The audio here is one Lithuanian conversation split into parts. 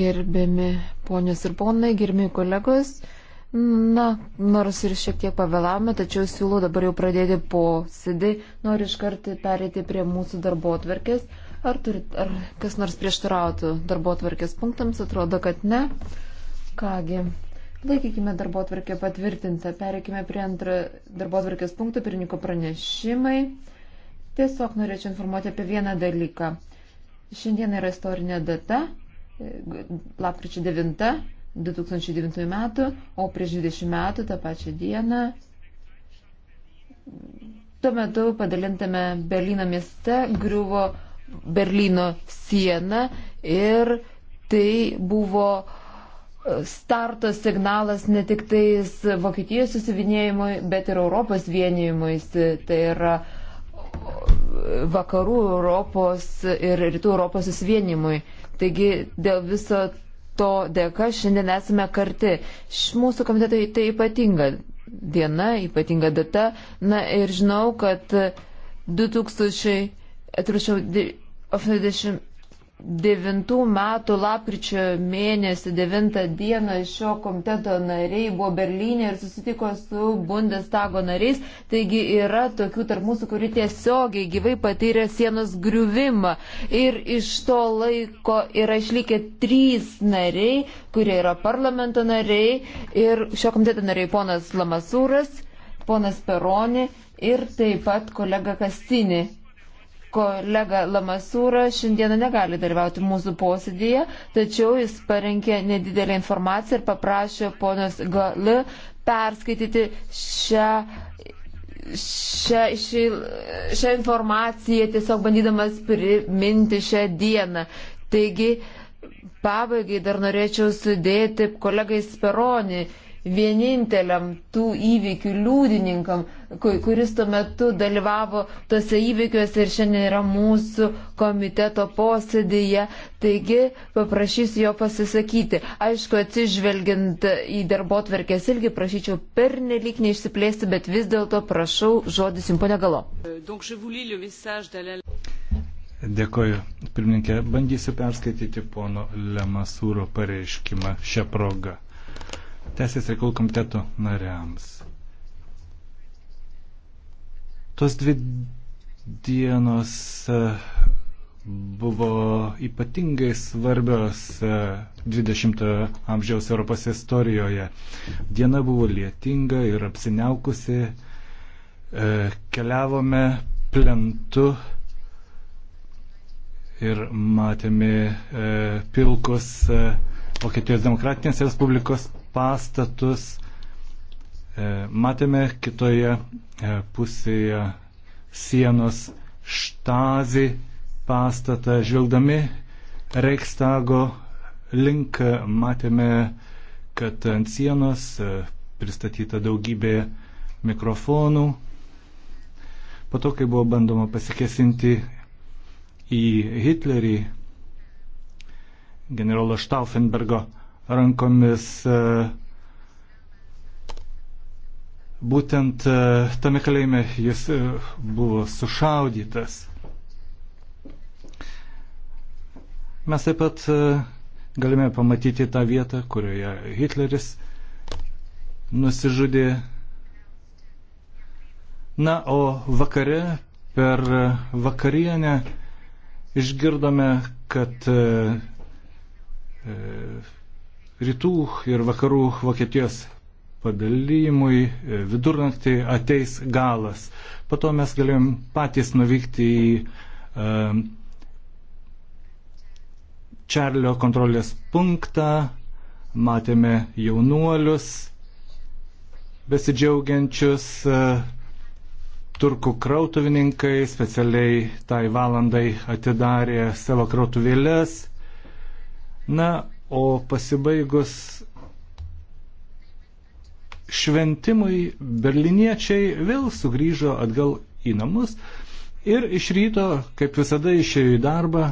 Gerbiami ponios ir ponai, gerbiami kolegos, na, nors ir šiek tiek pavėlavome, tačiau siūlau dabar jau pradėti posėdį, noriu iš karto perėti prie mūsų darbo atverkės. Ar, turit, ar kas nors prieštarautų darbo atverkės punktams, atrodo, kad ne. Kągi, laikykime darbo atverkę patvirtintą, pereikime prie antrą darbo atverkės punktą, pirmininko pranešimai. Tiesiog norėčiau informuoti apie vieną dalyką. Šiandien yra istorinė data, lapkričio 9, 2009 metų, o prieš 20 metų tą pačią dieną. Tuo metu padalintame Berlyno mieste griuvo Berlyno siena ir tai buvo starto signalas ne tik tais Vokietijos susivinėjimui, bet ir Europos vienijimui. Tai yra uh, vakarų Europos ir rytų Europos susivienimui. Taigi dėl viso to dėka šiandien esame karti. Mūsų komitetui tai ypatinga diena, ypatinga data. Na ir žinau, kad 2000, atsiprašau, 80 2009 metų lapkričio mėnesį 9 dieną šio komiteto nariai buvo Berlyne ir susitiko su Bundestago nariais. Taigi yra tokių tarp mūsų, kuri tiesiogiai gyvai patyrė sienos griuvimą. Ir iš to laiko yra išlikę trys nariai, kurie yra parlamento nariai ir šio komiteto nariai ponas Lamasūras, ponas Peroni ir taip pat kolega Kastinė kolega Lamasūra šiandieną negali dalyvauti mūsų posėdėje, tačiau jis parengė nedidelę informaciją ir paprašė ponios Gali perskaityti šią, šią, šį, šią informaciją, tiesiog bandydamas priminti šią dieną. Taigi, pabaigai dar norėčiau sudėti kolegai Speronį vieninteliam tų įvykių liūdininkam, kuris tuo metu dalyvavo tose įvykiuose ir šiandien yra mūsų komiteto posėdėje. Taigi paprašysiu jo pasisakyti. Aišku, atsižvelgiant į darbo tvarkės ilgį, prašyčiau per nelik neišsiplėsti, bet vis dėlto prašau žodis jums, ponia Galo. Dėkoju, pirmininkė. Bandysiu perskaityti pono Lemasūro pareiškimą šią progą. Teisės reikalų komiteto nariams. Tos dvi dienos e, buvo ypatingai svarbios 20-ojo e, amžiaus Europos istorijoje. Diena buvo lietinga ir apsiniaukusi. E, keliavome plentu ir matėme pilkus Vokietijos demokratinės Respublikos pastatus. E, matėme kitoje e, pusėje sienos štazi pastatą. Žvilgdami Reikstago link matėme, kad ant sienos e, pristatyta daugybė mikrofonų. Po to, kai buvo bandoma pasikesinti į Hitlerį, generolo Stauffenbergo rankomis. E, būtent e, tame kalėjime jis e, buvo sušaudytas. Mes taip pat galime pamatyti tą vietą, kurioje Hitleris nusižudė. Na, o vakare per vakarienę išgirdome, kad e, rytų ir vakarų Vokietijos padalymui e, vidurnaktį ateis galas. Po to mes galėjom patys nuvykti į um, Čarlio kontrolės punktą, matėme jaunuolius, besidžiaugiančius uh, turkų krautuvininkai, specialiai tai valandai atidarė savo krautuvėlės. Na, o pasibaigus šventimui berliniečiai vėl sugrįžo atgal į namus ir iš ryto, kaip visada, išėjo į darbą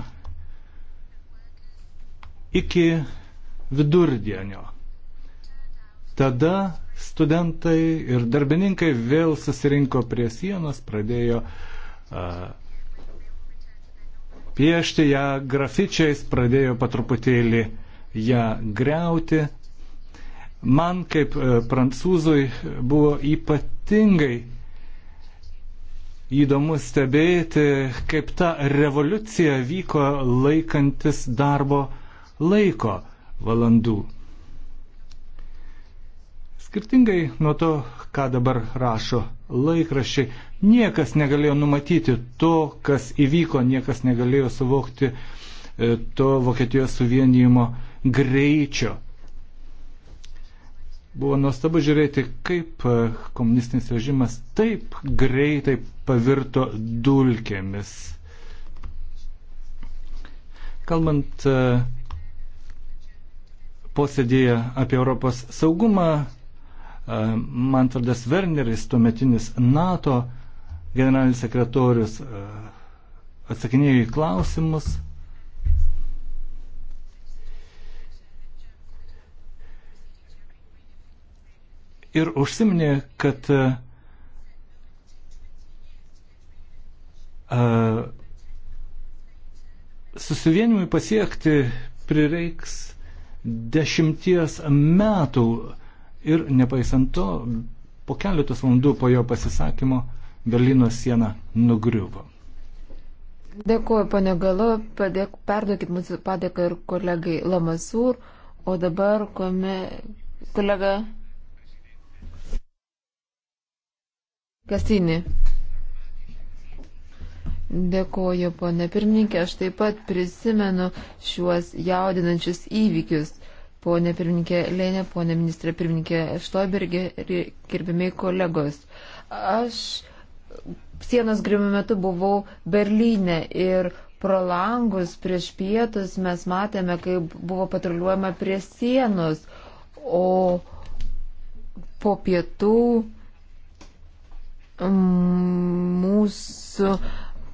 iki vidurdienio. Tada studentai ir darbininkai vėl susirinko prie sienos, pradėjo uh, piešti ją grafičiais, pradėjo patruputėlį uh, ją greuti. Man kaip e, prancūzui buvo ypatingai įdomu stebėti, kaip ta revoliucija vyko laikantis darbo laiko valandų. Skirtingai nuo to, ką dabar rašo laikrašiai, niekas negalėjo numatyti to, kas įvyko, niekas negalėjo suvokti e, to Vokietijos suvienijimo greičio. Buvo nuostabu žiūrėti, kaip e, komunistinis režimas taip greitai pavirto dulkėmis. Kalbant e, posėdėje apie Europos saugumą, e, Manfredas Werneris, tuometinis NATO generalinis sekretorius, atsakinėjo į klausimus ir užsiminė, kad uh, susivienimui pasiekti prireiks dešimties metų ir nepaisant to, po keletos valandų po jo pasisakymo Berlyno siena nugriuvo. Dėkuoju, pane Galo, padėk, perduokit mūsų padėką ir kolegai Lamasūr, o dabar kome, kolega Kasinį. Dėkoju, ponė pirmininkė, aš taip pat prisimenu šiuos jaudinančius įvykius. Pone pirmininkė Lėnė, ponė ministrė pirmininkė Štobergė ir gerbimiai kolegos. Aš sienos grimo metu buvau Berlyne ir pro langus prieš pietus mes matėme, kaip buvo patruliuojama prie sienos, o po pietų mūsų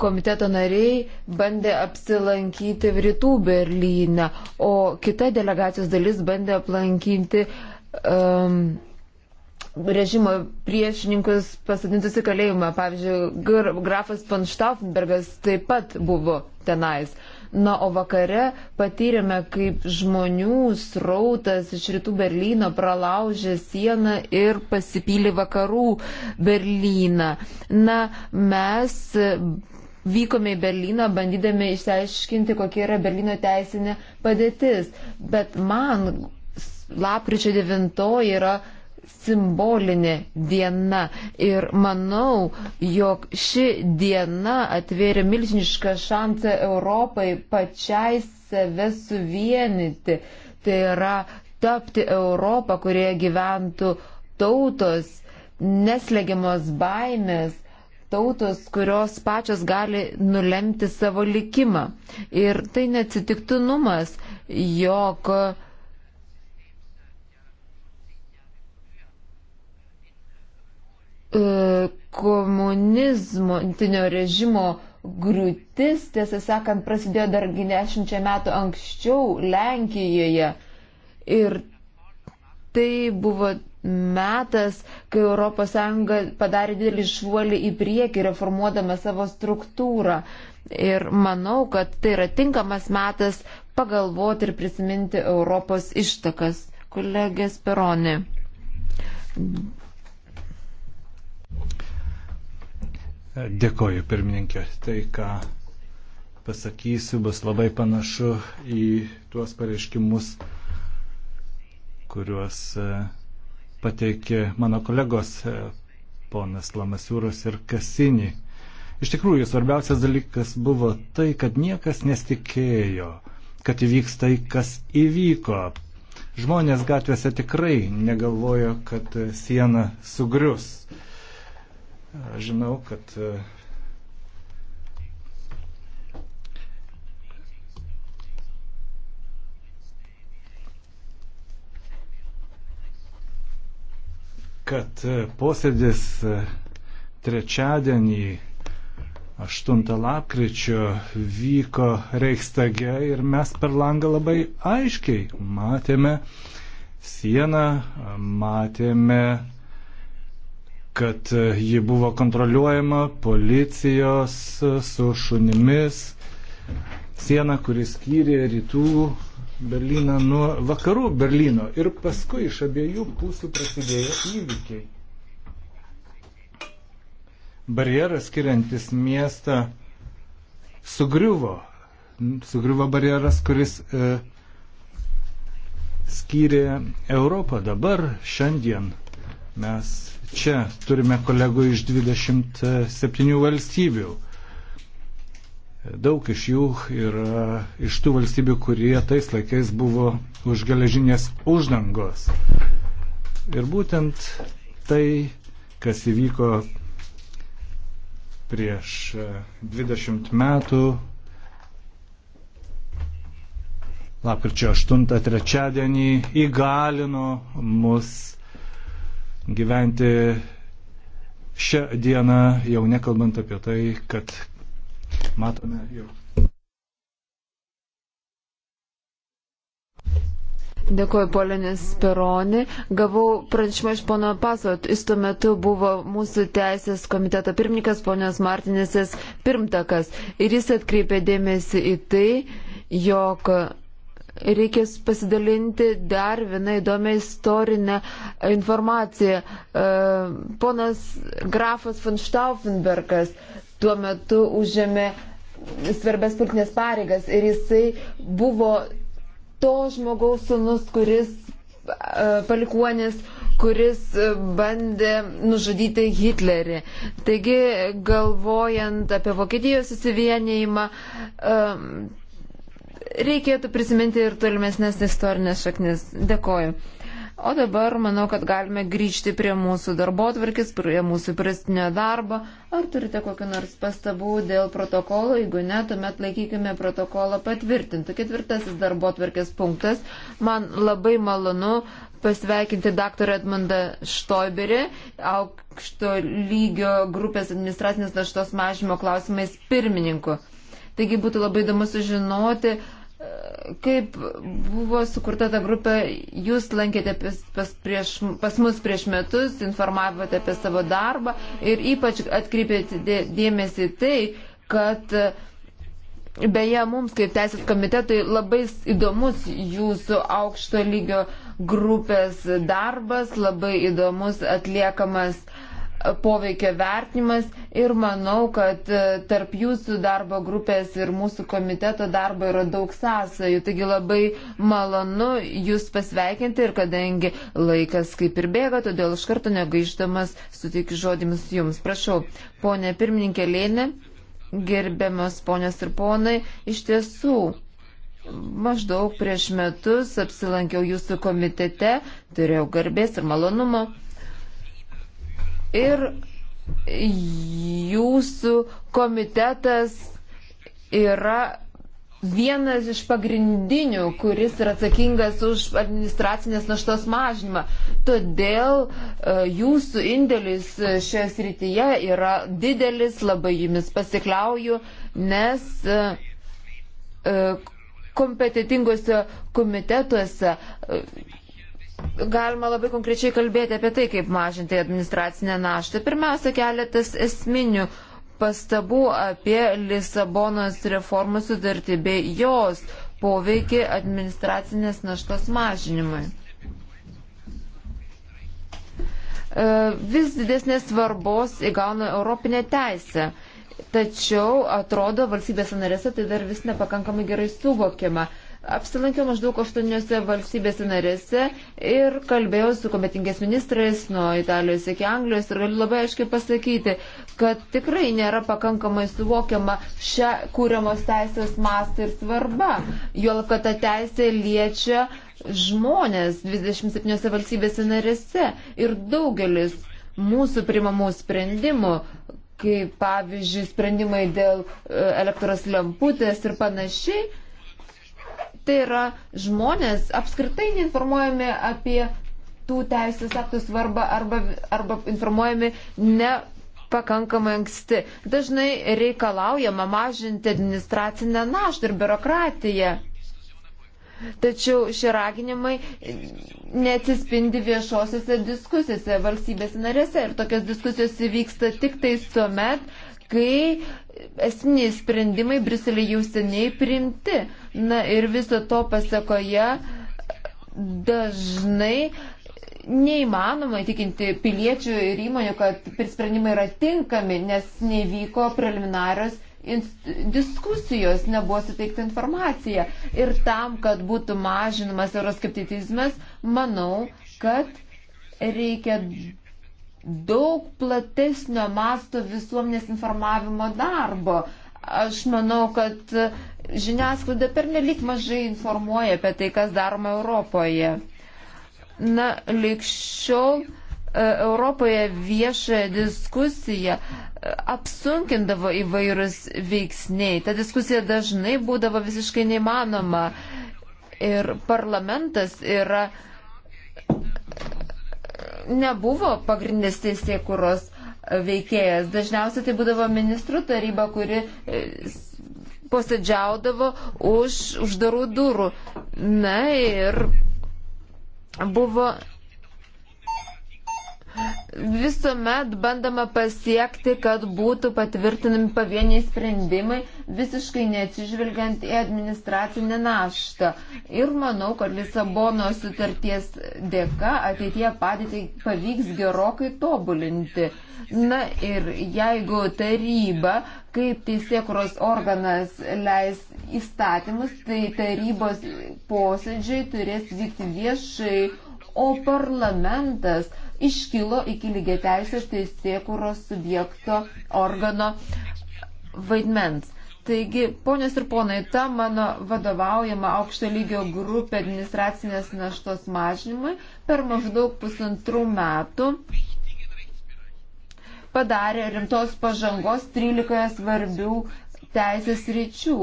komiteto nariai bandė apsilankyti rytų Berlyną, o kita delegacijos dalis bandė aplankyti um, režimo priešininkus pasadintus į kalėjimą. Pavyzdžiui, grafas von Stauffenbergas taip pat buvo tenais. Uh, Na, o vakare patyrėme, kaip žmonių srautas iš rytų Berlyno pralaužė sieną ir pasipylė vakarų Berlyną. Na, mes vykome į Berliną, bandydami išsiaiškinti, kokia yra Berlyno teisinė padėtis. Bet man lapkričio 9 yra simbolinė diena ir manau, jog ši diena atvėrė milžinišką šansą Europai pačiai save suvienyti. Tai yra tapti Europą, kurie gyventų tautos, neslegiamos baimės, tautos, kurios pačios gali nulemti savo likimą. Ir tai neatsitiktinumas, jog uh, E, komunizmo režimo griūtis, tiesą sakant, prasidėjo dar 10 metų anksčiau Lenkijoje. Ir tai buvo metas, kai ES padarė didelį šuolį į priekį, reformuodama savo struktūrą. Ir manau, kad tai yra tinkamas metas pagalvoti ir prisiminti Europos ištakas. Kolegės Peroni. Dėkoju, pirmininkė. Tai, ką pasakysiu, bus labai panašu į tuos pareiškimus, kuriuos e, pateikė mano kolegos e, ponas Lamasiūros ir Kasinį. Iš tikrųjų, svarbiausias dalykas buvo tai, kad niekas nesitikėjo, kad įvyks tai, kas įvyko. Žmonės gatvėse tikrai negalvojo, kad siena sugrius. Aš žinau, kad e, kad e, posėdis e, trečiadienį 8 lapkričio vyko Reikstage ir mes per langą labai aiškiai matėme sieną, matėme kad e, ji buvo kontroliuojama policijos e, su šunimis. Siena, kuris skyrė rytų Berliną nuo vakarų Berlyno ir paskui iš abiejų pusių prasidėjo įvykiai. Barjeras skiriantis miestą sugriuvo. Sugriuvo barjeras, kuris e, skyrė Europą. Dabar šiandien mes Čia turime kolegų iš 27 valstybių. Daug iš jų yra iš tų valstybių, kurie tais laikais buvo už geležinės uždangos. Ir būtent tai, kas įvyko prieš 20 metų, lapkričio 8 trečiadienį, įgalino mus gyventi šią dieną, jau nekalbant apie tai, kad matome jau. Dėkuoju, Polinis Peroni. Gavau pranešimą iš pono Pasot. Jis tuo metu buvo mūsų teisės komiteto pirmininkas, ponios Martinėsės pirmtakas. Ir jis atkreipė dėmesį į tai, jog reikės pasidalinti dar vieną įdomią istorinę informaciją. E, ponas grafas von Stauffenbergas tuo metu užėmė svarbės politinės pareigas ir jisai buvo to žmogaus sunus, kuris e, palikuonis, kuris bandė nužudyti Hitlerį. Taigi, galvojant apie Vokietijos įsivienėjimą, e, reikėtų prisiminti ir tolimesnės istorinės šaknis. Dėkoju. O dabar manau, kad galime grįžti prie mūsų darbo atvarkis, prie mūsų prastinio darbo. Ar turite kokiu nors pastabų dėl protokolo? Jeigu ne, tuomet laikykime protokolą patvirtintų. Ketvirtasis darbo atvarkis punktas. Man labai malonu pasveikinti dr. Edmundą Štoiberį, aukšto lygio grupės administracinės naštos mažymo klausimais pirmininku. Taigi būtų labai įdomu sužinoti, uh, kaip buvo sukurta ta grupė, jūs lankėte pas, pas, prieš, pas mus prieš metus, informavote apie savo darbą ir ypač atkreipėte dėmesį tai, kad beje mums kaip teisės komitetui labai įdomus jūsų aukšto lygio grupės darbas, labai įdomus atliekamas uh, poveikio vertinimas ir manau, kad e, tarp jūsų darbo grupės ir mūsų komiteto darbo yra daug sąsajų. Taigi labai malonu jūs pasveikinti ir kadangi laikas kaip ir bėga, todėl iš karto negaiždamas suteikiu žodimis jums. Prašau, ponė pirmininkė Lėnė, gerbiamas ponės ir ponai, iš tiesų. Maždaug prieš metus apsilankiau jūsų komitete, turėjau garbės ir malonumo ir jūsų komitetas yra vienas iš pagrindinių, kuris yra atsakingas už administracinės naštos mažinimą. Todėl e, jūsų indėlis šioje srityje yra didelis, labai jumis pasikliauju, nes e, e, kompetitinguose komitetuose galima labai konkrečiai kalbėti apie tai, kaip mažinti administracinę naštą. Pirmiausia, keletas esminių pastabų apie Lisabonos reformų sudartį bei jos poveikį administracinės naštos mažinimui. E, vis didesnės svarbos įgauna Europinė teisė. Tačiau atrodo, valstybės narėse tai dar vis nepakankamai gerai suvokiama. Apsilankiau maždaug aštuoniuose valstybėse narėse ir kalbėjau su kompetingės ministrais nuo Italijos iki Anglijos ir galiu labai aiškiai pasakyti, kad tikrai nėra pakankamai suvokiama šią kūriamos teisės mastą ir svarba, juolab kad ta teisė liečia žmonės 27 valstybėse narėse ir daugelis mūsų primamų sprendimų kaip pavyzdžiui sprendimai dėl e, elektros lemputės ir panašiai, tai yra žmonės apskritai neinformuojami apie tų teisės aktų svarbą arba, arba informuojami ne pakankamai anksti. Dažnai reikalaujama mažinti administracinę naštą ir biurokratiją. Tačiau šie raginimai neatsispindi viešosiuose diskusijose valstybės narėse ir tokios diskusijos įvyksta tik tais tuomet, kai esminiai sprendimai Briselėje jau seniai priimti. Na ir viso to pasakoje dažnai neįmanoma įtikinti piliečių ir įmonių, kad sprendimai yra tinkami, nes nevyko preliminarios diskusijos, nebuvo suteikta informacija. Ir tam, kad būtų mažinamas euroskepticizmas, manau, kad reikia daug platesnio masto visuomenės informavimo darbo. Aš manau, kad žiniasklaida pernelik mažai informuoja apie tai, kas daroma Europoje. Na, likščiau e, Europoje viešąją diskusiją e, apsunkindavo įvairūs veiksniai. Ta diskusija dažnai būdavo visiškai neįmanoma. Ir parlamentas yra uh, nebuvo pagrindinės teisėkuros veikėjas. Dažniausiai tai būdavo ministrų taryba, kuri e, posėdžiaudavo už uždarų durų. Na ir buvo Visuomet bandama pasiekti, kad būtų patvirtinami pavieniai sprendimai, visiškai neatsižvelgiant į administracinę naštą. Ir manau, kad Lisabono sutarties dėka ateitie padėtį pavyks gerokai tobulinti. Na ir jeigu taryba kaip teisėkuros organas leis įstatymus, tai tarybos posėdžiai turės vykti viešai, o parlamentas iškilo iki lygiai teisės teisėkūros subjekto organo vaidmens. Taigi, ponios ir ponai, ta mano vadovaujama aukšto lygio grupė administracinės naštos mažinimui per maždaug pusantrų metų padarė rimtos pažangos 13 svarbių teisės ryčių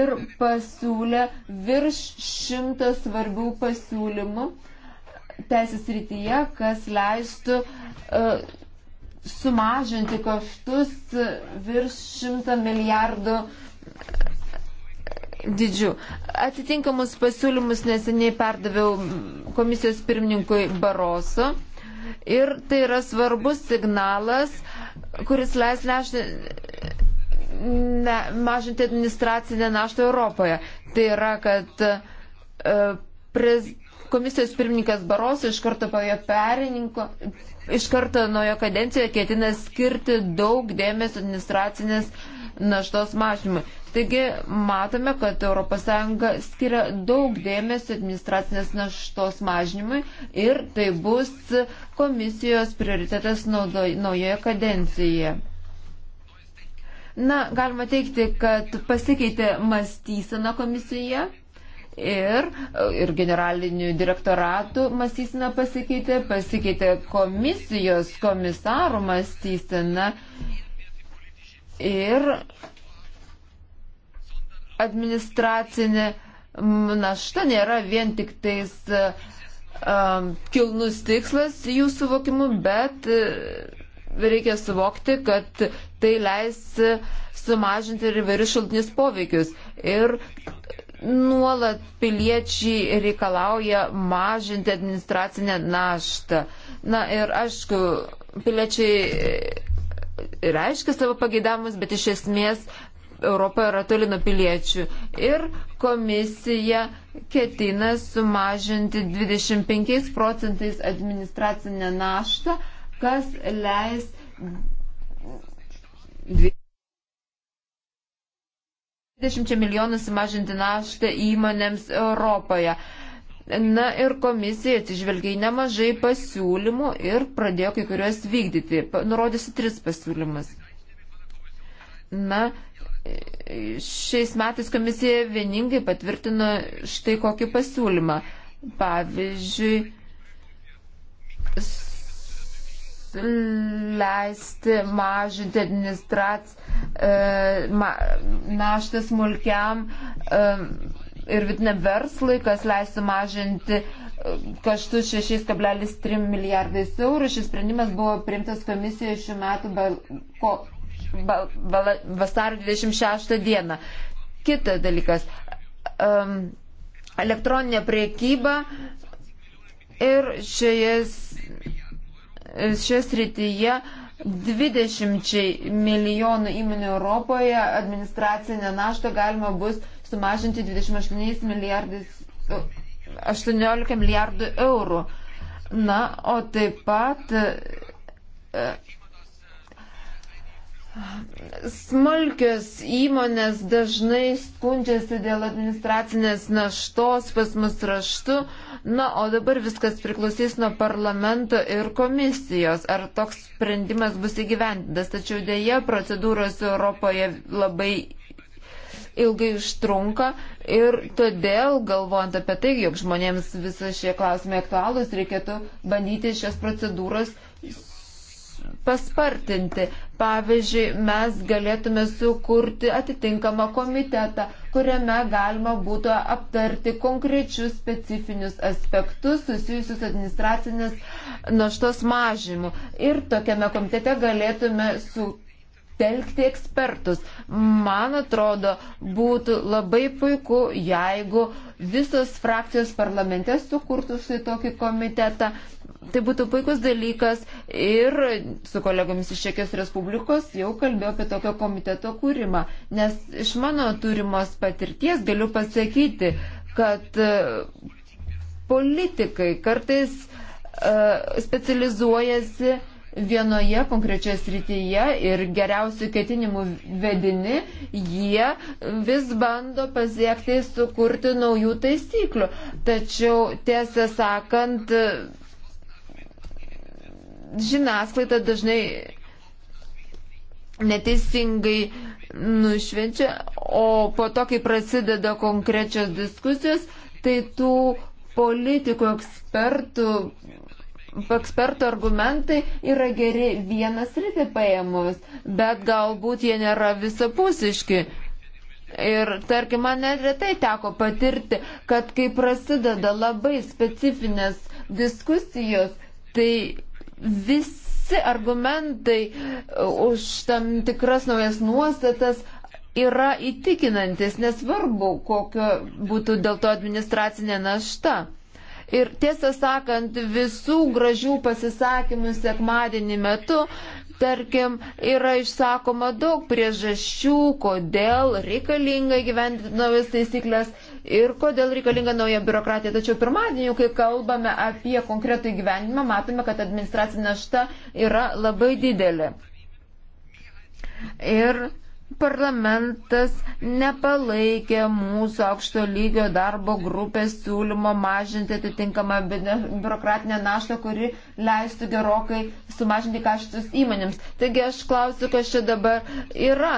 ir pasiūlė virš šimtą svarbių pasiūlymų teisės rytyje, kas leistų uh, sumažinti kaštus virš 100 milijardų didžių. Atitinkamus pasiūlymus neseniai perdaviau komisijos pirmininkui Baroso. Ir tai yra svarbus signalas, kuris leis nešti, ne, mažinti administracinę naštą Europoje. Tai yra, kad e, prez, Komisijos pirmininkas Baroso iš karto po jo perininko, iš karto nuo jo kadencijoje ketina skirti daug dėmesio administracinės naštos mažinimui. Taigi matome, kad ES skiria daug dėmesio administracinės naštos mažinimui ir tai bus komisijos prioritetas naujoje kadencijoje. Na, galima teikti, kad pasikeitė mąstysena komisijoje ir, ir generalinių direktoratų mąstysena pasikeitė, pasikeitė komisijos komisarų mąstysena ir administracinė našta nėra vien tik tais um, kilnus tikslas jų suvokimu, bet e, reikia suvokti, kad tai leis sumažinti ir įvairius šaltinius poveikius. Ir nuolat piliečiai reikalauja mažinti administracinę naštą. Na ir aišku, piliečiai e, reiškia savo pageidavimus, bet iš esmės Europa yra toli nuo piliečių. Ir komisija ketina sumažinti 25 procentais administracinę naštą, kas leis. 20 milijonų sumažinti naštą įmonėms Europoje. Na ir komisija atsižvelgia į nemažai pasiūlymų ir pradėjo kai kuriuos vykdyti. Nurodysiu tris pasiūlymus. Na, šiais metais komisija vieningai patvirtino štai kokį pasiūlymą. Pavyzdžiui, leisti mažinti administrac e, ma, naštą smulkiam e, ir vidiniam verslui, kas leistų mažinti e, kaštų 6,3 milijardais eurų. Šis sprendimas buvo priimtas komisijoje šių metų bal, ko, bal, bal, vasario 26 dieną. Kitas dalykas. Um, elektroninė priekyba ir šioje šios rytyje 20 milijonų įmonių Europoje administracinę naštą galima bus sumažinti 28 milijardais, 18 milijardų eurų. Na, o taip pat e, Smulkios įmonės dažnai skundžiasi dėl administracinės naštos pas mus raštu, na, o dabar viskas priklausys nuo parlamento ir komisijos, ar toks sprendimas bus įgyvendintas. Tačiau dėja, procedūros Europoje labai ilgai užtrunka ir todėl, galvojant apie tai, jog žmonėms visi šie klausimai aktualūs, reikėtų bandyti šias procedūras paspartinti. Pavyzdžiui, mes galėtume sukurti atitinkamą komitetą, kuriame galima būtų aptarti konkrečius specifinius aspektus susijusius administracinės naštos mažimu. Ir tokiame komitete galėtume su telkti ekspertus. Man atrodo, būtų labai puiku, jeigu visos frakcijos parlamente sukurtų štai tokį komitetą Tai būtų puikus dalykas ir su kolegomis iš Čekijos Respublikos jau kalbėjau apie tokio komiteto kūrimą, nes iš mano turimos patirties galiu pasakyti, kad e, politikai kartais e, specializuojasi vienoje konkrečioje srityje ir geriausių ketinimų vedini, jie vis bando pasiekti sukurti naujų taisyklių. Tačiau, tiesą sakant, žiniasklaida dažnai neteisingai nušvenčia, o po to, kai prasideda konkrečios diskusijos, tai tų politikų ekspertų, ekspertų argumentai yra geri vienas rytį paėmus, bet galbūt jie nėra visapusiški. Ir tarkim, man neretai teko patirti, kad kai prasideda labai specifinės diskusijos, tai visi argumentai e, už tam tikras naujas nuostatas yra įtikinantis, nesvarbu, kokio būtų dėl to administracinė našta. Ir tiesą sakant, visų gražių pasisakymų sekmadienį metu, tarkim, yra išsakoma daug priežasčių, kodėl reikalinga gyventi naujas taisyklės ir kodėl reikalinga nauja biurokratija. Tačiau pirmadienį, kai kalbame apie konkretų įgyvenimą, matome, kad administracinė našta yra labai didelė. Ir parlamentas nepalaikė mūsų aukšto lygio darbo grupės siūlymo mažinti atitinkamą biurokratinę naštą, kuri leistų gerokai sumažinti kaštus įmonėms. Taigi aš klausiu, kas čia dabar yra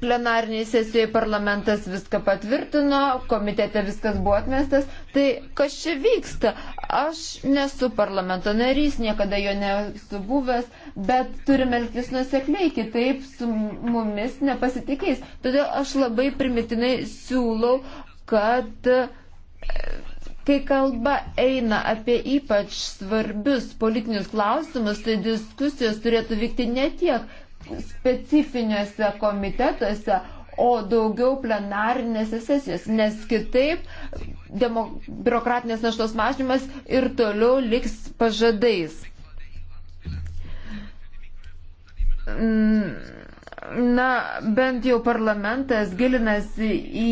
plenariniai sesijoje parlamentas viską patvirtino, komitete viskas buvo atmestas. Tai kas čia vyksta? Aš nesu parlamento narys, niekada jo nesu buvęs, bet turime elgtis nusekliai, kitaip su mumis nepasitikės. Todėl aš labai primitinai siūlau, kad e, Kai kalba eina apie ypač svarbius politinius klausimus, tai diskusijos turėtų vykti ne tiek, specifiniuose komitetuose, o daugiau plenarinėse sesijose, nes kitaip biurokratinės naštos mažinimas ir toliau liks pažadais. Mm, na, bent jau parlamentas gilinasi į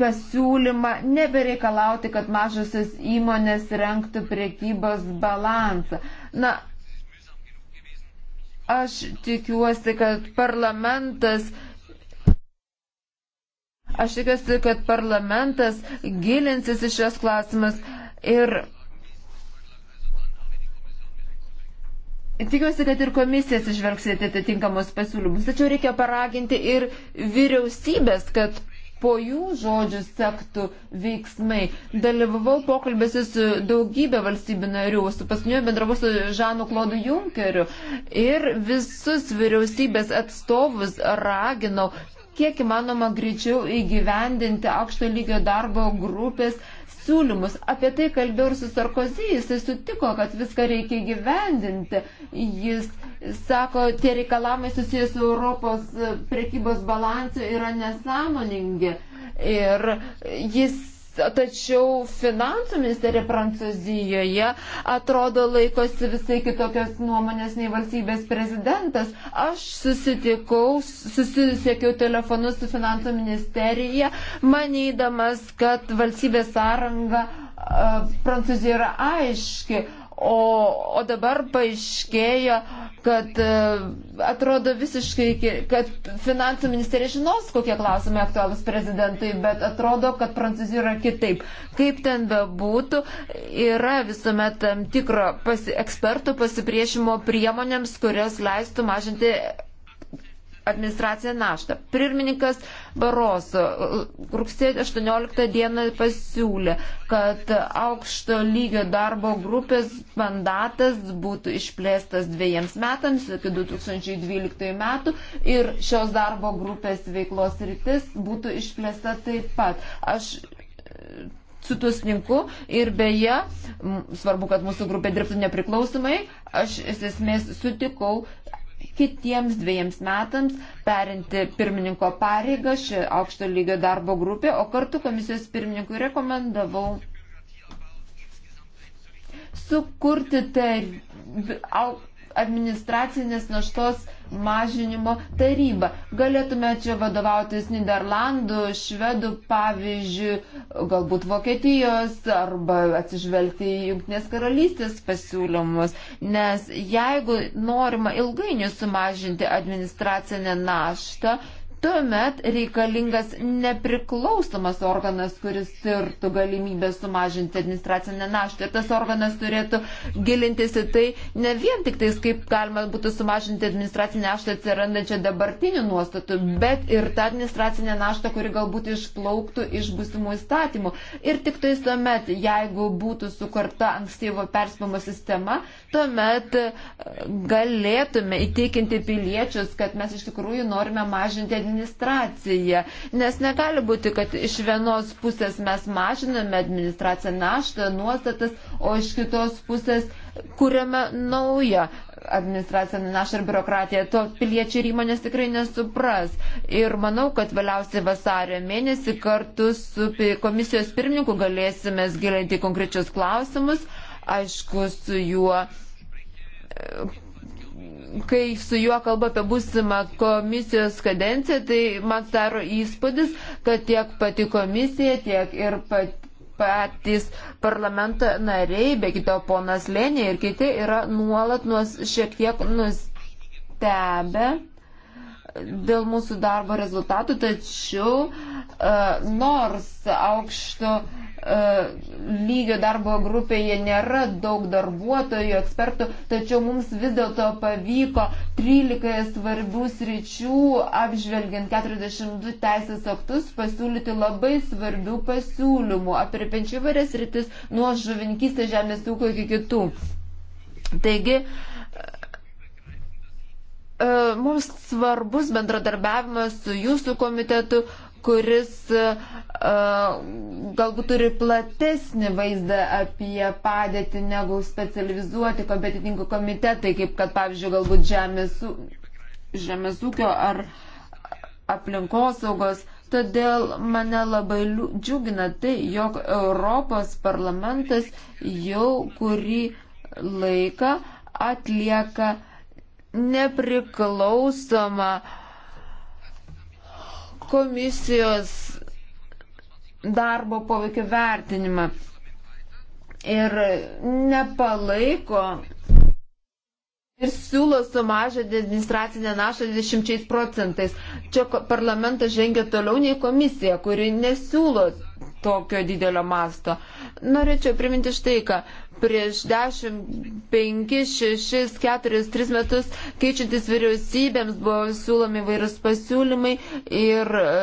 pasiūlymą nebereikalauti, kad mažosios įmonės renktų priekybos balansą. Na, Aš tikiuosi, kad parlamentas Aš tikiuosi, kad parlamentas gilinsis į šios klausimus ir Tikiuosi, kad ir komisijas išvelgsite atitinkamus pasiūlymus, tačiau reikia paraginti ir vyriausybės, kad po jų žodžių sektų veiksmai. Dalyvavau pokalbėsi su daugybė valstybių narių, su paskutiniu bendravu su Žanu Klodu Junkeriu ir visus vyriausybės atstovus raginau kiek įmanoma greičiau įgyvendinti aukšto lygio darbo grupės siūlymus. Apie tai kalbėjau ir su Sarkozy, jisai sutiko, kad viską reikia įgyvendinti. Jis sako, tie reikalavimai susijęs su Europos e, prekybos balansu yra nesąmoningi. Ir jis Tačiau finansų ministerija Prancūzijoje atrodo laikosi visai kitokios nuomonės nei valstybės prezidentas. Aš susitikau, susisiekiau telefonu su finansų ministerija, manydamas, kad valstybės sąranga e, Prancūzija yra aiški o, o dabar paaiškėjo, kad e, atrodo visiškai, kad finansų ministerija žinos, kokie klausimai aktualūs prezidentui, bet atrodo, kad Prancūzijoje yra kitaip. Kaip ten bebūtų, yra visuomet tam tikro pasi, ekspertų pasipriešimo priemonėms, kurios leistų mažinti administracinę naštą. Pirmininkas Baroso uh, rugsėjo 18 dieną pasiūlė, kad aukšto lygio darbo grupės mandatas būtų išplėstas dviejams metams iki 2012 metų ir šios darbo grupės veiklos rytis būtų išplėsta taip pat. Aš uh, su tuo sninku ir beje, svarbu, kad mūsų grupė dirbtų nepriklausomai, aš iš esmės sutikau kitiems dviejams metams perinti pirmininko pareigą šį aukšto lygio darbo grupę, o kartu komisijos pirmininkui rekomendavau sukurti tar, al, administracinės naštos mažinimo taryba. Galėtume čia vadovautis Niderlandų, Švedų pavyzdžių, galbūt Vokietijos arba atsižvelgti į Junktinės karalystės pasiūlymus, nes jeigu norima ilgainiui sumažinti administracinę naštą, tuomet reikalingas nepriklausomas organas, kuris tirtų galimybę sumažinti administracinę naštą. Ir tas organas turėtų gilintis į tai ne vien tik tais, kaip galima būtų sumažinti administracinę naštą atsirandančią dabartinių nuostatų, bet ir tą administracinę naštą, kuri galbūt išplauktų iš būsimų įstatymų. Ir tik tais tuomet, jeigu būtų sukurta ankstyvo perspėjimo sistema, tuomet e, galėtume įtikinti piliečius, kad mes iš tikrųjų norime mažinti administracinę naštą administraciją, nes negali būti, kad iš vienos pusės mes mažiname administraciją naštą, nuostatas, o iš kitos pusės kuriame naują administracinę našą ir biurokratiją. To piliečiai ir įmonės tikrai nesupras. Ir manau, kad vėliausiai vasario mėnesį kartu su komisijos pirmininku galėsime gilinti konkrečius klausimus, aišku, su juo kai su juo kalba apie būsimą komisijos kadenciją, tai man daro įspūdis, kad tiek pati komisija, tiek ir pat, patys parlamento nariai, be kito ponas Lenė ir kiti yra nuolat nuos šiek tiek nustebę dėl mūsų darbo rezultatų, tačiau e, nors aukšto e, lygio darbo grupėje nėra daug darbuotojų, ekspertų, tačiau mums vis dėlto pavyko 13 svarbių sričių, apžvelgiant 42 teisės aktus, pasiūlyti labai svarbių pasiūlymų, apriepiančių varias rytis nuo žuvinkystės žemės ūkio iki kitų. Taigi, uh, E, mums svarbus bendradarbiavimas su jūsų komitetu, kuris e, galbūt turi platesnį vaizdą apie padėtį negu specializuoti kompetitingų komitetai, kaip kad, pavyzdžiui, galbūt žemės, žemės ūkio ar aplinkosaugos. Todėl mane labai džiugina tai, jog Europos parlamentas jau kurį laiką atlieka uh, nepriklausoma komisijos darbo poveikio vertinimą ir nepalaiko ir siūlo sumažinti administracinę našą 20 procentais. Čia parlamentas žengia toliau nei komisija, kuri nesiūlo tokio didelio masto. Norėčiau priminti štai, ką prieš 10, 5, 6, 4, 3 metus keičiantis vyriausybėms buvo siūlomi vairūs pasiūlymai ir e,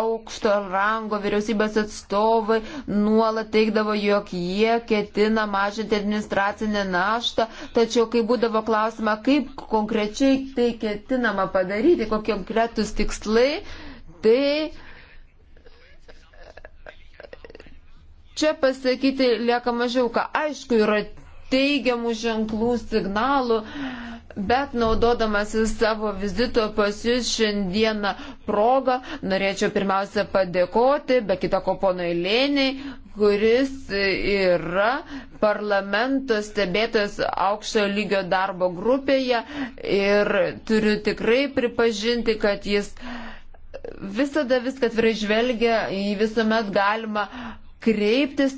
aukšto rango vyriausybės atstovai nuolat teikdavo, jog jie ketina mažinti administracinę naštą, tačiau kai būdavo klausima, kaip konkrečiai tai ketinama padaryti, kokie konkretus tikslai, tai Čia pasakyti lieka mažiau, ką aišku yra teigiamų ženklų, signalų, bet naudodamasis savo vizito pas jūs šiandieną progą, norėčiau pirmiausia padėkoti, be kita ko ponai Lėniai, kuris yra parlamento stebėtojas aukšto lygio darbo grupėje ir turiu tikrai pripažinti, kad jis visada viską atvirai žvelgia, jį visuomet galima kreiptis,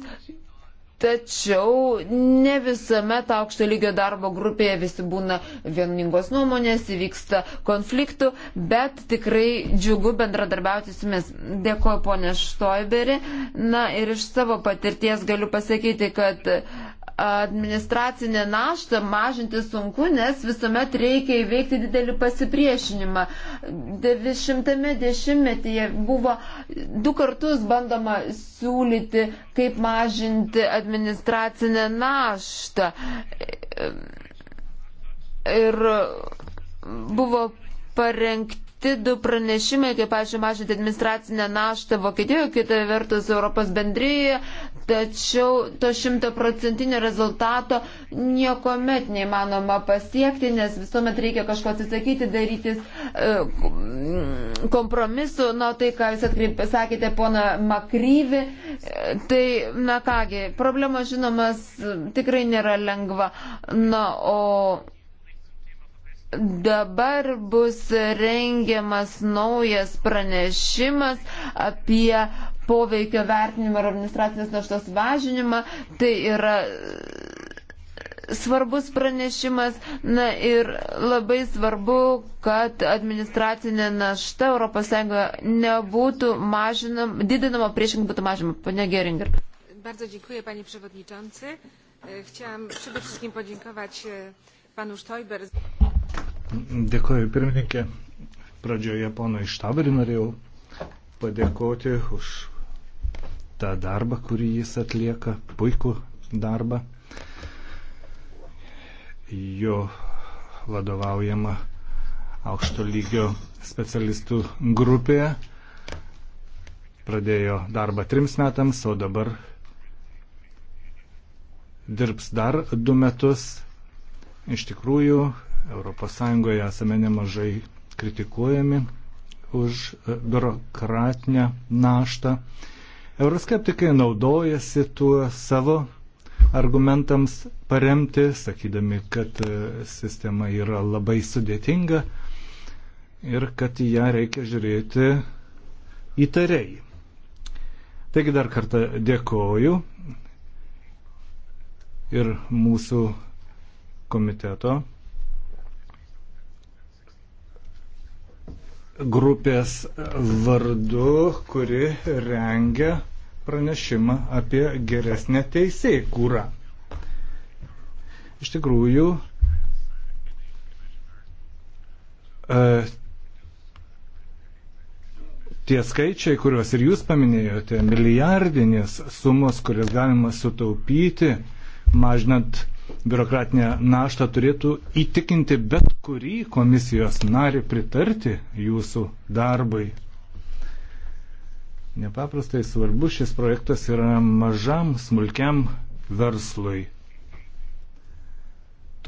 tačiau ne visame ta aukšto lygio darbo grupėje visi būna vieningos nuomonės, įvyksta konfliktų, bet tikrai džiugu bendradarbiauti su mes. Dėkoju, ponė Štoiberi. Na ir iš savo patirties galiu pasakyti, kad uh, administracinę naštą mažinti sunku, nes visuomet reikia įveikti didelį pasipriešinimą. 90-metyje buvo du kartus bandoma siūlyti, kaip mažinti administracinę naštą. Ir buvo parengti pateikti du pranešimai, kaip pačiu mažinti administracinę naštą Vokietijoje, kita vertus Europos bendryje, tačiau to šimtaprocentinio rezultato niekuomet neįmanoma pasiekti, nes visuomet reikia kažko atsisakyti, daryti e, kompromisu, na tai, ką jūs atkreipė, sakėte, pona Makryvi, e, tai, na kągi, problema žinomas tikrai nėra lengva. Na, o Dabar bus rengiamas naujas pranešimas apie poveikio vertinimą ir administracinės naštos važinimą. Tai yra svarbus pranešimas. Na ir labai svarbu, kad administracinė našta ES nebūtų mažinama, didinama, priešingai būtų mažinama. Pane Geringer. Bardzo dziękuję Panie Przewodniczący. E, chciałam przede wszystkim podziękować e, Panu Stoiber. Dėkuoju, pirmininkė. Pradžioje pono Ištavarį norėjau padėkoti už tą darbą, kurį jis atlieka, puikų darbą. Jo vadovaujama aukšto lygio specialistų grupėje pradėjo darbą trims metams, o dabar dirbs dar du metus. Iš tikrųjų, ES esame nemažai kritikuojami už e, biurokratinę naštą. Euroskeptikai naudojasi tuo savo argumentams paremti, sakydami, kad e, sistema yra labai sudėtinga ir kad į ją reikia žiūrėti įtariai. Taigi dar kartą dėkoju ir mūsų komiteto grupės vardu, kuri rengia pranešimą apie geresnę teisėjų kūrą. Iš tikrųjų, e, tie skaičiai, kuriuos ir jūs paminėjote, milijardinės sumos, kurias galima sutaupyti, mažinant biurokratinę naštą turėtų įtikinti bet kurį komisijos narį pritarti jūsų darbui. Nepaprastai svarbu šis projektas yra mažam, smulkiam verslui.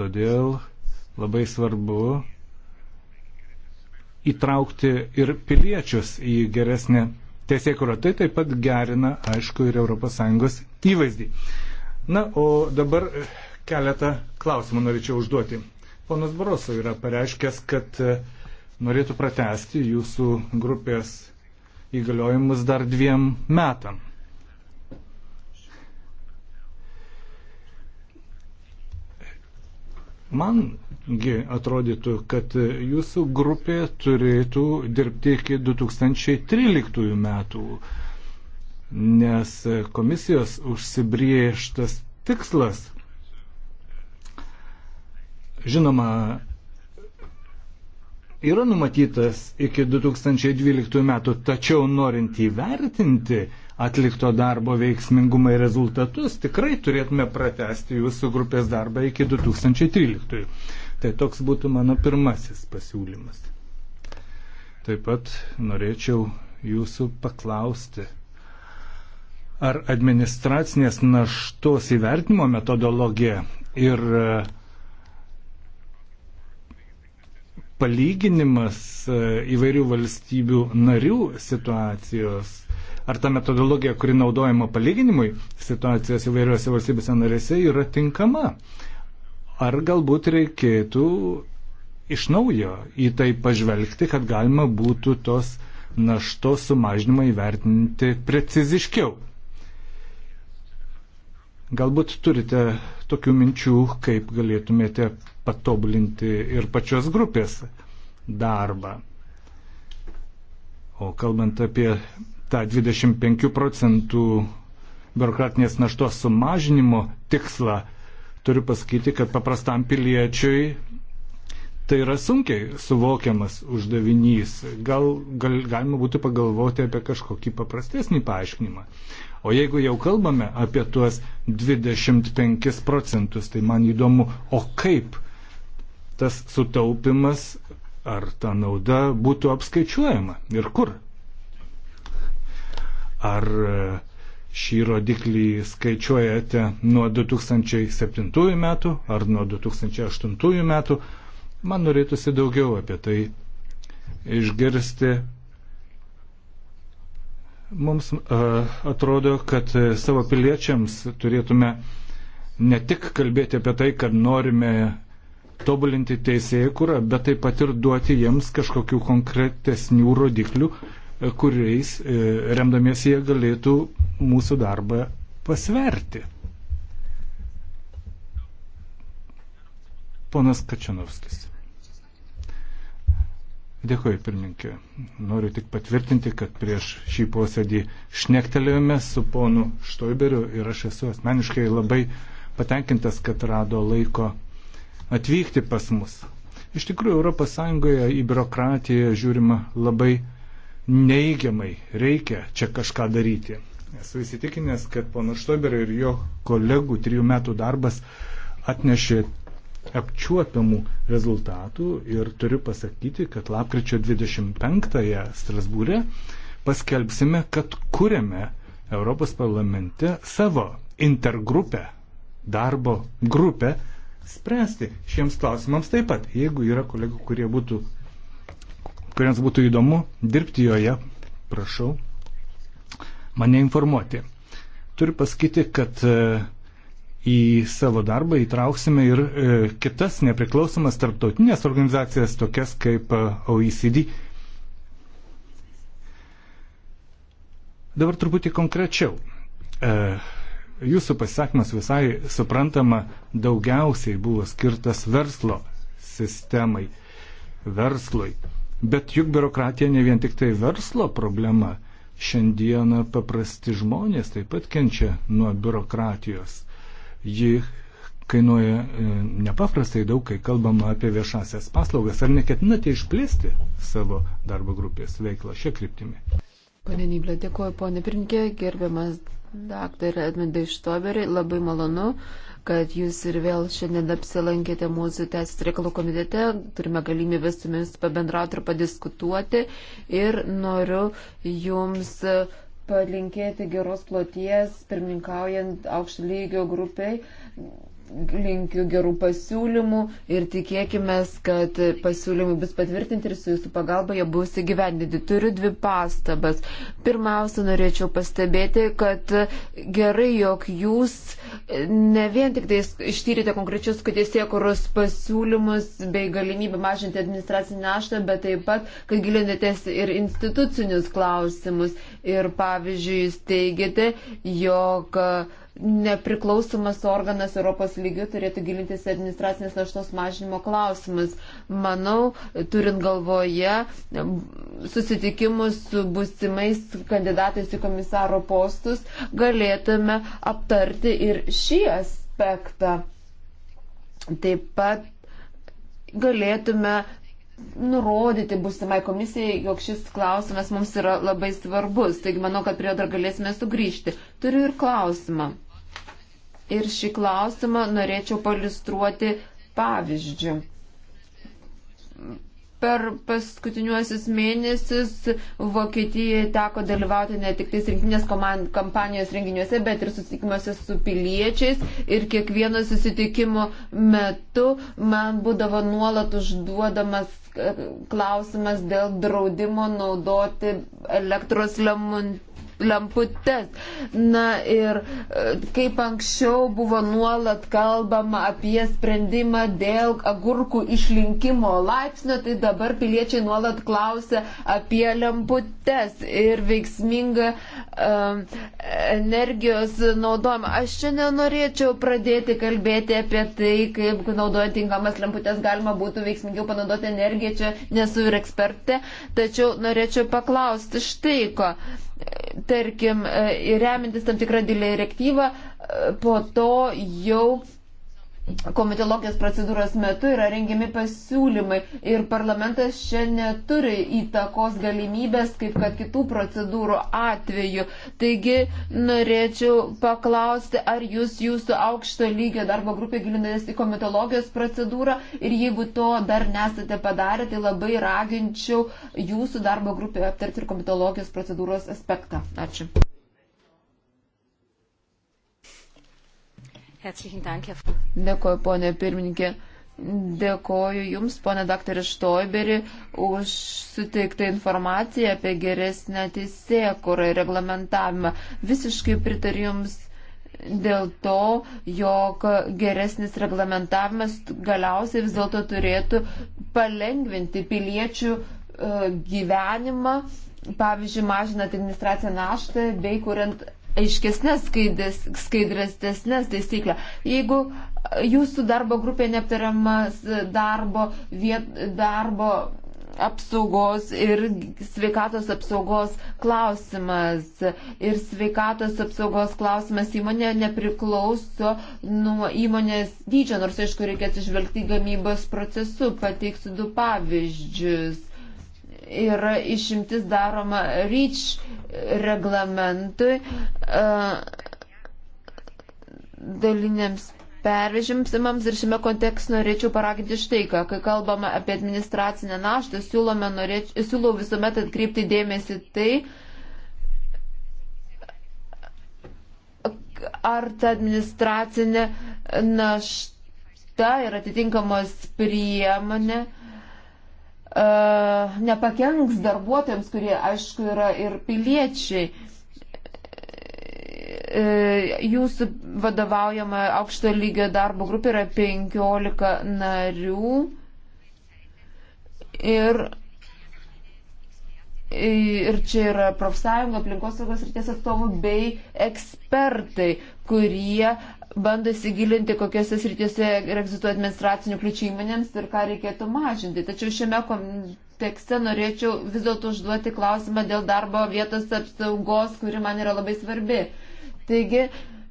Todėl labai svarbu įtraukti ir piliečius į geresnę teisėkurą. Tai taip pat gerina, aišku, ir ES įvaizdį. Na, o dabar Keletą klausimų norėčiau užduoti. Ponas Baroso yra pareiškęs, kad e, norėtų pratesti jūsų grupės įgaliojimus dar dviem metam. Mangi atrodytų, kad jūsų grupė turėtų dirbti iki 2013 metų, nes komisijos užsibrieštas tikslas Žinoma, yra numatytas iki 2012 metų, tačiau norint įvertinti atlikto darbo veiksmingumą ir rezultatus, tikrai turėtume pratesti jūsų grupės darbą iki 2013. Tai toks būtų mano pirmasis pasiūlymas. Taip pat norėčiau jūsų paklausti, ar administracinės naštos įvertinimo metodologija ir uh, palyginimas e, įvairių valstybių narių situacijos, ar ta metodologija, kuri naudojama palyginimui situacijos įvairiuose valstybėse narėse, yra tinkama. Ar galbūt reikėtų iš naujo į tai pažvelgti, kad galima būtų tos naštos sumažinimą įvertinti preciziškiau. Galbūt turite tokių minčių, kaip galėtumėte patobulinti ir pačios grupės darbą. O kalbant apie tą 25 procentų biurokratinės naštos sumažinimo tikslą, turiu pasakyti, kad paprastam piliečiui tai yra sunkiai suvokiamas uždavinys. Gal, gal galima būtų pagalvoti apie kažkokį paprastesnį paaiškinimą. O jeigu jau kalbame apie tuos 25 procentus, tai man įdomu, o kaip tas sutaupimas ar ta nauda būtų apskaičiuojama ir kur. Ar e, šį rodiklį skaičiuojate nuo 2007 metų ar nuo 2008 metų, man norėtųsi daugiau apie tai išgirsti. Mums e, atrodo, kad e, savo piliečiams turėtume ne tik kalbėti apie tai, kad norime tobulinti teisėjų kūrą, bet taip pat ir duoti jiems kažkokių konkretesnių rodiklių, e, kuriais e, remdamiesi jie galėtų mūsų darbą pasverti. Ponas Kačianovskis. Dėkuoju, pirmininkė. Noriu tik patvirtinti, kad prieš šį posėdį šnektelėjome su ponu Štoiberiu ir aš esu asmeniškai labai patenkintas, kad rado laiko atvykti pas mus. Iš tikrųjų, ES į biurokratiją žiūrima labai neigiamai. Reikia čia kažką daryti. Esu įsitikinęs, kad pono Štoberio ir jo kolegų trijų metų darbas atnešė apčiuopiamų rezultatų ir turiu pasakyti, kad lapkričio 25-ąją Strasbūrė paskelbsime, kad kuriame Europos parlamente savo intergrupę, darbo grupę, spręsti šiems klausimams taip pat. Jeigu yra kolegų, kurie būtų, kuriems būtų įdomu dirbti joje, prašau mane informuoti. Turiu pasakyti, kad e, į savo darbą įtrauksime ir e, kitas nepriklausomas tarptautinės organizacijas, tokias kaip e, OECD. Dabar truputį konkrečiau. Jūsų pasakymas visai suprantama daugiausiai buvo skirtas verslo sistemai, verslui. Bet juk biurokratija ne vien tik tai verslo problema. Šiandieną paprasti žmonės taip pat kenčia nuo biurokratijos. Ji kainuoja e, nepaprastai daug, kai kalbama apie viešasias paslaugas. Ar neketinate išplėsti savo darbo grupės veiklą šią kryptimį? Pane Nyblė, dėkuoju, ponė Pirinkė, gerbiamas Daktarė Edmundai Štoveriai, labai malonu, kad jūs ir vėl šiandien apsilankėte mūsų teisės reikalų komitete. Turime galimybę su jumis pabendrauti ir padiskutuoti. Ir noriu jums palinkėti geros ploties, pirmininkaujant aukšto lygio grupiai linkiu gerų pasiūlymų ir tikėkime, kad pasiūlymai bus patvirtinti ir su jūsų pagalba jie bus įgyvendinti. Turiu dvi pastabas. Pirmiausia, norėčiau pastebėti, kad gerai, jog jūs ne vien tik tai ištyrite konkrečius teisėkuros pasiūlymus bei galimybę mažinti administracinį naštą, bet taip pat, kad gilinatės ir institucinius klausimus. Ir pavyzdžiui, jūs teigiate, jog nepriklausomas organas Europos lygių turėtų gilintis administracinės naštos mažinimo klausimas. Manau, turint galvoje susitikimus su būsimais kandidatais į komisaro postus, galėtume aptarti ir šį aspektą. Taip pat galėtume nurodyti būsimai komisijai, jog šis klausimas mums yra labai svarbus. Taigi manau, kad prie jo dar galėsime sugrįžti. Turiu ir klausimą ir šį klausimą norėčiau palistruoti pavyzdžiu. Per paskutiniuosius mėnesius Vokietijai teko dalyvauti ne tik tais rinkinės kampanijos renginiuose, bet ir susitikimuose su piliečiais. Ir kiekvieno susitikimo metu man būdavo nuolat užduodamas e, klausimas dėl draudimo naudoti elektros lemont lemputes. Na ir e, kaip anksčiau buvo nuolat kalbama apie sprendimą dėl agurkų išlinkimo laipsnio, tai dabar piliečiai nuolat klausia apie lemputes ir veiksmingą um, e, energijos naudojimą. Aš čia nenorėčiau pradėti kalbėti apie tai, kaip naudojant tinkamas lemputės galima būtų veiksmingiau panaudoti energiją, čia nesu ir ekspertė, tačiau norėčiau paklausti štai ko. Uh, tarkim, e, remintis tam tikrą direktyvą, e, po to jau komitologijos procedūros metu yra rengiami pasiūlymai ir parlamentas čia neturi įtakos galimybės, kaip kad kitų procedūrų atveju. Taigi norėčiau paklausti, ar jūs jūsų aukšto lygio darbo grupė gilinatės į komitologijos procedūrą ir jeigu to dar nesate padarę, tai labai raginčiau jūsų darbo grupėje aptarti ir komitologijos procedūros aspektą. Ačiū. Dėkoju, ponė pirmininkė. Dėkoju Jums, ponė daktarė Štoiberi, už suteiktą informaciją apie geresnę teisėkurą ir reglamentavimą. Visiškai pritariu Jums dėl to, jog geresnis reglamentavimas galiausiai vis dėlto turėtų palengvinti piliečių e, gyvenimą, pavyzdžiui, mažinant administracinę naštą bei kuriant aiškesnės, skaidresnės taisyklę. Jeigu jūsų darbo grupė neaptariamas darbo, viet, darbo apsaugos ir sveikatos apsaugos klausimas. Ir sveikatos apsaugos klausimas įmonė nepriklauso nuo įmonės dydžio, nors aišku reikia atsižvelgti gamybos procesu. Pateiksiu du pavyzdžius yra išimtis daroma REACH reglamentui e, daliniams pervežimsimams ir šiame kontekste norėčiau paraginti štai ką. Kai kalbame apie administracinę naštą, norėč... siūlau visuomet atkreipti dėmesį tai, ar ta administracinė našta ir atitinkamos priemonė uh, E, nepakenks darbuotojams, kurie, aišku, yra ir piliečiai. E, jūsų vadovaujama aukšto lygio darbo grupė yra 15 narių ir, ir čia yra profsąjunga, aplinkosaugos ryties atstovų bei ekspertai, kurie bando įsigilinti, kokiuose srityse egzistuoja administracinių kliučių įmonėms ir ką reikėtų mažinti. Tačiau šiame kontekste norėčiau vis dėlto užduoti klausimą dėl darbo vietos apsaugos, kuri man yra labai svarbi. Taigi,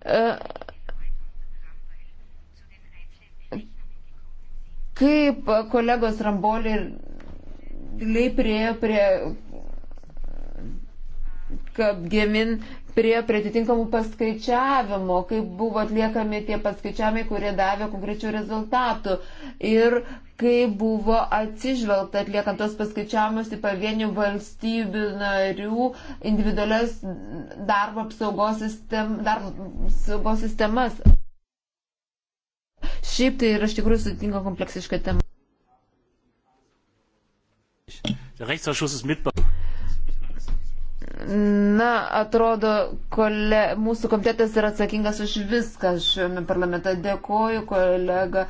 e, kaip kolegos Rambolį ir Lei priejo prie Kapgemin priejo prie atitinkamų paskaičiavimo, kaip buvo atliekami tie paskaičiavimai, kurie davė konkrečių rezultatų ir kaip buvo atsižvelgta atliekant tos paskaičiavimus į pavienių valstybių narių individualias darbo apsaugos, sistem, darbo apsaugos sistemas. Šiaip tai yra iš tikrųjų sudėtinga kompleksiška tema. Der Rechtsausschuss ist mitbekommen. Na, atrodo, kole, mūsų komitetas yra atsakingas už viską šiame parlamente. Dėkoju, kolega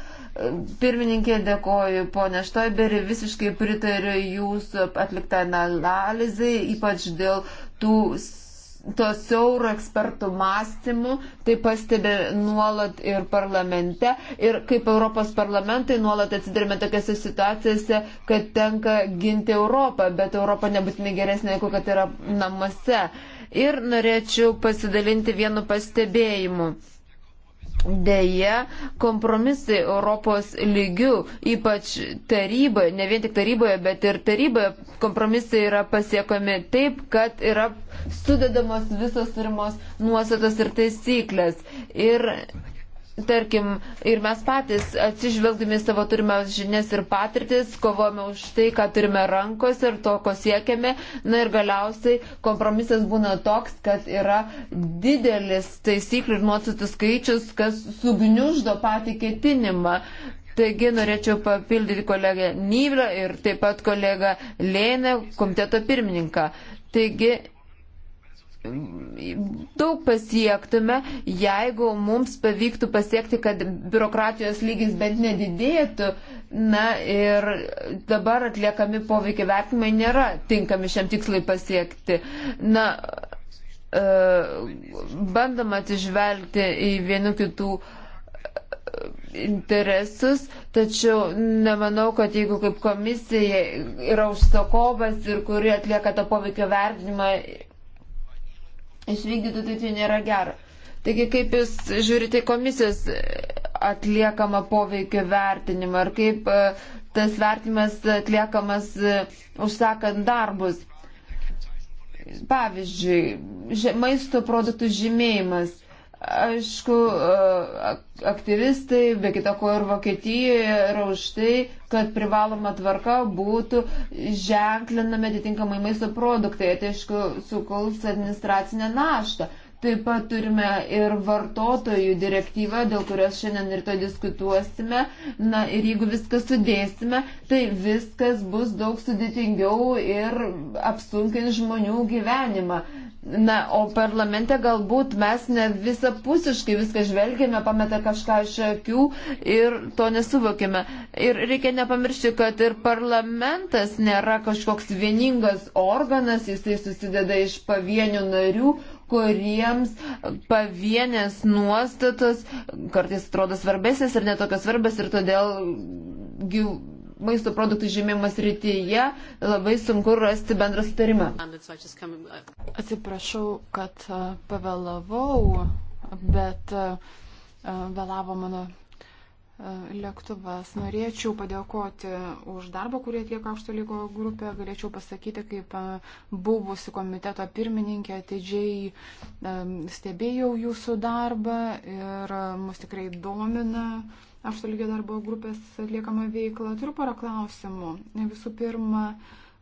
pirmininkė, dėkoju, ponė Štoiberi, visiškai pritariu jūsų atliktą analizai, ypač dėl tų tos euro ekspertų mąstymu, tai pastebi nuolat ir parlamente. Ir kaip Europos parlamentai nuolat atsidurime tokiose situacijose, kad tenka ginti Europą, bet Europa nebūtinai geresnė, negu kad yra namuose. Ir norėčiau pasidalinti vienu pastebėjimu. Deja, kompromisai Europos lygių, ypač taryboje, ne vien tik taryboje, bet ir taryboje kompromisai yra pasiekomi taip, kad yra sudedamos visos turimos nuostatos ir taisyklės. Ir Tarkim, ir mes patys atsižvelgdami savo turimas žinias ir patirtis, kovojame už tai, ką turime rankose ir to, ko siekiame. Na ir galiausiai kompromisas būna toks, kad yra didelis taisyklių ir nuostatų skaičius, kas sugniuždo patį ketinimą. Taigi norėčiau papildyti kolegę Nyvlę ir taip pat kolegą Lėnę, komiteto pirmininką. Taigi daug pasiektume, jeigu mums pavyktų pasiekti, kad biurokratijos lygis bent nedidėtų. Na ir dabar atliekami poveikia vertimai nėra tinkami šiam tikslui pasiekti. Na, e, bandama atsižvelgti į vienų kitų e, interesus, tačiau nemanau, kad jeigu kaip komisija yra užsakovas ir kuri atlieka tą poveikio vertinimą, išvykdytų, tai tai nėra gera. Taigi, kaip Jūs žiūrite komisijos atliekamą poveikio vertinimą ir kaip e, tas vertimas atliekamas e, užsakant darbus? Pavyzdžiui, maisto produktų žymėjimas Aišku, aktyvistai, be kita ko ir Vokietijoje yra už tai, kad privaloma tvarka būtų ženklinami atitinkamai maisto produktai. Tai aišku, sukals administracinę naštą. Taip pat turime ir vartotojų direktyvą, dėl kurios šiandien ir to diskutuosime. Na ir jeigu viską sudėsime, tai viskas bus daug sudėtingiau ir apsunkins žmonių gyvenimą. Na, o parlamente galbūt mes ne visapusiškai viską žvelgėme, pametę kažką iš akių ir to nesuvokėme. Ir reikia nepamiršti, kad ir parlamentas nėra kažkoks vieningas organas, jisai susideda iš pavienių narių, kuriems pavienės nuostatos kartais atrodo svarbesnės ir netokios svarbės ir todėl gyv... maisto produktų žymėjimas rytyje labai sunku rasti bendrą sutarimą. Atsiprašau, kad pavėlavau, bet vėlavo mano lėktuvas. Norėčiau padėkoti už darbą, kurį atlieka aukšto lygo grupė. Galėčiau pasakyti, kaip e, buvusi komiteto pirmininkė, atidžiai e, stebėjau jūsų darbą ir e, mus tikrai domina aukšto lygio darbo grupės atliekama veikla. Turiu porą klausimų. Visų pirma,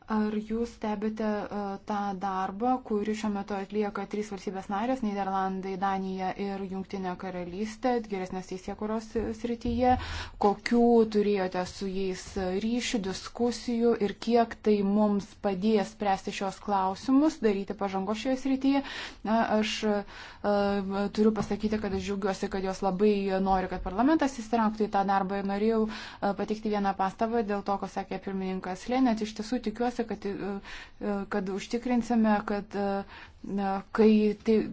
Ar jūs stebite uh, tą darbą, kurį šiuo metu atlieka trys valstybės narės - Niderlandai, Danija ir Junktinė karalystė, geresnės teisėkuros srityje? Kokių turėjote su jais ryšių, diskusijų ir kiek tai mums padės spręsti šios klausimus, daryti pažango šioje srityje? Na, aš uh, turiu pasakyti, kad aš džiaugiuosi, kad jos labai nori, kad parlamentas įsitrauktų į tą darbą ir norėjau uh, patikti vieną pastabą dėl to, ko sakė pirmininkas Lenė. Iš tiesų tikiuosi, tikiuosi, kad, e, kad užtikrinsime, kad e, kai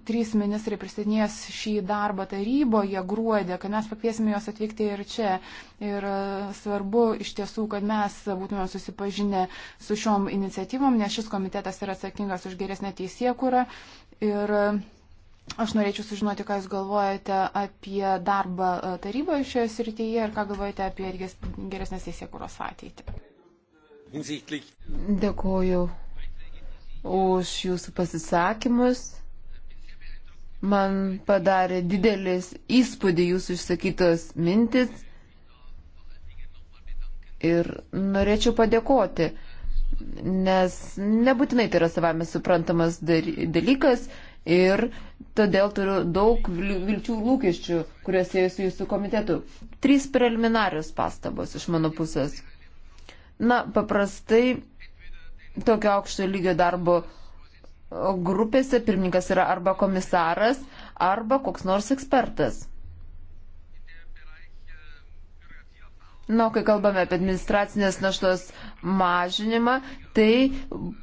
trys ministrai pristatinės šį darbą taryboje gruodė, kad mes pakviesime juos atvykti ir čia. Ir e, svarbu iš tiesų, kad mes būtume susipažinę su šiom iniciatyvom, nes šis komitetas yra atsakingas už geresnę teisėkurą. Ir Aš norėčiau sužinoti, ką Jūs galvojate apie darbą taryboje šioje srityje ir ką galvojate apie geresnės teisėkuros ateitį. Dėkuoju už jūsų pasisakymus. Man padarė didelis įspūdį jūsų išsakytos mintis ir norėčiau padėkoti, nes nebūtinai tai yra savame suprantamas dalykas ir todėl turiu daug vilčių lūkesčių, kuriuose esu jūsų komitetu. Trys preliminarius pastabos iš mano pusės. Na, paprastai tokio aukšto lygio darbo grupėse pirmininkas yra arba komisaras, arba koks nors ekspertas. Na, kai kalbame apie administracinės naštos mažinimą, tai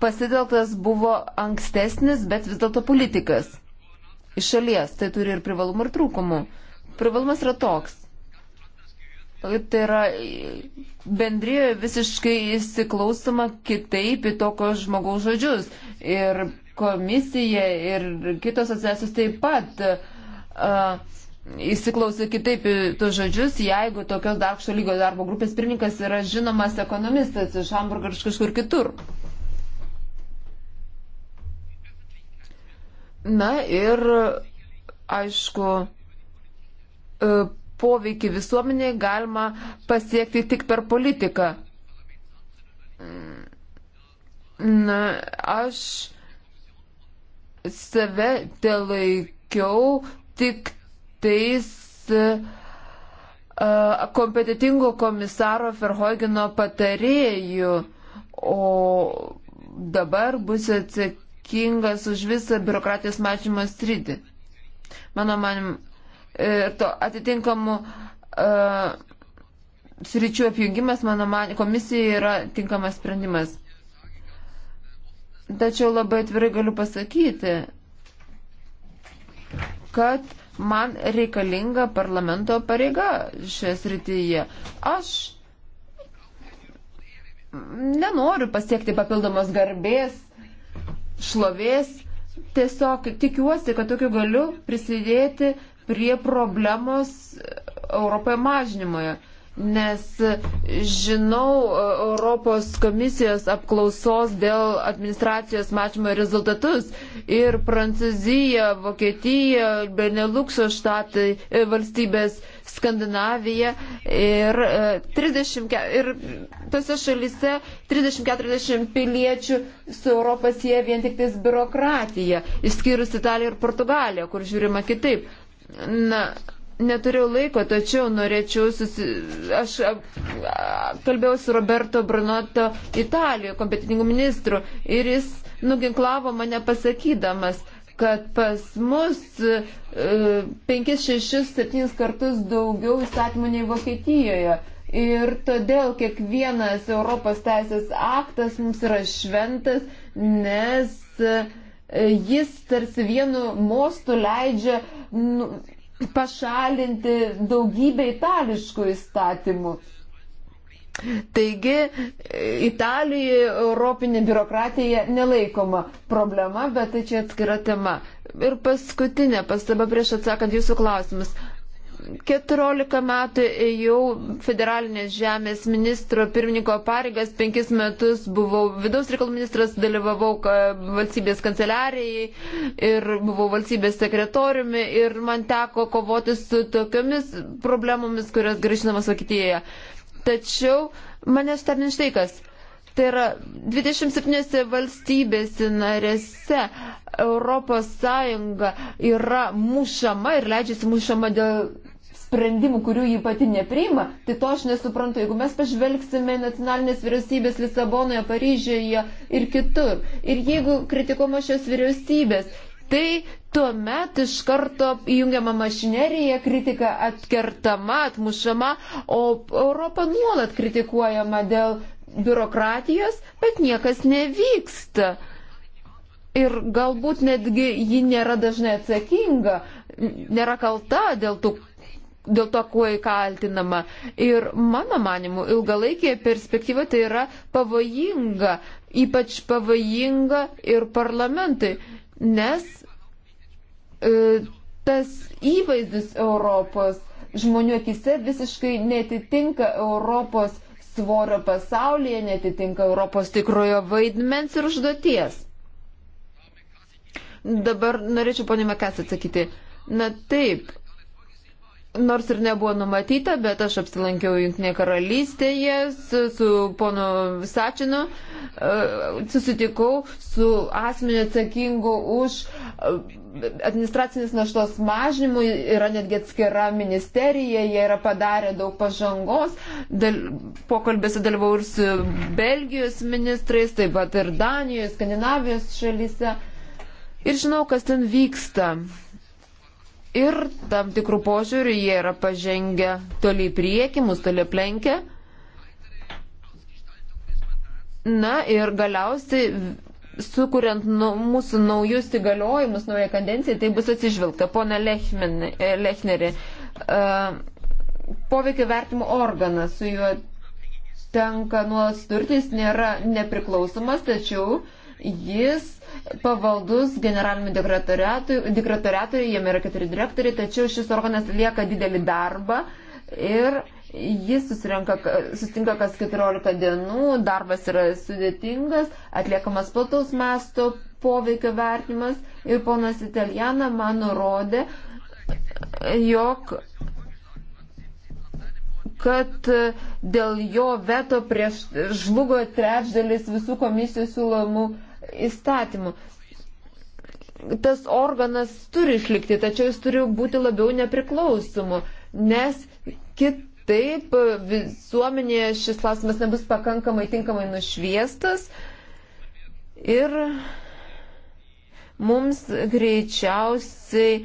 pasitelktas buvo ankstesnis, bet vis dėlto politikas. Iš šalies tai turi ir privalumų, ir trūkumų. Privalumas yra toks. Tai yra bendrijoje visiškai įsiklausoma kitaip į tokio žmogaus žodžius. Ir komisija ir kitos asociacijos taip pat uh, įsiklausė kitaip į tuos žodžius, jeigu tokios darbšto lygio darbo grupės pirmininkas yra žinomas ekonomistas iš Hamburgo ar kažkur kitur. Na ir, aišku, uh, poveikį visuomenėje galima pasiekti tik per politiką. Na, aš save telaikiau tik tais kompetitingo komisaro Ferhoigino patarėjų, o dabar bus atsakingas už visą biurokratijos mažymo sritį. Mano manim, E, to atitinkamų uh, sričių apjungimas, mano man, komisija yra tinkamas sprendimas. Tačiau labai atvirai galiu pasakyti, kad man reikalinga parlamento pareiga šioje srityje. Aš nenoriu pasiekti papildomos garbės, šlovės, tiesiog tikiuosi, kad tokiu galiu prisidėti prie problemos Europoje mažinimoje. Nes žinau e, Europos komisijos apklausos dėl administracijos mažymo rezultatus ir Prancūzija, Vokietija, Benelukso štatai, e, valstybės Skandinavija ir, 30, e, ir tose šalise 30-40 piliečių su Europos jie vien tik tais biurokratija, išskyrus Italiją ir Portugaliją, kur žiūrima kitaip. Na, neturiu laiko, tačiau norėčiau, susi... aš a, a, kalbėjau su Roberto Brunoto Italijoje, kompetitingu ministru, ir jis nuginklavo mane pasakydamas, kad pas mus 5, 6, 7 kartus daugiau įstatymų nei Vokietijoje. Ir todėl kiekvienas Europos teisės aktas mums yra šventas, nes e, E, jis tarsi vienu mostu leidžia nu, pašalinti daugybę itališkų įstatymų. Taigi, Italijoje europinė biurokratija nelaikoma problema, bet tai čia atskira tema. Ir paskutinė pastaba prieš atsakant jūsų klausimus. 14 metų ėjau federalinės žemės ministro pirmininko pareigas, 5 metus buvau vidaus reikalų ministras, dalyvavau valstybės kanceliarijai ir buvau valstybės sekretoriumi ir man teko kovoti su tokiomis problemomis, kurios grįžinamas Vokietijoje. Tačiau mane stebina štai kas. Tai yra 27 valstybėse narėse Europos Sąjunga yra mušama ir leidžiasi mušama dėl sprendimų, kurių ji pati nepriima, tai to aš nesuprantu. Jeigu mes pažvelgsime nacionalinės vyriausybės Lisabonoje, Paryžioje ir kitur, ir jeigu kritikuoma šios vyriausybės, tai tuomet iš karto įjungiama mašinerija, kritika atkertama, atmušama, o Europa nuolat kritikuojama dėl biurokratijos, bet niekas nevyksta. Ir galbūt netgi ji nėra dažnai atsakinga, nėra kalta dėl tų dėl to, kuo įkaltinama. Ir mano manimu, ilgalaikėje perspektyva tai yra pavojinga, ypač pavojinga ir parlamentui, nes e, tas įvaizdis Europos žmonių akise visiškai netitinka Europos svorio pasaulyje, netitinka Europos tikrojo vaidmens ir užduoties. Dabar norėčiau, ponė Mekas, atsakyti. Na taip, Nors ir nebuvo numatyta, bet aš apsilankiau Junktinėje karalystėje su, su ponu Sačinu, e, susitikau su asmeniu atsakingu už e, administracinės naštos mažinimų, yra netgi atskira ministerija, jie yra padarę daug pažangos, Dal, pokalbėse dalyvau ir su Belgijos ministrais, taip pat ir Danijoje, Skandinavijos šalyse. Ir žinau, kas ten vyksta ir tam tikrų požiūrių jie yra pažengę toliai prieki, mus toliai aplenkia. Na ir galiausiai, sukuriant nu, mūsų naujus įgaliojimus, naują kandenciją, tai bus atsižvelgta. Pone e, Lechneri, uh, poveikio vertimo organas, su juo tenka nuolat sturtis, nėra nepriklausomas, tačiau jis pavaldus generaliniam direktoriatui, jame yra keturi direktoriai, tačiau šis organas lieka didelį darbą ir jis susitinka kas 14 dienų, darbas yra sudėtingas, atliekamas plataus masto poveikio vertimas ir ponas Italijana man nurodė, jog kad dėl jo veto prieš žlugo trečdalis visų komisijų siūlomų uh, įstatymų. Tas organas turi išlikti, tačiau jis turi būti labiau nepriklausomu, nes kitaip visuomenėje šis klausimas nebus pakankamai tinkamai nušviestas ir mums greičiausiai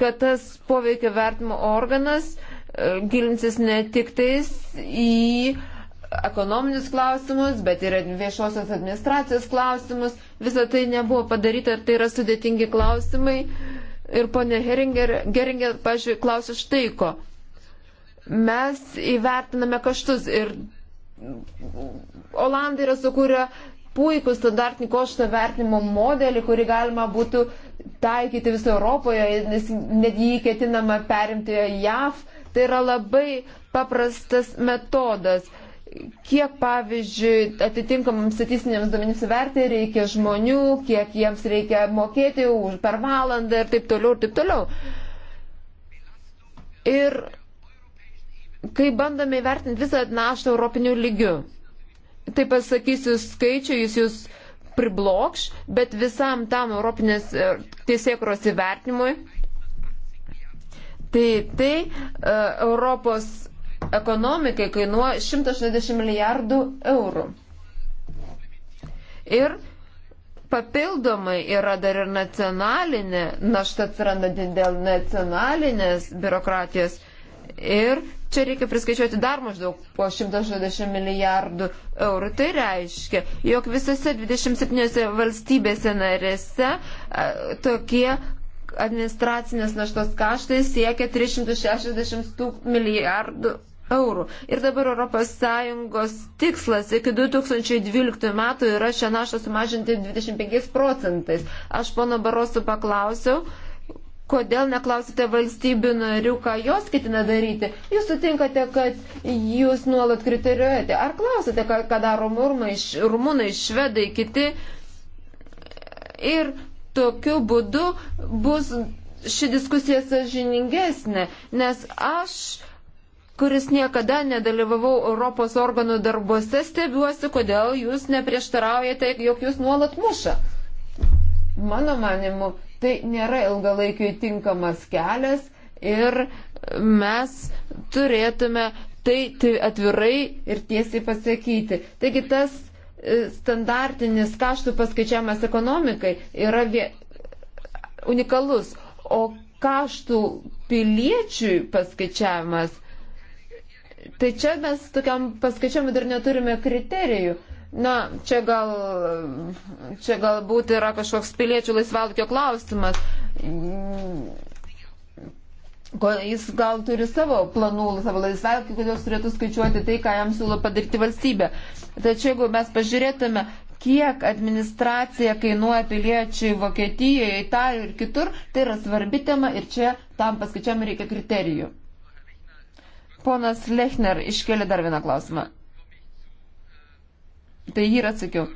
kad tas poveikio vertimo organas uh, gilinsis ne tik tais į ekonominius klausimus, bet ir viešosios administracijos klausimus. Visą tai nebuvo padaryta ir tai yra sudėtingi klausimai. Ir ponė Heringer, Geringer, pažiūrėjau, klausiu štai ko. Mes įvertiname kaštus ir Olandai yra sukūrę puikų standartinį koštą vertinimo modelį, kurį galima būtų taikyti viso Europoje, nes net jį ketinama perimti JAV. Tai yra labai paprastas metodas. Kiek, pavyzdžiui, atitinkamams statistiniams duomenims verti reikia žmonių, kiek jiems reikia mokėti už per valandą ir taip toliau ir taip toliau. Ir kai bandome įvertinti visą naštą europinių lygių, tai pasakysiu skaičių, jis jūs priblokš, bet visam tam Europinės e, teisėkros įvertinimui Tai tai e, Europos ekonomikai kainuoja 160 milijardų eurų. Ir papildomai yra dar ir nacionalinė našta atsirandanti dėl nacionalinės biurokratijos. Ir čia reikia priskaičiuoti dar maždaug po 160 milijardų eurų. Tai reiškia, jog visose 27 valstybėse narėse e, tokie administracinės naštos kaštai siekia 360 milijardų eurų. Ir dabar ES tikslas iki 2012 metų yra šią naštą sumažinti 25 procentais. Aš pono Barosų paklausiau. Kodėl neklausite valstybių narių, ką jos ketina daryti? Jūs sutinkate, kad jūs nuolat kriterijuojate. Ar klausite, ką, ką daro murmai, rumunai, švedai, kiti? Ir tokiu būdu bus ši diskusija sažiningesnė, nes aš kuris niekada nedalyvavau Europos organų darbuose, stebiuosi, kodėl jūs neprieštaraujate, jog jūs nuolat muša. Mano manimu, tai nėra ilgalaikiai tinkamas kelias ir mes turėtume tai atvirai ir tiesiai pasakyti. Taigi tas standartinis kaštų paskaičiavimas ekonomikai yra vie... unikalus, o kaštų piliečiui paskaičiavimas, tai čia mes tokiam paskaičiavimui dar neturime kriterijų. Na, čia gal, čia galbūt yra kažkoks piliečių laisvalkio klausimas. Jis gal turi savo planų, savo laisvalkį, kodėl jis turėtų skaičiuoti tai, ką jam siūlo padaryti valstybė. Tačiau jeigu mes pažiūrėtume, kiek administracija kainuoja piliečiai Vokietijoje, Italijoje ir kitur, tai yra svarbi tema ir čia tam paskaičiam reikia kriterijų. Ponas Lechner iškėlė dar vieną klausimą. Tai jį ir atsakiau.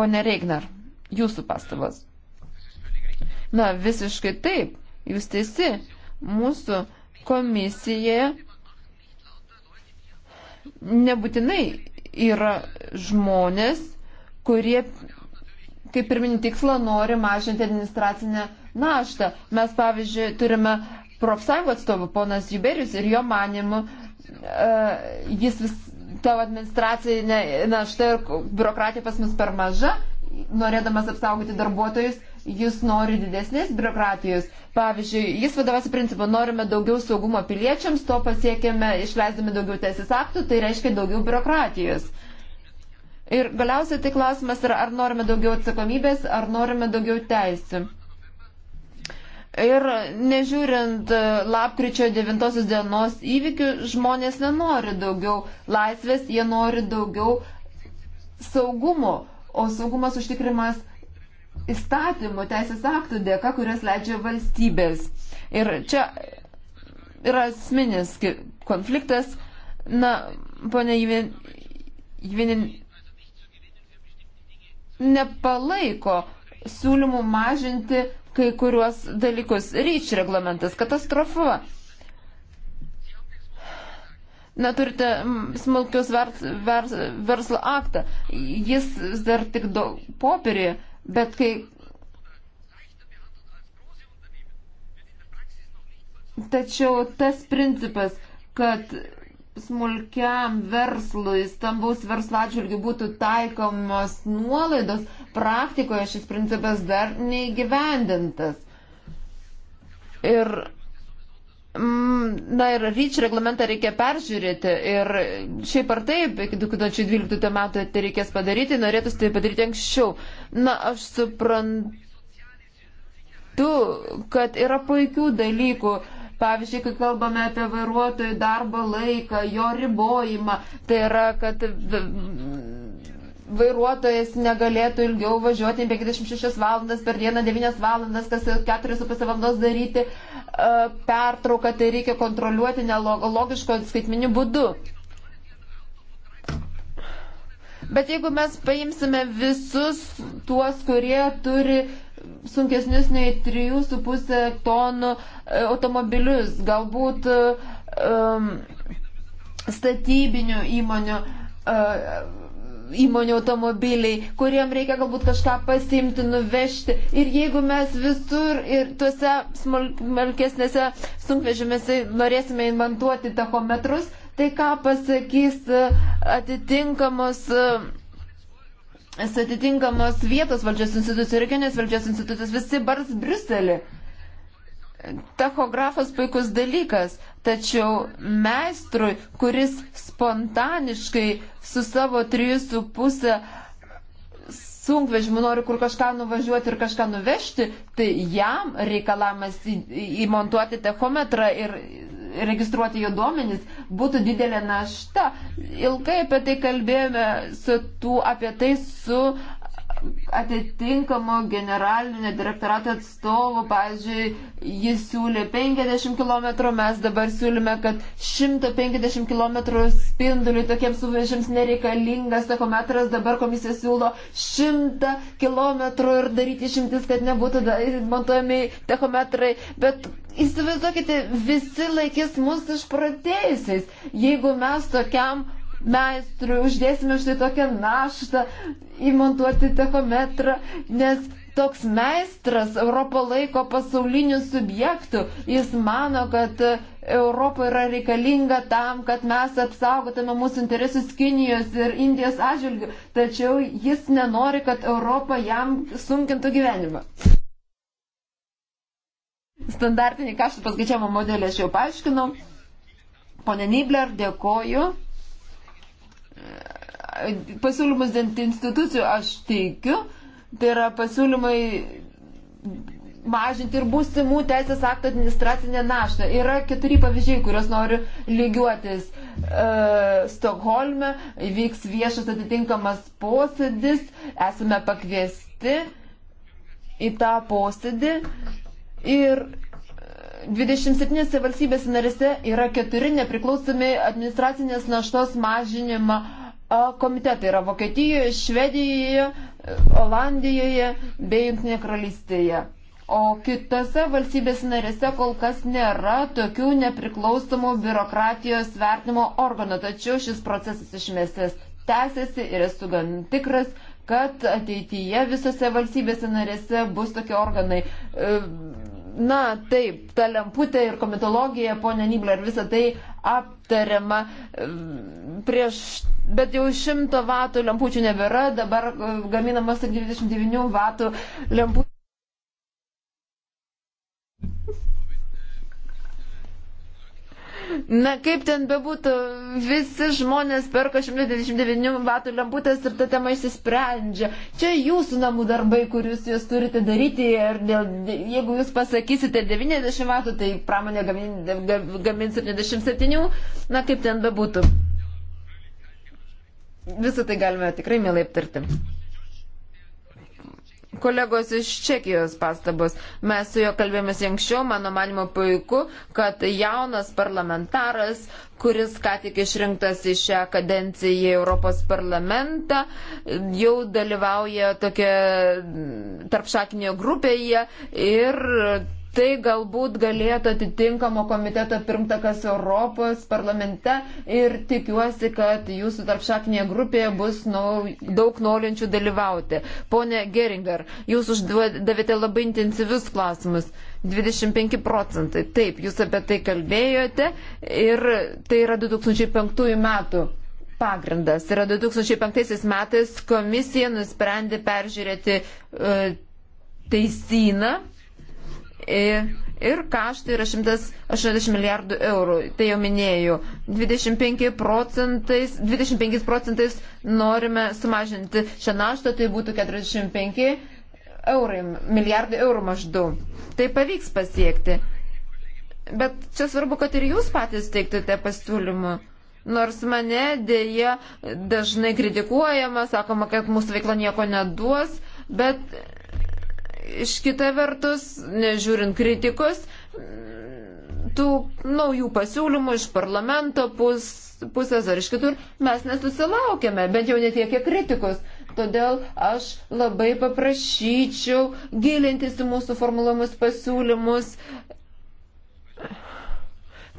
Pone Reigner, jūsų pastabas. Na, visiškai taip, jūs teisi Mūsų komisija nebūtinai yra žmonės, kurie kaip pirminį tikslą nori mažinti administracinę naštą. Mes, pavyzdžiui, turime profsąjungų atstovų, ponas Juberius, ir jo manimu, e, jis vis tavo administracinė našta ir biurokratija pas mus per maža, norėdamas apsaugoti darbuotojus, jis nori didesnės biurokratijos. Pavyzdžiui, jis vadovasi principu, norime daugiau saugumo piliečiams, to pasiekėme išleisdami daugiau teisės aktų, tai reiškia daugiau biurokratijos. Ir galiausiai tai klausimas yra, ar norime daugiau atsakomybės, ar norime daugiau teisų. Ir nežiūrint lapkričio 9 dienos įvykių, žmonės nenori daugiau laisvės, jie nori daugiau saugumo o saugumas užtikrimas įstatymų, teisės aktų dėka, kurias leidžia valstybės. Ir čia yra asmeninis konfliktas. Na, ponia Jvinin nepalaiko siūlymų mažinti kai kuriuos dalykus. Ryč reglamentas katastrofa na, turite mm, smulkius vers, vers, verslo aktą. Jis dar tik popierį, bet kai. Tačiau tas principas, kad smulkiam verslui, stambaus verslo atžvilgių būtų taikomos nuolaidos, praktikoje šis principas dar neįgyvendintas. Ir Mm, na ir ryč reglamentą reikia peržiūrėti ir šiaip ar taip, iki 2012 metų tai reikės padaryti, norėtųsi tai padaryti anksčiau. Na, aš suprantu, kad yra puikių dalykų. Pavyzdžiui, kai kalbame apie vairuotojų darbo laiką, jo ribojimą, tai yra, kad vairuotojas negalėtų ilgiau važiuoti 56 valandas per dieną, 9 valandas, kas 4,5 valandos daryti E, pertrauką, tai reikia kontroliuoti nelogiško skaitminiu būdu. Bet jeigu mes paimsime visus tuos, kurie turi sunkesnius nei 3,5 tonų e, automobilius, galbūt um, statybinių įmonių, uh, įmonių automobiliai, kuriem reikia galbūt kažką pasimti, nuvežti. Ir jeigu mes visur ir tuose smulkesnėse sunkvežimėse norėsime inventuoti tachometrus, tai ką pasakys e, atitinkamos e, atitinkamos vietos valdžios institucijų, regionės valdžios institucijos, visi bars Briuselį. Tachografas puikus dalykas, tačiau meistrui, kuris spontaniškai su savo 3,5 sunkvežimiu nori kur kažką nuvažiuoti ir kažką nuvežti, tai jam reikalavimas į, įmontuoti tachometrą ir registruoti jo duomenys būtų didelė našta. Ilgai apie tai kalbėjome su tų, apie tai su atitinkamo generalinio direktorato atstovų, pavyzdžiui, jis siūlė 50 km, mes dabar siūlime, kad 150 km spinduliui tokiems suvežims nereikalingas tachometras, dabar komisija siūlo 100 km ir daryti išimtis, kad nebūtų montuojami tachometrai, bet įsivaizduokite, visi laikys mus išpratėjusiais, jeigu mes tokiam meistrui uždėsime štai tokią naštą įmontuoti tachometrą, nes toks meistras Europą laiko pasauliniu subjektu. Jis mano, kad Europa yra reikalinga tam, kad mes apsaugotume mūsų interesus Kinijos ir Indijos atžvilgių, tačiau jis nenori, kad Europa jam sunkintų gyvenimą. Standartinį kaštų paskaičiavimo modelį aš jau paaiškinau. Pone Nibler, dėkoju pasiūlymus dėl institucijų aš teikiu, tai yra pasiūlymai mažinti ir būsimų teisės aktų administracinę naštą. Yra keturi pavyzdžiai, kuriuos noriu lygiuotis. E, Stokholme vyks viešas atitinkamas posėdis, esame pakviesti į tą posėdį ir 27 valstybės narėse yra keturi nepriklausomi administracinės naštos mažinimo komitetai. Yra Vokietijoje, Švedijoje, Olandijoje bei Junktinė karalystėje. O kitose valstybės narėse kol kas nėra tokių nepriklausomų biurokratijos vertimo organų, tačiau šis procesas išmėsės tęsiasi ir esu gan tikras, kad ateityje visose valstybėse narėse bus tokie organai. E, Na, taip, ta lemputė ir komitologija, ponia Nibler, visą tai aptariama ehm, prieš, bet jau 100 vatų lempučių nebėra, dabar ehm, gaminamas 29 vatų lempučių. Na, kaip ten bebūtų, visi žmonės perka 129 vatų lemputės ir ta tema išsisprendžia. Čia jūsų namų darbai, kuriuos jūs turite daryti ir dėl, jeigu jūs pasakysite 90 vatų, tai pramonė gamins, gamins 77, na, kaip ten bebūtų. Visą tai galime tikrai mielai aptarti kolegos iš Čekijos pastabos. Mes su juo kalbėjomės anksčiau, mano manimo puiku, kad jaunas parlamentaras, kuris ką tik išrinktas į šią kadenciją į Europos parlamentą, jau dalyvauja tokia tarpšaknio grupėje ir Tai galbūt galėtų atitinkamo komiteto pirmtakas Europos parlamente ir tikiuosi, kad jūsų tarpšaknėje grupėje bus nau, daug norinčių dalyvauti. Pone Geringer, jūs uždavėte labai intensyvius klausimus. 25 procentai. Taip, jūs apie tai kalbėjote ir tai yra 2005 metų pagrindas. Yra 2005 metais komisija nusprendė peržiūrėti e, teisyną E, ir kaštai yra 180 milijardų eurų. Tai jau minėjau, 25 procentais, 25 procentais norime sumažinti šią naštą, tai būtų 45 eurai, milijardai eurų maždaug. Tai pavyks pasiekti. Bet čia svarbu, kad ir jūs patys teiktute pasiūlymų. Nors mane dėja dažnai kritikuojama, sakoma, kad mūsų veikla nieko neduos, bet Iš kita vertus, nežiūrint kritikos, tų naujų pasiūlymų iš parlamento pus, pusės ar iš kitur mes nesusilaukėme, bent jau netiekė kritikos. Todėl aš labai paprašyčiau gilintis į mūsų formuluomus pasiūlymus.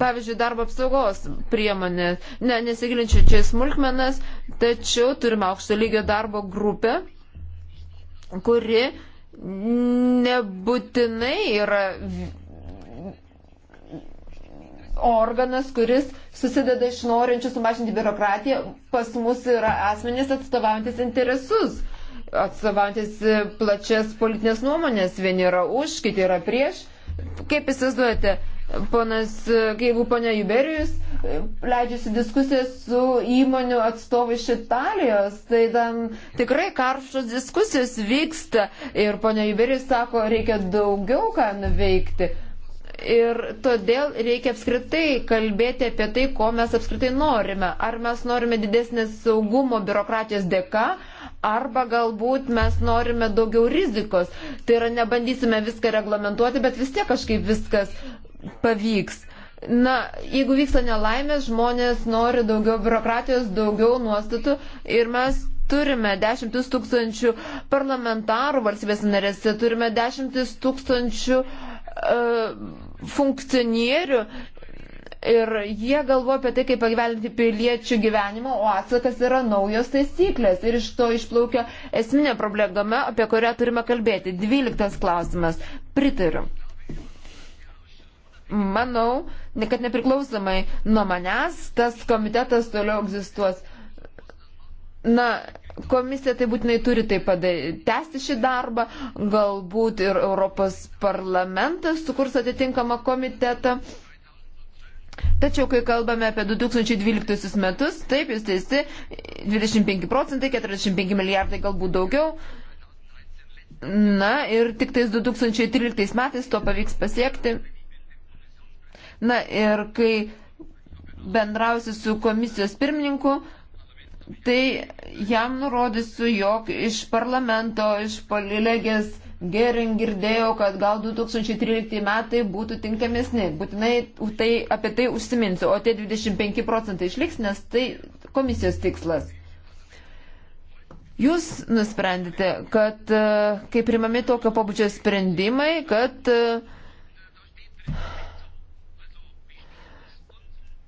Pavyzdžiui, darbo apsaugos priemonė. Ne, nesigilinčiau čia smulkmenas, tačiau turime aukšto lygio darbo grupę, kuri nebūtinai yra organas, kuris susideda iš norinčių sumažinti biurokratiją, pas mus yra asmenys atstovaujantis interesus, atstovaujantis e, plačias politinės nuomonės, vieni yra už, kiti yra prieš. Kaip įsivaizduojate, ponas, jeigu ponia Juberijus e, leidžiasi diskusijas su įmonių atstovai iš Italijos, tai tam tikrai karštos diskusijos vyksta ir ponia Juberijus sako, reikia daugiau ką nuveikti. Ir todėl reikia apskritai kalbėti apie tai, ko mes apskritai norime. Ar mes norime didesnės saugumo biurokratijos dėka, arba galbūt mes norime daugiau rizikos. Tai yra, nebandysime viską reglamentuoti, bet vis tiek kažkaip viskas pavyks. Na, jeigu vyksta nelaimės, žmonės nori daugiau biurokratijos, daugiau nuostatų ir mes turime dešimtis tūkstančių parlamentarų valstybės narėse, turime dešimtis tūkstančių uh, funkcionierių ir jie galvoja apie tai, kaip pagyvelinti piliečių gyvenimą, o atsakas yra naujos taisyklės. Ir iš to išplaukia esminė problema, apie kurią turime kalbėti. Dvyliktas klausimas. Pritariu manau, kad nepriklausomai nuo manęs tas komitetas toliau egzistuos. Na, komisija tai būtinai turi tai tęsti šį darbą, galbūt ir Europos parlamentas sukurs atitinkamą komitetą. Tačiau, kai kalbame apie 2012 metus, taip, jūs teisi, 25 procentai, 45 milijardai galbūt daugiau. Na ir tik tais 2013 metais to pavyks pasiekti. Na ir kai bendrausi su komisijos pirmininku, tai jam nurodysiu, jog iš parlamento, iš polilegės Gering girdėjau, kad gal 2013 metai būtų tinkamesni. Būtinai tai, apie tai užsiminsiu, o tie 25 procentai išliks, nes tai komisijos tikslas. Jūs nusprendėte, kad e, kai primami tokio pabudžio sprendimai, kad uh,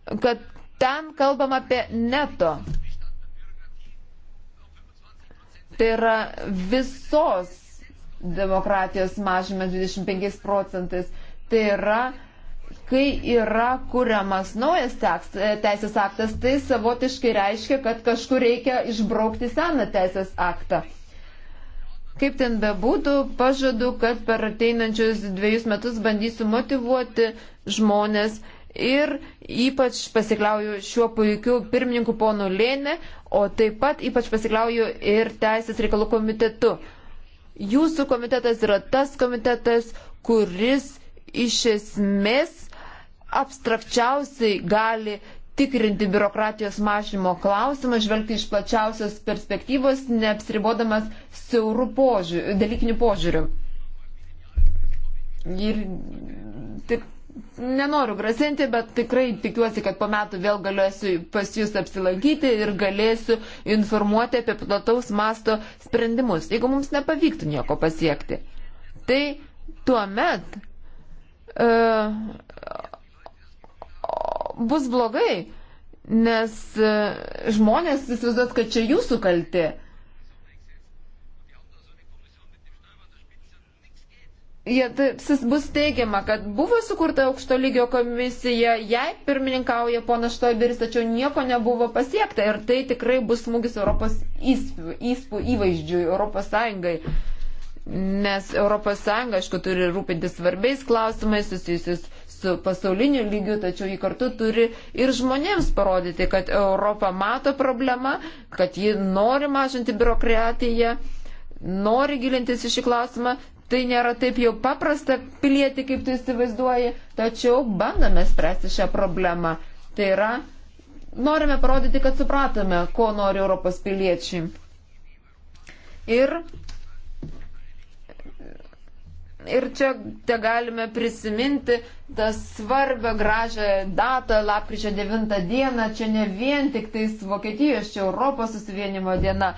kad ten kalbam apie neto. Tai yra visos demokratijos mažymas 25 procentais. Tai yra, kai yra kuriamas naujas teks, e, teisės aktas, tai savotiškai reiškia, kad kažkur reikia išbraukti seną teisės aktą. Kaip ten bebūtų, pažadu, kad per ateinančius dviejus metus bandysiu motivuoti žmonės ir ypač pasikliauju šiuo puikiu pirmininku ponu Lėne, o taip pat ypač pasikliauju ir Teisės reikalų komitetu. Jūsų komitetas yra tas komitetas, kuris iš esmės abstrakčiausiai gali tikrinti biurokratijos mažinimo klausimą, žvelgti iš plačiausios perspektyvos, neapsiribodamas siaurų požiūrių, dalykinių požiūrių. Ir tik nenoriu grasinti, bet tikrai tikiuosi, kad po metų vėl galėsiu pas jūs apsilankyti ir galėsiu informuoti apie plataus masto sprendimus, jeigu mums nepavyktų nieko pasiekti. Tai tuo met uh, e, bus blogai, nes uh, žmonės įsivaizduos, kad čia jūsų kalti. Uh, jie tai- bus teigiama, kad buvo sukurta aukšto lygio komisija, jai pirmininkauja pona Štoiberis, tačiau nieko nebuvo pasiekta ir tai tikrai bus smūgis Europos įspū, įspū įvaizdžiui, Europos Sąjungai. Nes Europos Sąjunga, aišku, turi rūpintis svarbiais klausimais susijusius su pasauliniu lygiu, tačiau jį kartu turi ir žmonėms parodyti, kad Europa mato problemą, kad ji nori mažinti biurokratiją nori gilintis į šį klausimą, Tai nėra taip jau paprasta pilieti, kaip tu įsivaizduoji, tačiau bandome spręsti šią problemą. Tai yra, norime parodyti, kad supratome, ko nori Europos piliečiai. Ir, ir čia te galime prisiminti tą svarbę gražią datą, lapkričio 9 dieną, čia ne vien tik tais Vokietijos, čia Europos susivienimo diena.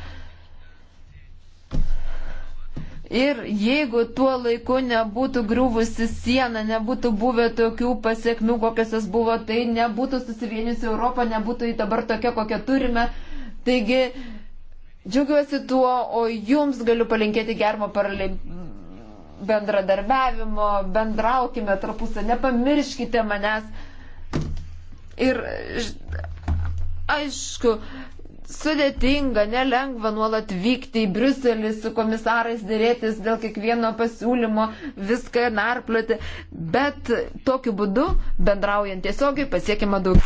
Ir jeigu tuo laiku nebūtų griuvusi siena, nebūtų buvę tokių pasiekmių, kokias jas buvo, tai nebūtų susivieniusi Europa, nebūtų į dabar tokia, kokią turime. Taigi, džiaugiuosi tuo, o jums galiu palinkėti germo paralį bendradarbiavimo, bendraukime tarpusą, nepamirškite manęs. Ir aišku, sudėtinga, nelengva nuolat vykti į Bruselį su komisarais dėrėtis dėl kiekvieno pasiūlymo, viską narplioti, bet tokiu būdu bendraujant tiesiogiai pasiekima daug.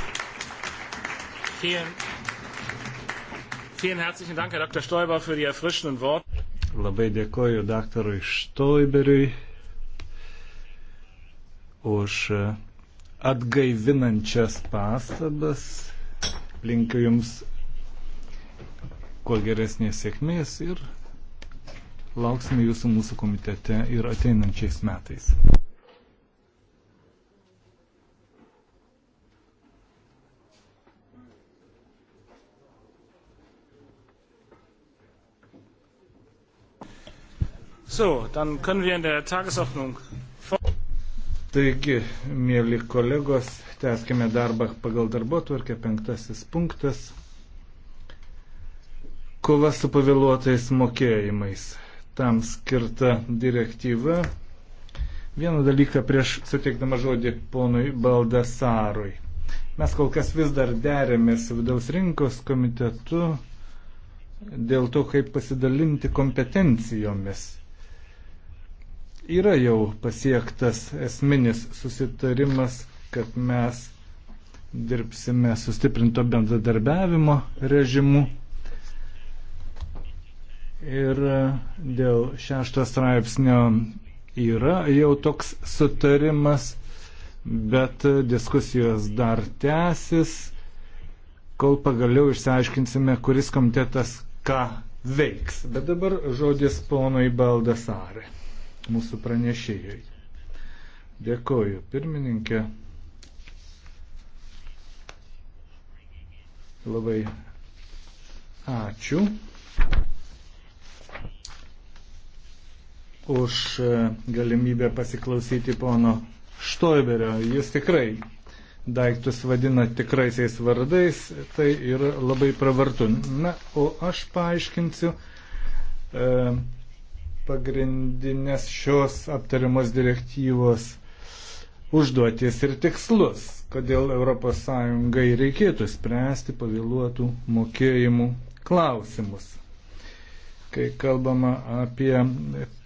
Labai dėkoju daktarui Štoiberiui už atgaivinančias pastabas linkiu Jums kuo geresnės sėkmės ir lauksime jūsų mūsų komitete ir ateinančiais metais. So, dann können wir in der Tagesordnung. Taigi, mėly kolegos, tęskime darbą pagal darbo tvarkę, penktasis punktas. Kova su pavėluotais mokėjimais. Tam skirta direktyva. Vieną dalyką prieš suteikdama žodį ponui Baldasarui. Mes kol kas vis dar derėmės vidaus rinkos komitetu dėl to, kaip pasidalinti kompetencijomis yra jau pasiektas esminis susitarimas, kad mes dirbsime sustiprinto bendradarbiavimo režimu. Ir e, dėl šešto straipsnio yra jau toks sutarimas, bet diskusijos dar tęsis, kol pagaliau išsiaiškinsime, kuris komitetas ką veiks. Bet dabar žodis ponui Baldasarė, mūsų pranešėjai. Dėkoju, pirmininkė. Labai ačiū. už e, galimybę pasiklausyti pono Štoiberio. Jis tikrai daiktus vadina tikraisiais vardais, tai yra labai pravartu. Na, o aš paaiškinsiu e, pagrindinės šios aptariamos direktyvos užduotis ir tikslus, kodėl ES reikėtų spręsti pavėluotų mokėjimų klausimus. Kai kalbama apie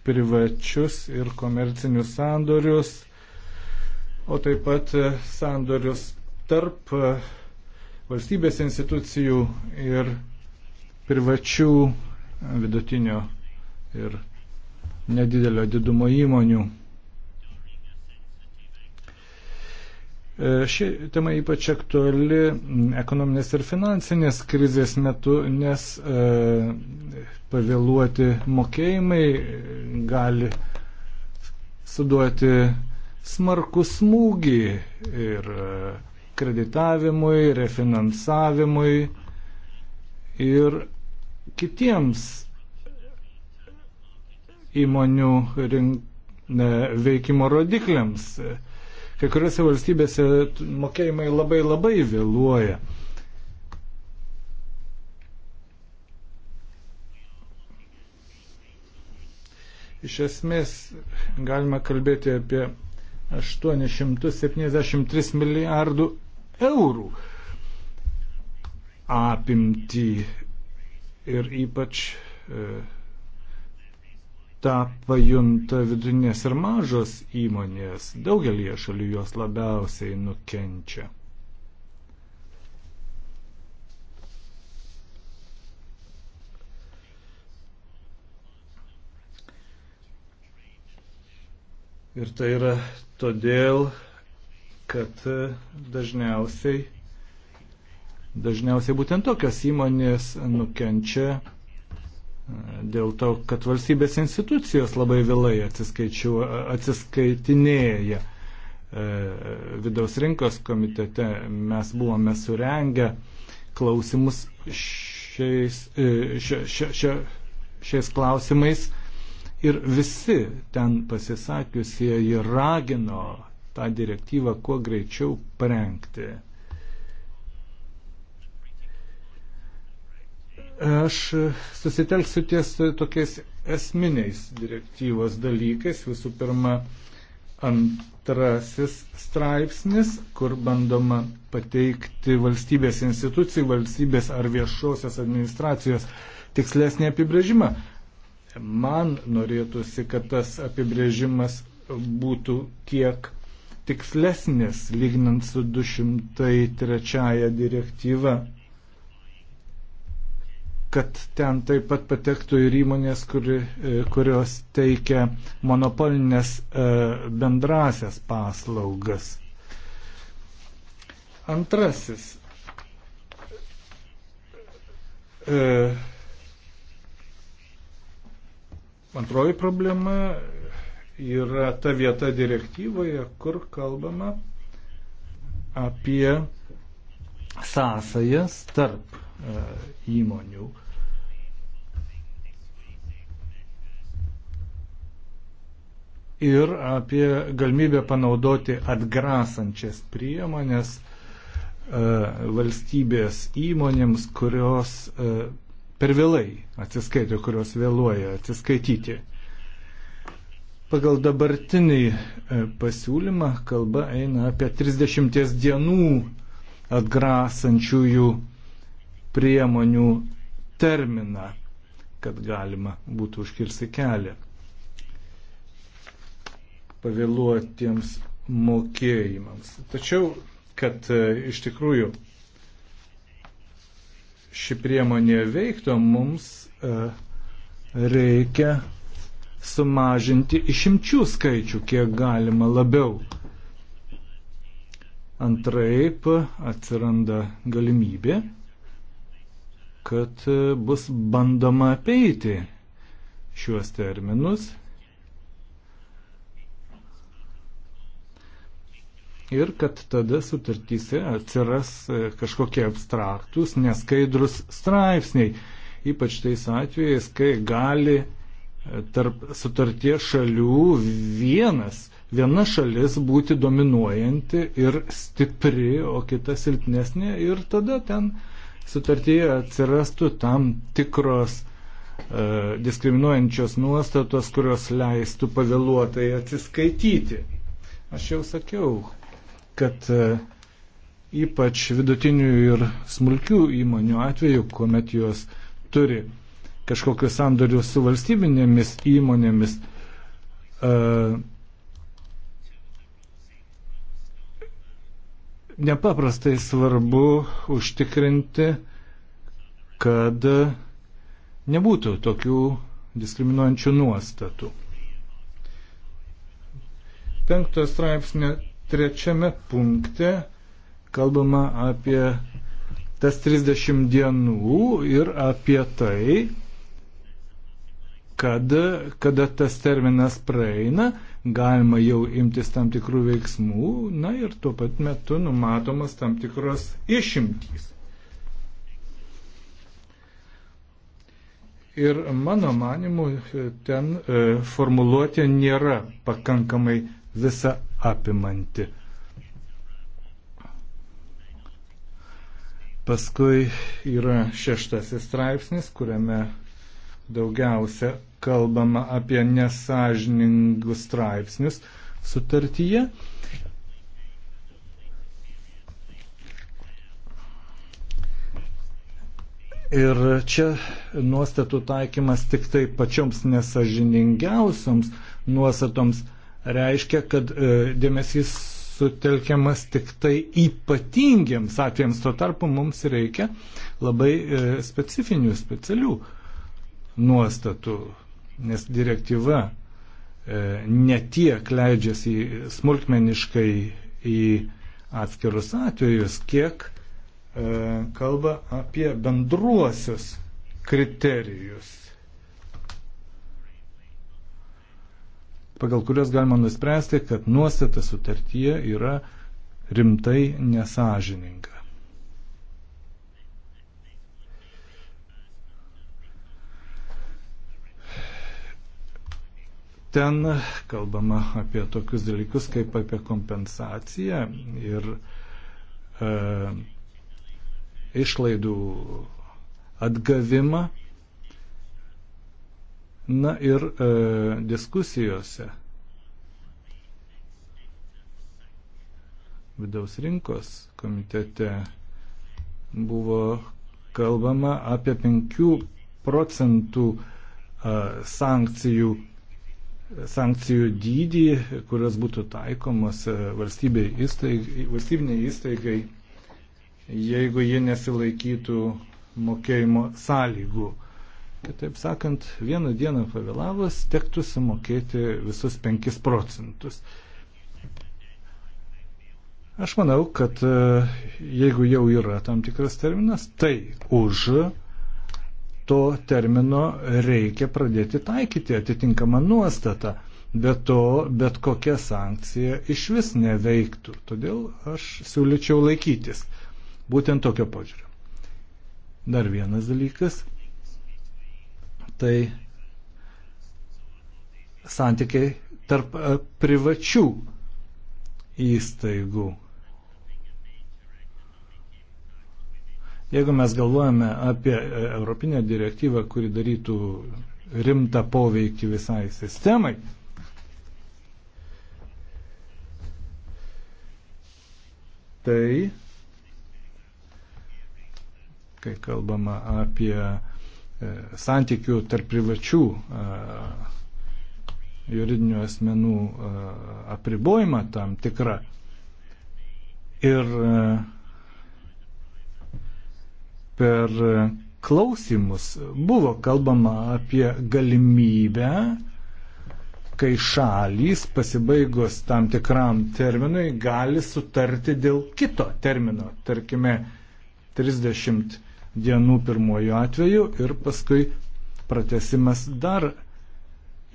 privačius ir komercinius sandorius, o taip pat e, sandorius tarp e, valstybės institucijų ir privačių e, vidutinio ir nedidelio didumo įmonių. E, ši tema ypač aktuali ekonominės ir finansinės krizės metu, nes e, pavėluoti mokėjimai gali suduoti smarkų smūgį ir e, kreditavimui, refinansavimui ir kitiems įmonių rink, ne, veikimo rodikliams. Kai kuriuose valstybėse mokėjimai labai labai vėluoja. Iš esmės galima kalbėti apie 873 milijardų eurų apimtį ir ypač e, tą pajunta vidutinės ir mažos įmonės. Daugelie šalių jos labiausiai nukenčia. Ir tai yra todėl, kad dažniausiai, dažniausiai būtent tokios įmonės nukenčia dėl to, kad valstybės institucijos labai vėlai atsiskaitinėja. E, vidaus rinkos komitete mes buvome surengę klausimus šiais, e, šia, šia, šia, šiais klausimais ir visi ten pasisakiusieji ragino tą direktyvą kuo greičiau parengti. Aš susitelksiu ties tokiais esminiais direktyvos dalykais. Visų pirma, antrasis straipsnis, kur bandoma pateikti valstybės institucijų, valstybės ar viešosios administracijos tikslesnį apibrėžimą. Man norėtųsi, kad tas apibrėžimas būtų kiek tikslesnis, lygnant su 203 direktyva kad ten taip pat patektų ir įmonės, kuri, e, kurios teikia monopolinės e, bendrasias paslaugas. Antrasis. E, antroji problema yra ta vieta direktyvoje, kur kalbama apie sąsajas tarp įmonių ir apie galimybę panaudoti atgrasančias priemonės e, valstybės įmonėms, kurios e, per vėlai atsiskaito, kurios vėluoja atsiskaityti. Pagal dabartinį e, pasiūlymą kalba eina apie 30 dienų atgrasančiųjų priemonių terminą, kad galima būtų užkirsti kelią pavėluotiems mokėjimams. Tačiau, kad e, iš tikrųjų ši priemonė veiktų, mums e, reikia sumažinti išimčių skaičių, kiek galima labiau. Antraip atsiranda galimybė, kad e, bus bandoma apeiti šiuos terminus ir kad tada sutartyse atsiras e, kažkokie abstraktus, neskaidrus straipsniai, ypač tais atvejais, kai gali e, tarp sutarties šalių vienas, viena šalis būti dominuojanti ir stipri, o kita silpnesnė ir tada ten sutartyje atsirastų tam tikros e, diskriminuojančios nuostatos, kurios leistų pavėluotai atsiskaityti. Aš jau sakiau, kad e, ypač vidutinių ir smulkių įmonių atveju, kuomet jos turi kažkokius sandorius su valstybinėmis įmonėmis, e, nepaprastai svarbu užtikrinti, kad nebūtų tokių diskriminuojančių nuostatų. Penktojo straipsnio trečiame punkte kalbama apie tas 30 dienų ir apie tai, kad kada tas terminas praeina, galima jau imtis tam tikrų veiksmų, na ir tuo pat metu numatomas tam tikros išimtys. Ir mano manimu, ten e, formuluotė nėra pakankamai visa apimanti. Paskui yra šeštasis straipsnis, kuriame daugiausia kalbama apie nesažiningus straipsnius sutartyje. Ir čia nuostatų taikymas tik tai pačioms nesažiningiausioms nuostatoms reiškia, kad e, dėmesys sutelkiamas tik tai ypatingiems atvejams. Tuo tarpu mums reikia labai e, specifinių, specialių nuostatų, nes direktyva e, netiek leidžiasi smulkmeniškai į atskirus atvejus, kiek kalba apie bendruosius kriterijus. pagal kurias galima nuspręsti, kad nuostata sutartyje yra rimtai nesažininga. Ten kalbama apie tokius dalykus kaip apie kompensaciją ir e, išlaidų atgavimą Na ir e, diskusijose vidaus rinkos komitete buvo kalbama apie 5 procentų e, sankcijų sankcijų dydį, kurios būtų taikomos e, įstaigai, valstybiniai įstaigai, jeigu jie nesilaikytų mokėjimo sąlygų. Kitaip sakant, vieną dieną pavėlavus tektų sumokėti visus 5 procentus. Aš manau, kad e, jeigu jau yra tam tikras terminas, tai už to termino reikia pradėti taikyti atitinkamą nuostatą. Be to, bet kokia sankcija iš vis neveiktų. Todėl aš siūlyčiau laikytis būtent tokio požiūrio. Dar vienas dalykas – tai santykiai tarp e, privačių įstaigų. Jeigu mes galvojame apie e, Europinę direktyvą, kuri darytų rimtą poveikį visai sistemai, tai, kai kalbama apie E, santykių tarp privačių e, juridinių asmenų e, apribojimą tam tikrą. Ir per klausimus buvo kalbama apie galimybę, kai šalys pasibaigus tam tikram terminui gali sutarti dėl kito termino, tarkime 30 dienų pirmojų atveju ir paskui pratesimas dar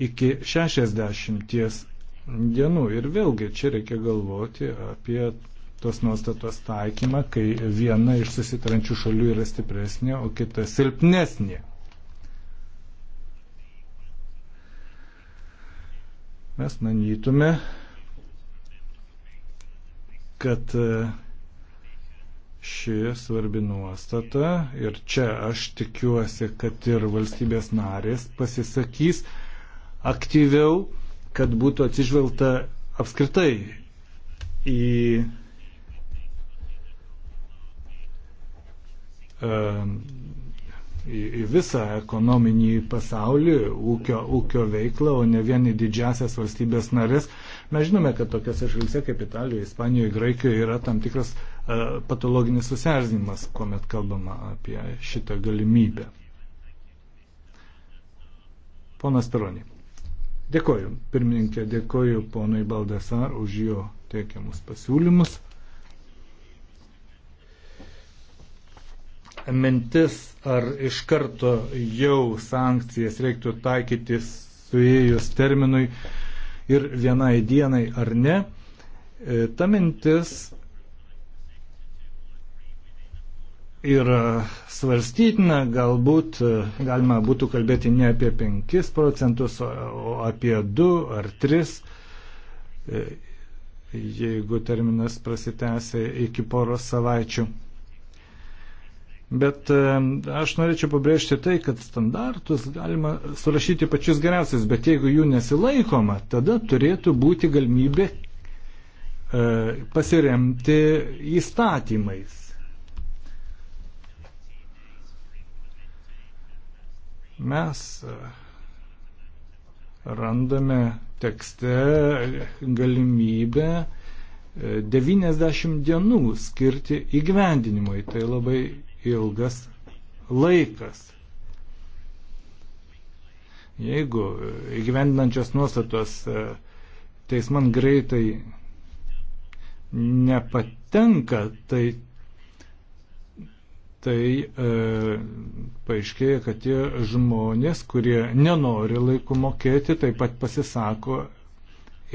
iki 60 dienų. Ir vėlgi čia reikia galvoti apie tos nuostatos taikymą, kai viena iš susitrančių šalių yra stipresnė, o kita silpnesnė. Mes manytume, kad ši svarbi nuostata ir čia aš tikiuosi, kad ir valstybės narės pasisakys aktyviau, kad būtų atsižvelgta apskritai į į, į visą ekonominį pasaulį, ūkio, ūkio veiklą, o ne vien į didžiasias valstybės narės. Mes žinome, kad tokiose šalyse kaip Italijoje, Ispanijoje, Graikijoje yra tam tikras uh, E, patologinis susierzinimas, kuomet kalbama apie šitą galimybę. Ponas Peronė. Dėkoju, pirmininkė, dėkoju ponui Baldesar už jo teikiamus pasiūlymus. Mintis, ar iš karto jau sankcijas reiktų taikyti suėjus terminui ir vienai dienai ar ne, e, ta mintis yra e, svarstytina, galbūt e, galima būtų kalbėti ne apie 5 procentus, o apie 2 ar 3, e, jeigu terminas prasitęsia iki poros savaičių. Bet aš norėčiau pabrėžti tai, kad standartus galima surašyti pačius geriausius, bet jeigu jų nesilaikoma, tada turėtų būti galimybė pasiremti įstatymais Mes e, randame tekste galimybę 90 e, dienų skirti įgyvendinimui. Tai labai ilgas laikas. Jeigu įgyvendinančios nuostatos e, teisman greitai nepatenka, tai tai e, paaiškėja, kad tie žmonės, kurie nenori laiku mokėti, taip pat pasisako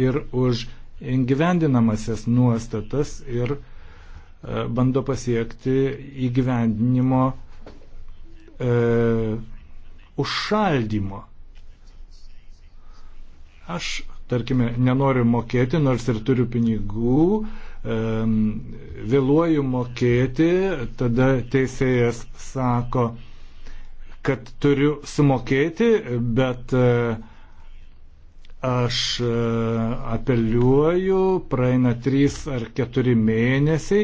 ir už įgyvendinamasias nuostatas ir e, bando pasiekti įgyvendinimo e, užšaldymo. Aš, tarkime, nenoriu mokėti, nors ir turiu pinigų, e, vėluoju mokėti, tada teisėjas sako, kad turiu sumokėti, bet e, aš e, apeliuoju, praeina trys ar keturi mėnesiai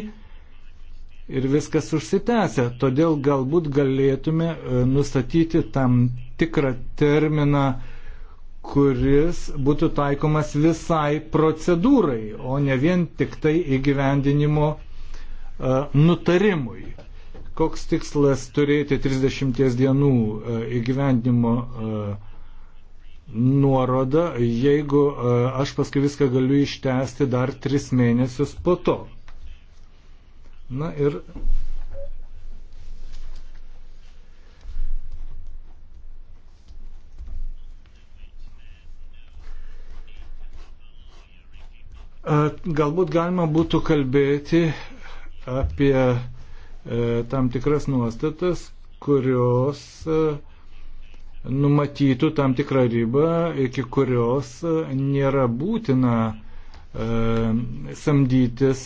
ir viskas užsitęsia. Todėl galbūt galėtume e, nustatyti tam tikrą terminą, kuris būtų taikomas visai procedūrai, o ne vien tik tai įgyvendinimo uh, nutarimui. Koks tikslas turėti 30 dienų uh, įgyvendinimo uh, nuorodą, jeigu aš paskui viską galiu ištęsti dar 3 mėnesius po to. Na ir Galbūt galima būtų kalbėti apie e, tam tikras nuostatas, kurios e, numatytų tam tikrą ribą, iki kurios e, nėra būtina samdytis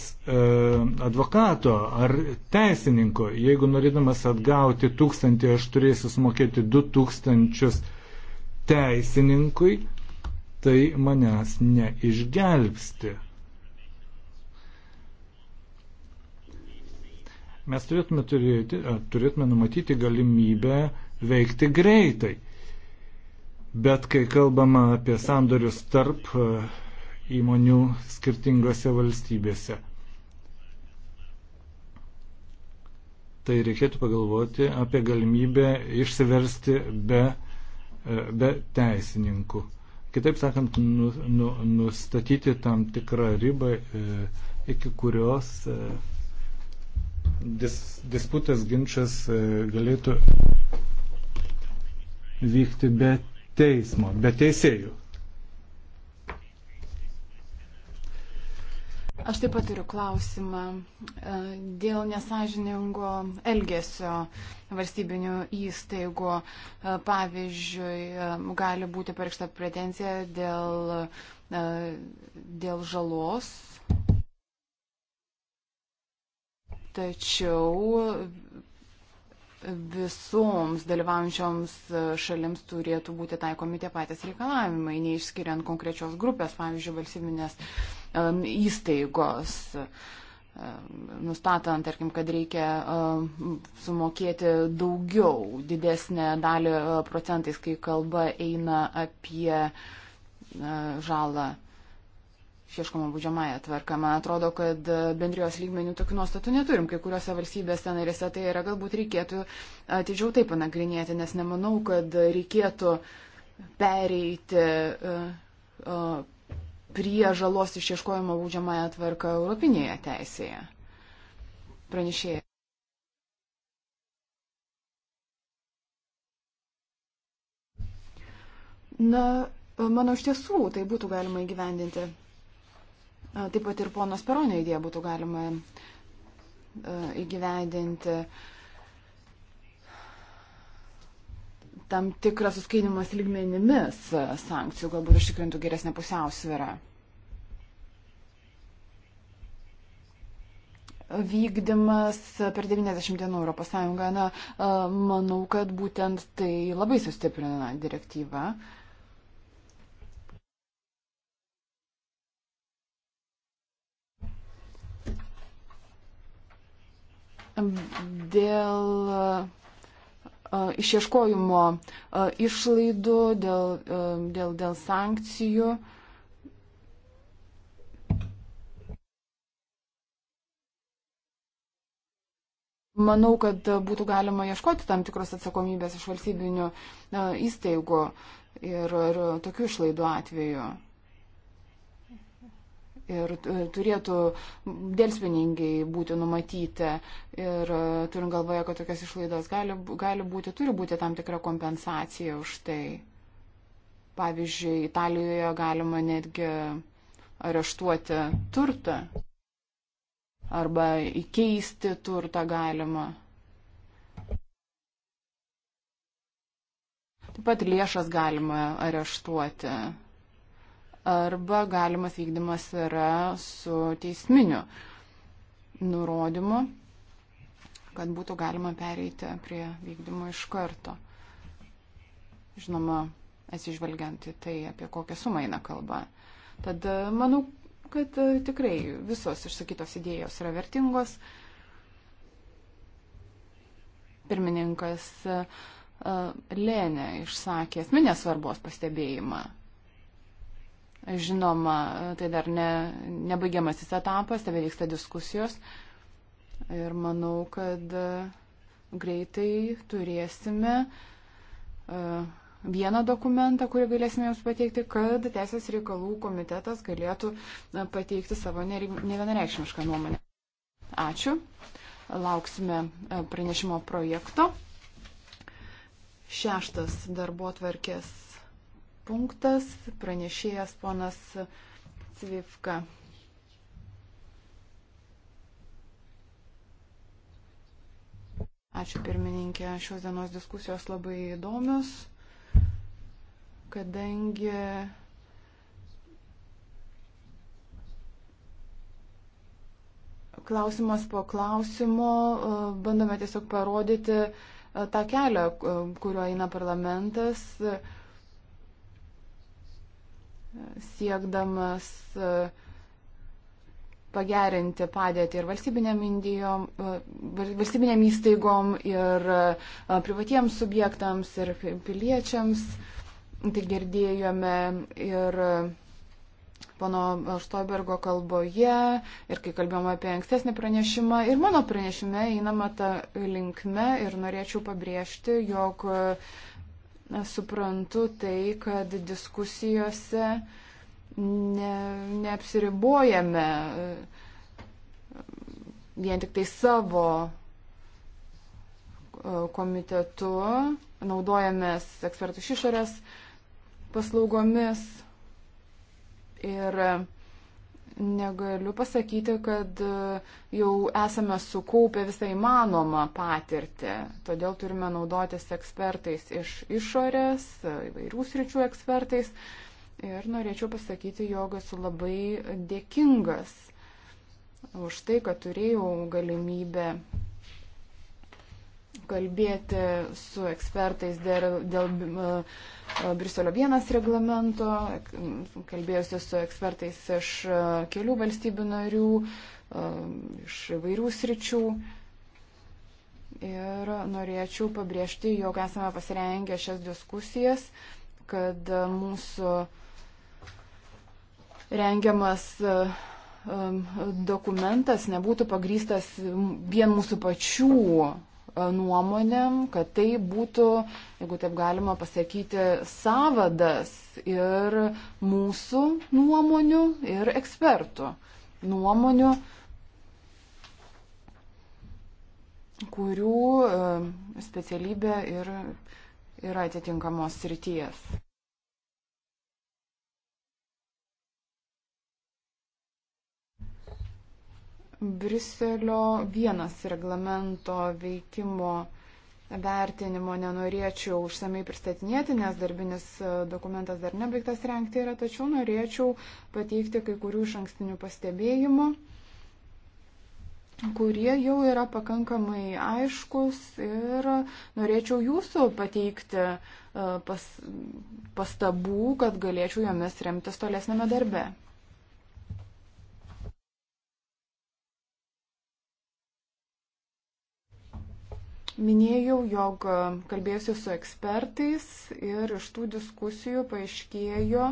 advokato ar teisininko. Jeigu norėdamas atgauti tūkstantį, aš turėsiu sumokėti du tūkstančius teisininkui, tai manęs neišgelbsti. Mes turėtume, turėti, e, turėtume numatyti galimybę veikti greitai. Bet kai kalbama apie sandorius tarp e, įmonių skirtingose valstybėse, tai reikėtų pagalvoti apie galimybę išsiversti be, e, be teisininkų. Kitaip sakant, nu, nu, nustatyti tam tikrą ribą, iki kurios dis, disputas ginčas e, galėtų vykti be teismo, be teisėjų. Aš taip pat turiu klausimą e, dėl nesažiningo elgesio valstybinių įstaigų. E, pavyzdžiui, gali būti pareikšta pretencija dėl, dėl žalos Tačiau visoms dalyvaujančioms šalims turėtų būti taikomi tie patys reikalavimai, neišskiriant konkrečios grupės, pavyzdžiui, valstybinės įstaigos. Nustatant, tarkim, kad reikia sumokėti daugiau, didesnę dalį e, procentais, kai kalba eina apie e, žalą išieškoma būdžiamąją tvarką. Man atrodo, kad e, bendrijos lygmenių tokių nuostatų neturim. Kai kuriuose valstybėse narėse tai yra galbūt reikėtų atidžiau tai panagrinėti, nes nemanau, kad reikėtų pereiti e, e, prie žalos išieškojimo būdžiamąją tvarką Europinėje teisėje. Pranešėjai. Na, manau, iš tiesų tai būtų galima įgyvendinti. Taip pat ir ponos Peronio idėją būtų galima e, įgyvendinti. Tam tikras suskainimas lygmenimis e, sankcijų galbūt užtikrintų geresnę pusiausvyrą. vykdymas per 90 dienų Europos Sąjungoje, na, e, manau, kad būtent tai labai sustiprina direktyvą. dėl e, išieškojimo e, išlaidų, dėl, e, dėl, dėl sankcijų. Manau, kad būtų galima ieškoti tam tikros atsakomybės iš valstybinių įstaigų ir, ir tokių išlaidų atveju ir e, turėtų dėlsmeningai būti numatyti. Ir e, turint galvoje, kad tokias išlaidos gali, gali būti, turi būti tam tikra kompensacija už tai. Pavyzdžiui, Italijoje galima netgi areštuoti turtą arba įkeisti turtą galima. Taip pat lėšas galima areštuoti arba galimas vykdymas yra su teisminiu nurodymu, kad būtų galima pereiti prie vykdymo iš karto. Žinoma, atsižvelgiant į tai, apie kokią sumą eina kalba. Tad e, manau, kad e, tikrai visos išsakytos idėjos yra vertingos. Pirmininkas e, Lėnė išsakė esminės svarbos pastebėjimą Žinoma, tai dar ne, nebaigiamasis etapas, tebe vyksta diskusijos. Ir manau, kad e, greitai turėsime e, vieną dokumentą, kurį galėsime jums pateikti, kad Teisės reikalų komitetas galėtų e, pateikti savo nevienareikšmišką nuomonę. Ačiū. Lauksime pranešimo projekto. Šeštas darbo tvarkės punktas, pranešėjas ponas Cvivka. Ačiū pirmininkė, šios dienos diskusijos labai įdomios, kadangi klausimas po klausimo e, bandome tiesiog parodyti e, tą kelią, kuriuo eina parlamentas siekdamas e, pagerinti padėtį ir valstybinėm, indijom, e, valstybinėm įstaigom, ir e, privatiems subjektams, ir piliečiams. Tai girdėjome ir pono Štoibergo kalboje, ir kai kalbėjome apie ankstesnį pranešimą, ir mano pranešime einama tą linkme ir norėčiau pabrėžti, jog uh, suprantu tai, kad diskusijose ne, neapsiribojame e, vien tik tai savo e, komitetu, naudojamės ekspertų iš išorės paslaugomis ir e, negaliu pasakyti, kad e, jau esame sukaupę visą įmanomą patirtį. Todėl turime naudotis ekspertais iš išorės, įvairių sričių ekspertais. Ir norėčiau pasakyti, jog esu labai dėkingas už tai, kad turėjau galimybę kalbėti su ekspertais dėl, dėl e, Briselio vienas reglamento, kalbėjusi su ekspertais iš e, kelių valstybių narių, e, iš įvairių sričių. Ir norėčiau pabrėžti, jog esame pasirengę šias diskusijas, kad mūsų rengiamas dokumentas nebūtų pagrystas vien mūsų pačių nuomonėm, kad tai būtų, jeigu taip galima pasakyti, savadas ir mūsų nuomonių ir ekspertų nuomonių, kurių specialybė ir yra atitinkamos srities. Briselio vienas reglamento veikimo vertinimo nenorėčiau užsamei pristatinėti, nes darbinis e, dokumentas dar nebaigtas renkti yra, tačiau norėčiau pateikti kai kurių iš ankstinių pastebėjimų, kurie jau yra pakankamai aiškus ir norėčiau jūsų pateikti e, pas, pastabų, kad galėčiau jomis remtis tolesnėme darbe. Minėjau, jog e, kalbėsiu su ekspertais ir iš tų diskusijų paaiškėjo,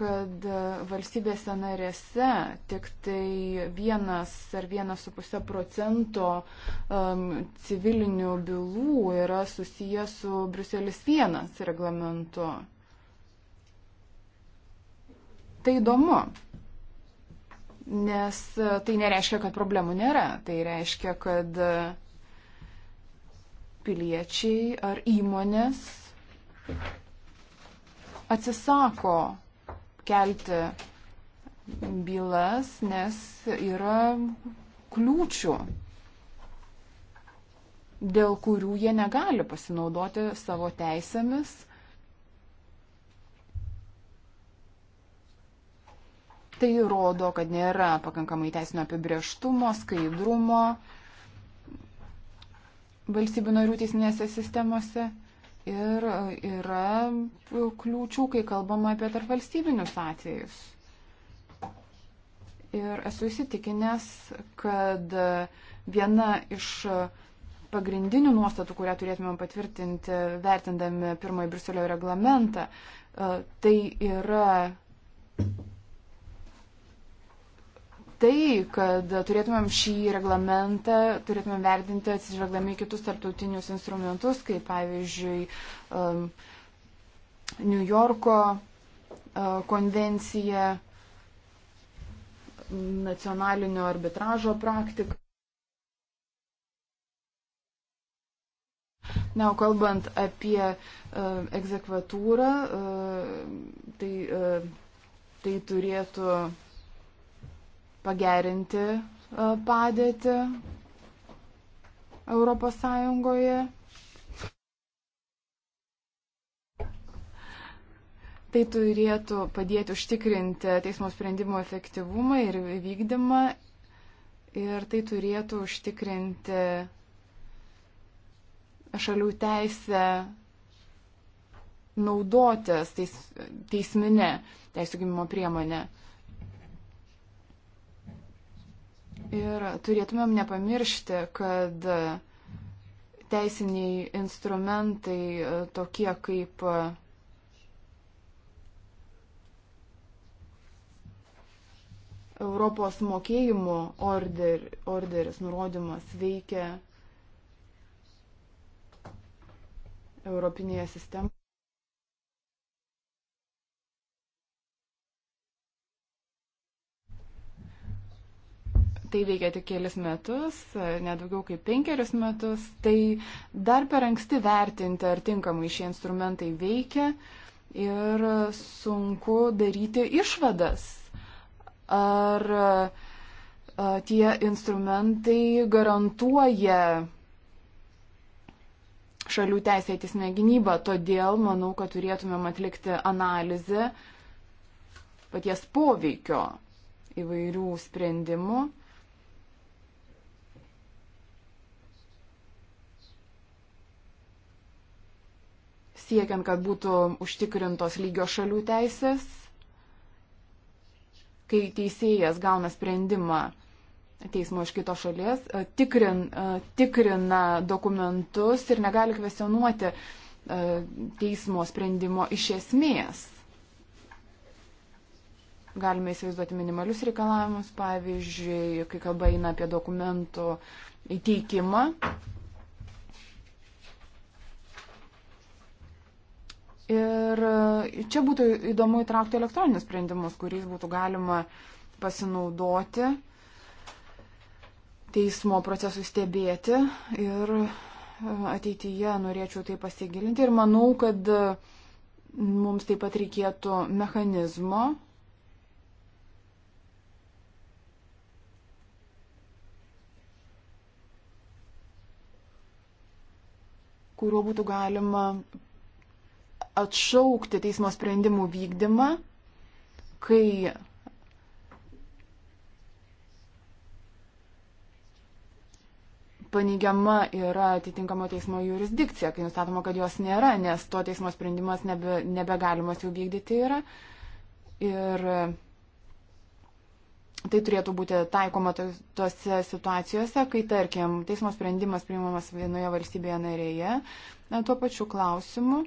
kad e, valstybėse narėse tik tai vienas ar vienas su pusė procento um, civilinių bylų yra susijęs su Bruselis vienas reglamentu. Tai įdomu. Nes e, tai nereiškia, kad problemų nėra. Tai reiškia, kad e, piliečiai ar įmonės atsisako kelti bylas, nes yra kliūčių, dėl kurių jie negali pasinaudoti savo teisėmis Tai rodo, kad nėra pakankamai teisinio apibrieštumo, skaidrumo valstybių narių teisinėse sistemose ir yra kliūčių, kai kalbama apie tarpvalstybinius atvejus. Ir esu įsitikinęs, kad viena iš pagrindinių nuostatų, kurią turėtumėm patvirtinti, vertindami pirmąjį Briuselio reglamentą, tai yra tai, kad turėtumėm šį reglamentą, turėtumėm vertinti atsižvelgdami kitus tarptautinius instrumentus, kaip pavyzdžiui um, New Yorko uh, konvencija, nacionalinio arbitražo praktika. Na, o kalbant apie uh, egzekvatūrą, uh, tai, uh, tai turėtų pagerinti e, padėtį Europos Sąjungoje. Tai turėtų padėti užtikrinti teismo sprendimo efektyvumą ir vykdymą ir tai turėtų užtikrinti šalių teisę naudotis teis, teisminė teisų gimimo priemonė. Ir turėtumėm nepamiršti, kad teisiniai instrumentai e, tokie kaip e, Europos mokėjimo order, orderis, nurodymas veikia Europinėje sistemoje. tai veikia tik kelis metus, nedaugiau kaip penkerius metus, tai dar per anksti vertinti, ar tinkamai šie instrumentai veikia ir sunku daryti išvadas. Ar tie instrumentai garantuoja šalių teisę į teisinę gynybą, todėl manau, kad turėtumėm atlikti analizę paties poveikio įvairių sprendimų siekiant, kad būtų užtikrintos lygio šalių teisės, kai teisėjas gauna sprendimą teismo iš kitos šalies, e, tikrin, e, tikrina dokumentus ir negali kvesionuoti e, teismo sprendimo iš esmės. Galime įsivaizduoti minimalius reikalavimus, pavyzdžiui, kai kalba eina apie dokumentų įteikimą, Ir e, čia būtų įdomu įtraukti elektroninius sprendimus, kuriais būtų galima pasinaudoti teismo procesui stebėti ir e, ateityje norėčiau tai pasigilinti ir manau, kad e, mums taip pat reikėtų mechanizmo, kuriuo būtų galima atšaukti teismo sprendimų vykdymą, kai paneigiama yra atitinkamo teismo jurisdikcija, kai nustatoma, kad jos nėra, nes to teismo sprendimas nebe, nebegalimas jau vykdyti yra. Ir tai turėtų būti taikoma tose situacijose, kai, tarkim, teismo sprendimas priimamas vienoje valstybėje narėje tuo pačiu klausimu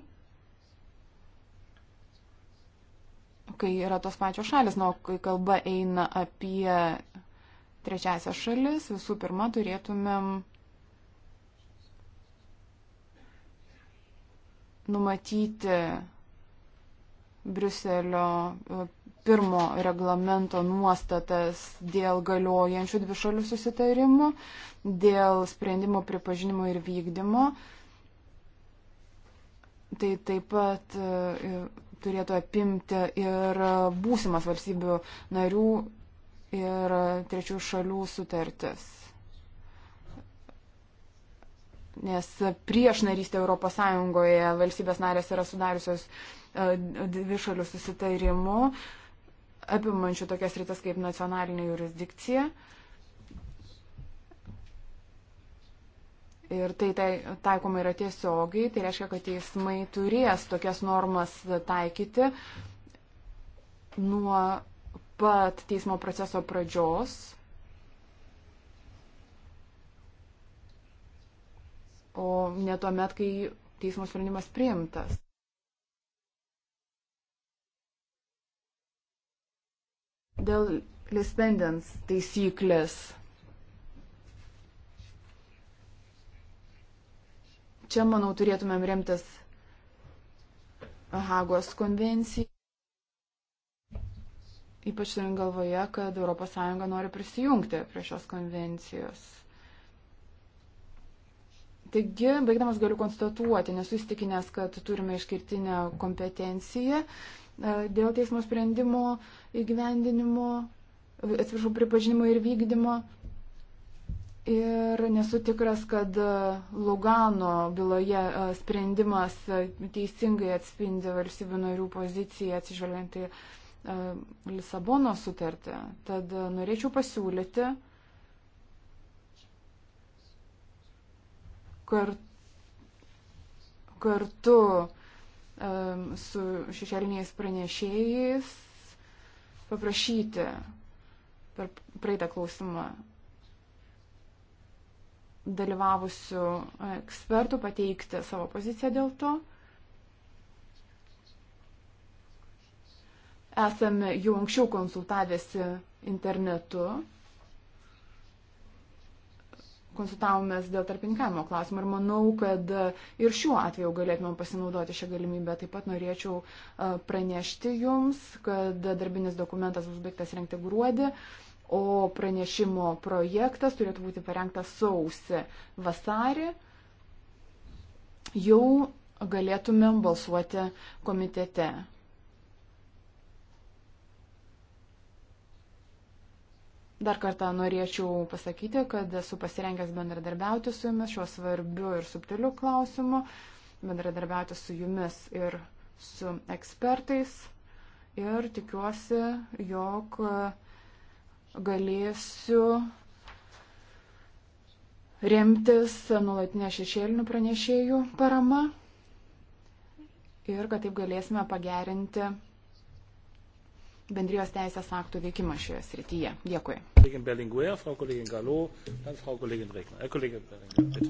kai yra tos pačios šalis, nuo kai kalba eina apie trečiasią šalis, visų pirma turėtumėm numatyti Briuselio e, pirmo reglamento nuostatas dėl galiojančių dvišalių susitarimų, dėl sprendimo pripažinimo ir vykdymo. Tai taip pat e, turėtų apimti ir būsimas valstybių narių ir trečių šalių sutartis. Nes prieš narystę ES valstybės narės yra sudariusios e, dvišalių susitarimų, apimančių tokias rytas kaip nacionalinė jurisdikcija. Uh, Ir tai, tai taikoma yra tiesiogiai, tai reiškia, kad teismai turės tokias normas taikyti nuo pat teismo proceso pradžios. O ne tuo met, kai teismo sprendimas priimtas. Dėl lispendens taisyklės Čia, manau, turėtumėm remtis Hagos konvencijai. Ypač turint galvoje, kad ES nori prisijungti prie šios konvencijos. Taigi, baigdamas galiu konstatuoti, nesu įstikinęs, kad turime iškirtinę kompetenciją e, dėl teismo sprendimo įgyvendinimo, atsiprašau, pripažinimo ir vykdymo. Ir nesu tikras, kad e, Lugano byloje e, sprendimas e, teisingai atspindi valstybių narių poziciją atsižvelgiant į Lisabono sutartį. Tad norėčiau pasiūlyti kartu su šešėliniais pranešėjais paprašyti per praeitą klausimą dalyvavusių e, ekspertų pateikti savo poziciją dėl to. Esame jau anksčiau konsultavęsi internetu, konsultavomės dėl tarpininkavimo klausimų ir manau, kad ir šiuo atveju galėtume pasinaudoti šią galimybę. Taip pat norėčiau e, pranešti Jums, kad darbinis dokumentas bus baigtas renkti gruodį. Uh, o pranešimo projektas turėtų būti parengtas sausį vasarį. Jau galėtumėm balsuoti komitete. Dar kartą norėčiau pasakyti, kad esu pasirengęs bendradarbiauti su jumis šiuo svarbiu ir subtiliu klausimu, bendradarbiauti su jumis ir su ekspertais. Ir tikiuosi, jog uh, galėsiu remtis nulatinė šešėlinių pranešėjų parama ir kad taip galėsime pagerinti bendrijos teisės aktų veikimą šioje srityje. Dėkui. Äh,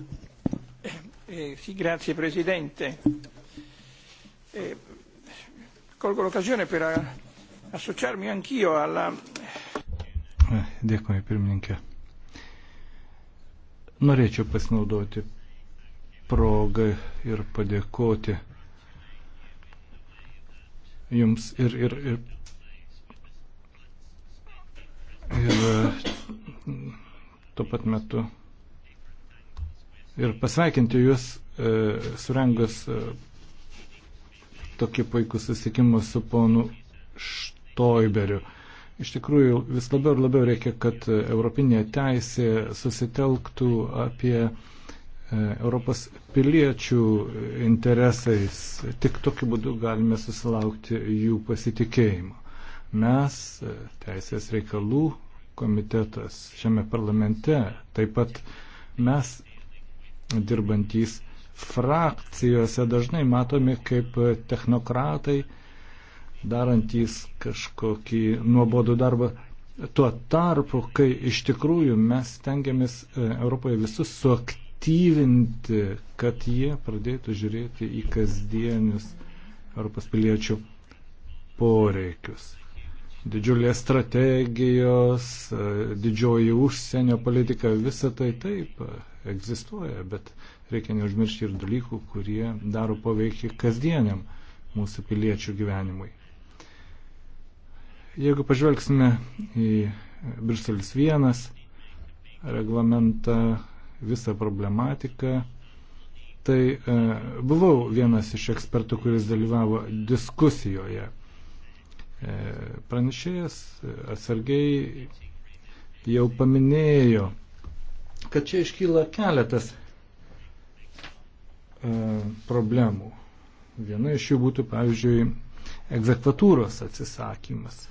eh, grazie Presidente. Eh, colgo l'occasione per associarmi anch'io alla Dėkui, pirmininkė. Norėčiau pasinaudoti progą ir padėkoti jums ir, ir, ir, ir tuo pat metu ir pasveikinti jūs e, surengus e, tokį puikų susitikimą su ponu Štoiberiu. E, Iš tikrųjų, vis labiau ir labiau reikia, kad europinė teisė susitelktų apie e, Europos piliečių interesais. Tik tokiu būdu galime susilaukti jų pasitikėjimo. Mes, e, Teisės reikalų komitetas šiame parlamente, taip pat mes dirbantys frakcijose dažnai matome kaip technokratai, darantys kažkokį nuobodų darbą. Tuo tarpu, kai iš tikrųjų mes tengiamės e, Europoje visus suaktyvinti, kad jie pradėtų žiūrėti į kasdienius Europos piliečių poreikius. Didžiulės strategijos, e, didžioji užsienio politika, visa tai taip e, egzistuoja, bet reikia neužmiršti ir dalykų, kurie daro poveikį kasdieniam mūsų piliečių gyvenimui. Jeigu pažvelgsime į Briuselis vienas reglamentą, visą problematiką, tai e, buvau vienas iš ekspertų, kuris dalyvavo diskusijoje. E, pranešėjas e, atsargiai jau paminėjo, kad čia iškyla keletas e, problemų. Viena iš jų būtų, pavyzdžiui, egzekvatūros atsisakymas.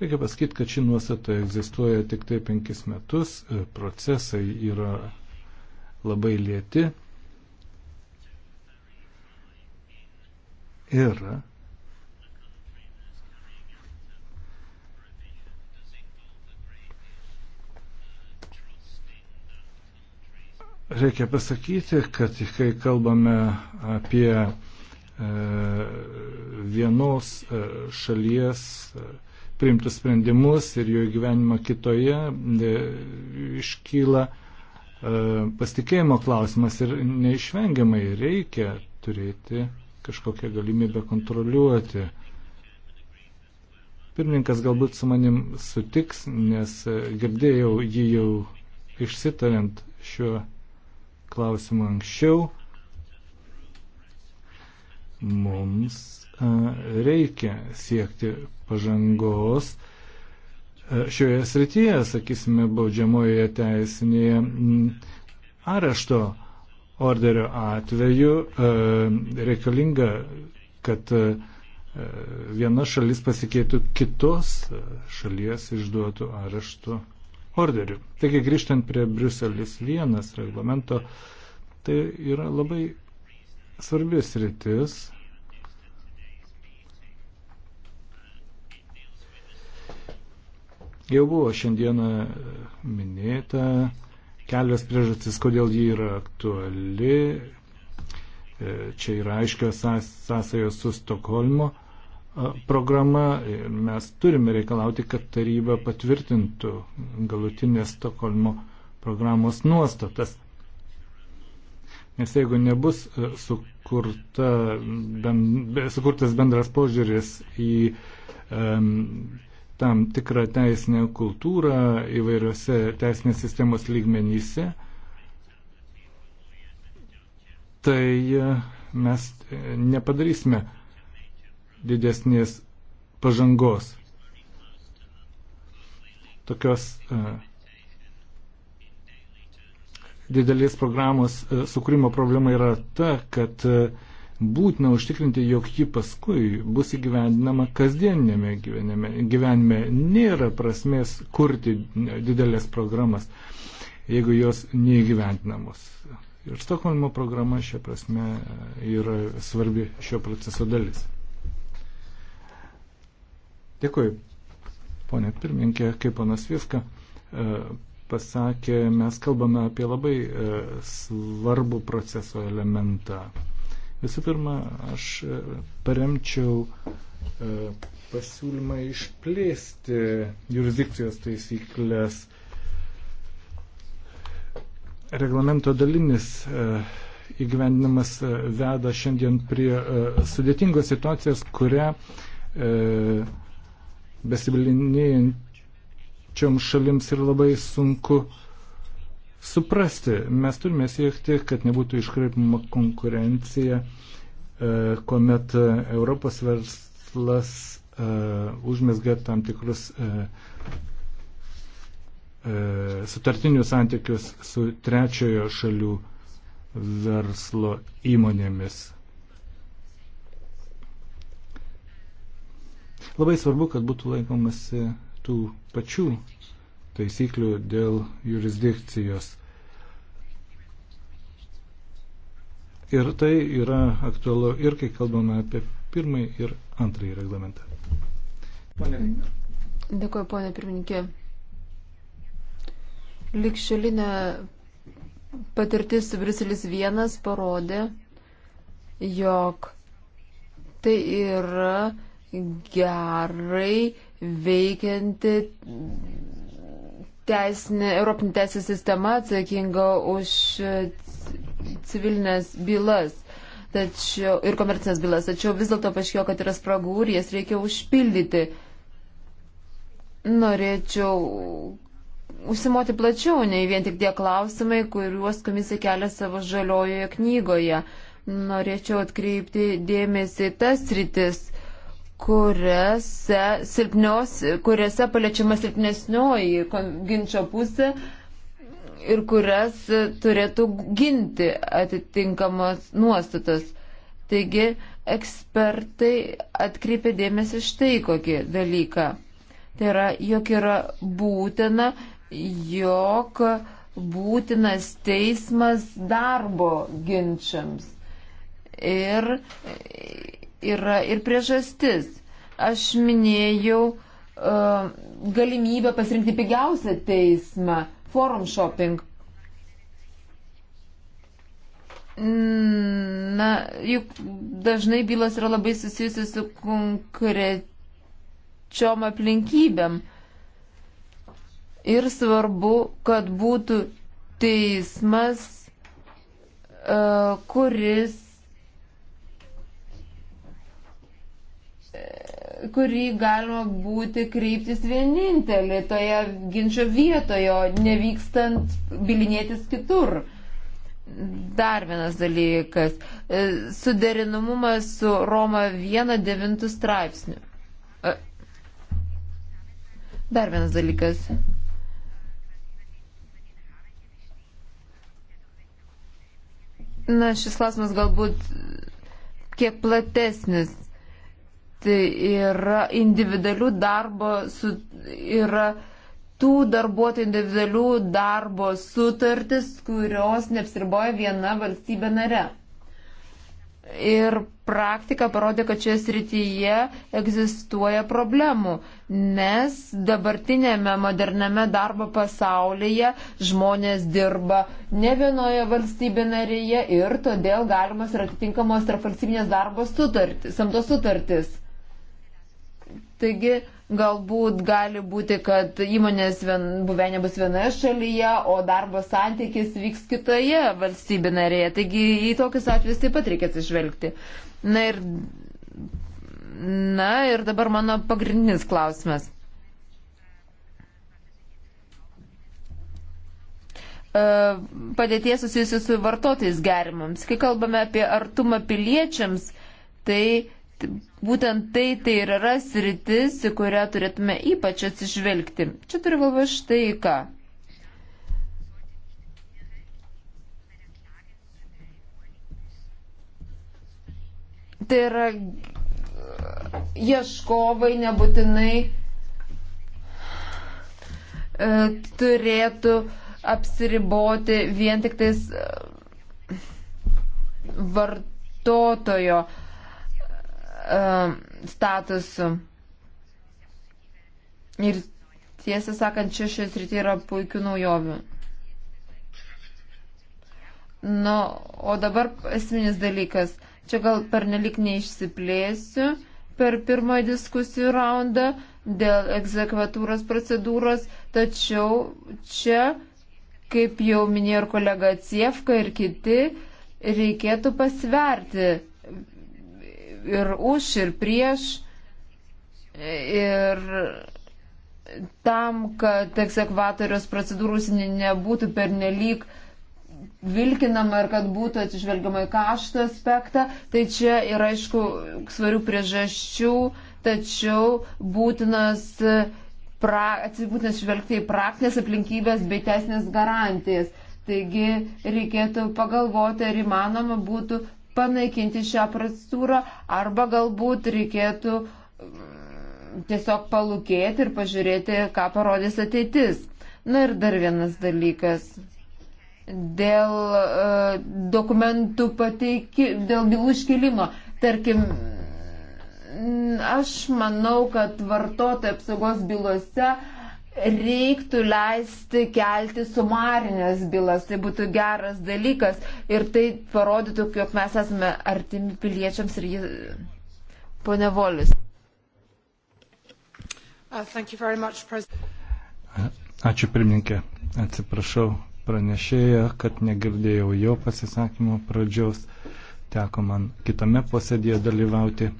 Reikia pasakyti, kad ši nuostata egzistuoja tik tai penkis metus, e, procesai yra labai lėti. Ir reikia pasakyti, kad kai kalbame apie e, vienos e, šalies priimtus sprendimus ir jų gyvenimą kitoje e, iškyla e, pasitikėjimo klausimas ir neišvengiamai reikia turėti kažkokią galimybę kontroliuoti. Pirmininkas galbūt su manim sutiks, nes e, girdėjau jį jau išsitarint šiuo klausimu anksčiau. Mums reikia siekti pažangos šioje srityje, sakysime, baudžiamojoje teisinėje arešto orderio atveju reikalinga, kad viena šalis pasikeitų kitos šalies išduotų areštų orderių. Taigi grįžtant prie Bruselis vienas reglamento, tai yra labai svarbis rytis, Jau buvo šiandieną e, minėta kelios priežastis, kodėl ji yra aktuali. E, čia yra aiškios sąsajos su Stokholmo e, programa ir mes turime reikalauti, kad taryba patvirtintų galutinės Stokholmo programos nuostatas. Nes jeigu nebus sukurta, ben, sukurtas bendras požiūris į um, tam tikrą teisinę kultūrą įvairiose teisinės sistemos lygmenyse, tai e, mes e, nepadarysime didesnės pažangos. Tokios e, didelės programos sukūrimo problema yra ta, kad būtina užtikrinti, jog ji paskui bus įgyvendinama kasdieninėme gyvenime. gyvenime. Nėra prasmės kurti didelės programas, jeigu jos neįgyvendinamos. Ir Stokholmo programa šia prasme yra svarbi šio proceso dalis. Dėkui. Pone pirmininkė, kaip panas Viska e, pasakė, mes kalbame apie labai e, svarbų proceso elementą. Visų pirma, aš e, paremčiau e, pasiūlymą išplėsti jurisdikcijos taisyklės. Reglamento dalinis e, įgyvendinimas veda šiandien prie sudėtingos situacijos, kurią besibilinėjančiom šalims ir labai sunku uh, suprasti. Mes turime siekti, kad nebūtų iškraipama konkurencija, e, kuomet e, Europos verslas e, užmesga tam tikrus sutartinius santykius su trečiojo šalių verslo įmonėmis. Labai svarbu, kad būtų laikomasi tų pačių taisyklių dėl jurisdikcijos. Ir tai yra aktualu ir kai kalbame apie pirmąjį ir antrąjį reglamentą. Pone Dėkuoju, ponė pirmininkė. Likščiulinė patirtis Briselis vienas parodė, jog tai yra gerai veikianti teisinė, Europinė teisės sistema atsakinga už e, civilinės bylas tačiau, ir komercinės bylas, tačiau vis dėlto paaiškėjo, kad yra spragų ir jas reikia užpildyti. Norėčiau užsimoti plačiau, nei vien tik tie klausimai, kuriuos komisija kelia savo žaliojoje knygoje. Norėčiau atkreipti dėmesį tas rytis, kuriuose, silpnios, kuriuose paliečiama silpnesnioji ginčio pusė ir kurias turėtų ginti atitinkamos nuostatos. Taigi ekspertai atkreipia dėmesį štai kokį dalyką. Tai yra, jog yra būtina, jog būtinas teismas darbo ginčiams. Ir yra ir priežastis. Aš minėjau uh, galimybę pasirinkti pigiausią teismą - forum shopping. Na, juk dažnai bylas yra labai susijusios su konkrečiom aplinkybėm. Ir svarbu, kad būtų teismas, e, kuris kurį galima būti kreiptis vienintelį toje ginčio vietoje, nevykstant bilinėtis kitur. Dar vienas dalykas e, - suderinamumas su Roma 1.9 straipsniu. E, dar vienas dalykas. Na, šis klausimas galbūt kiek platesnis yra individualių darbo, su, yra tų darbuotojų individualių darbo sutartis, kurios neapsiriboja viena valstybė nare. Ir praktika parodė, kad šioje srityje egzistuoja problemų, nes dabartinėme modername darbo pasaulyje žmonės dirba ne vienoje valstybė narėje ir todėl galimas ir atitinkamos tarp valstybinės darbo sutartis, samto sutartis. Taigi galbūt gali būti, kad įmonės vien, buveinė bus vienoje šalyje, o darbo santykis vyks kitoje valstybė narėje. Taigi į tokius atvejus taip pat reikia atsižvelgti. Na ir, na ir dabar mano pagrindinis klausimas. E, padėties susijusi su vartotojais gerimams. Kai kalbame apie artumą piliečiams, tai būtent tai tai ir yra sritis, į kurią turėtume ypač atsižvelgti. Čia turiu galvoje štai ką. Tai yra e, ieškovai nebūtinai e, turėtų apsiriboti vien tik tais e, vartotojo e, E, statusu. Ir tiesą sakant, čia šioje srityje yra puikių naujovių. Nu, o dabar esminis dalykas. Čia gal per nelik neišsiplėsiu per pirmąjį diskusijų raundą dėl egzekvatūros procedūros, tačiau čia, kaip jau minėjo ir kolega Cievka ir kiti, reikėtų pasverti ir už, ir prieš. Ir tam, kad eksekvatorius procedūrus nebūtų pernelyg vilkinama ir kad būtų atsižvelgiama į kaštą aspektą, tai čia yra aišku svarių priežasčių, tačiau būtinas pra, atsibūtinas žvelgti į praktinės aplinkybės bei teisinės garantijas. Taigi reikėtų pagalvoti, ar įmanoma būtų panaikinti šią procedūrą arba galbūt reikėtų mm, tiesiog palūkėti ir pažiūrėti, ką parodys ateitis. Na ir dar vienas dalykas. Dėl uh, dokumentų pateiki, dėl bylų iškelimo. Tarkim, mm, aš manau, kad vartotojų apsaugos bylose uh, reiktų leisti kelti sumarinės bylas. Tai būtų geras dalykas ir tai parodytų, jog mes esame artimi piliečiams ir jis. Pone Volis. Uh, Ačiū pirmininkė. Atsiprašau pranešėjo, kad negirdėjau jo pasisakymo pradžios. Teko man kitame posėdėje dalyvauti.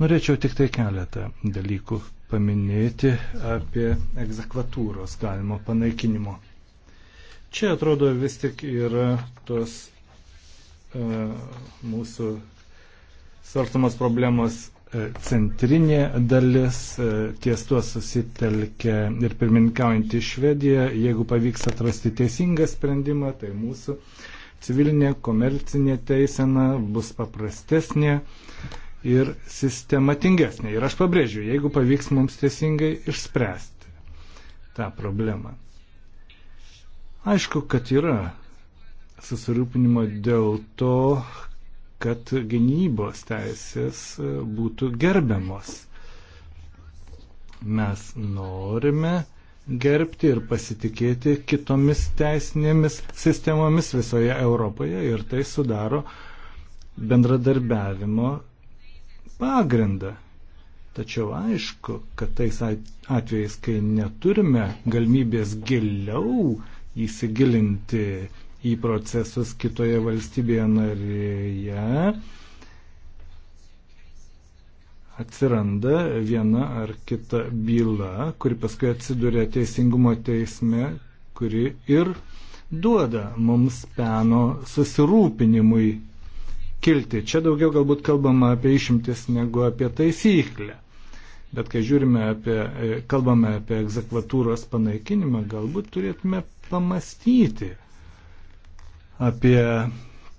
Norėčiau tik tai keletą dalykų paminėti apie egzekvatūros galimo panaikinimo. Čia atrodo vis tik yra tos e, mūsų svarstamos problemos e, centrinė dalis, e, ties tuo susitelkia ir pirmininkaujantį Švediją. Jeigu pavyks atrasti teisingą sprendimą, tai mūsų civilinė, komercinė teisena bus paprastesnė. E, ir sistematingesnė. Ir aš pabrėžiu, jeigu pavyks mums teisingai išspręsti tą problemą. Aišku, kad yra susirūpinimo dėl to, kad gynybos teisės būtų gerbiamos. Mes norime gerbti ir pasitikėti kitomis teisinėmis sistemomis visoje Europoje ir tai sudaro bendradarbiavimo pagrindą. Tačiau aišku, kad tais atvejais, kai neturime galimybės giliau įsigilinti į procesus kitoje valstybėje narėje, atsiranda viena ar kita byla, kuri paskui atsiduria teisingumo teisme, kuri ir duoda mums peno susirūpinimui kilti. Čia daugiau galbūt kalbama apie išimtis negu apie taisyklę. Bet kai žiūrime apie, e, kalbame apie egzekvatūros panaikinimą, galbūt turėtume pamastyti apie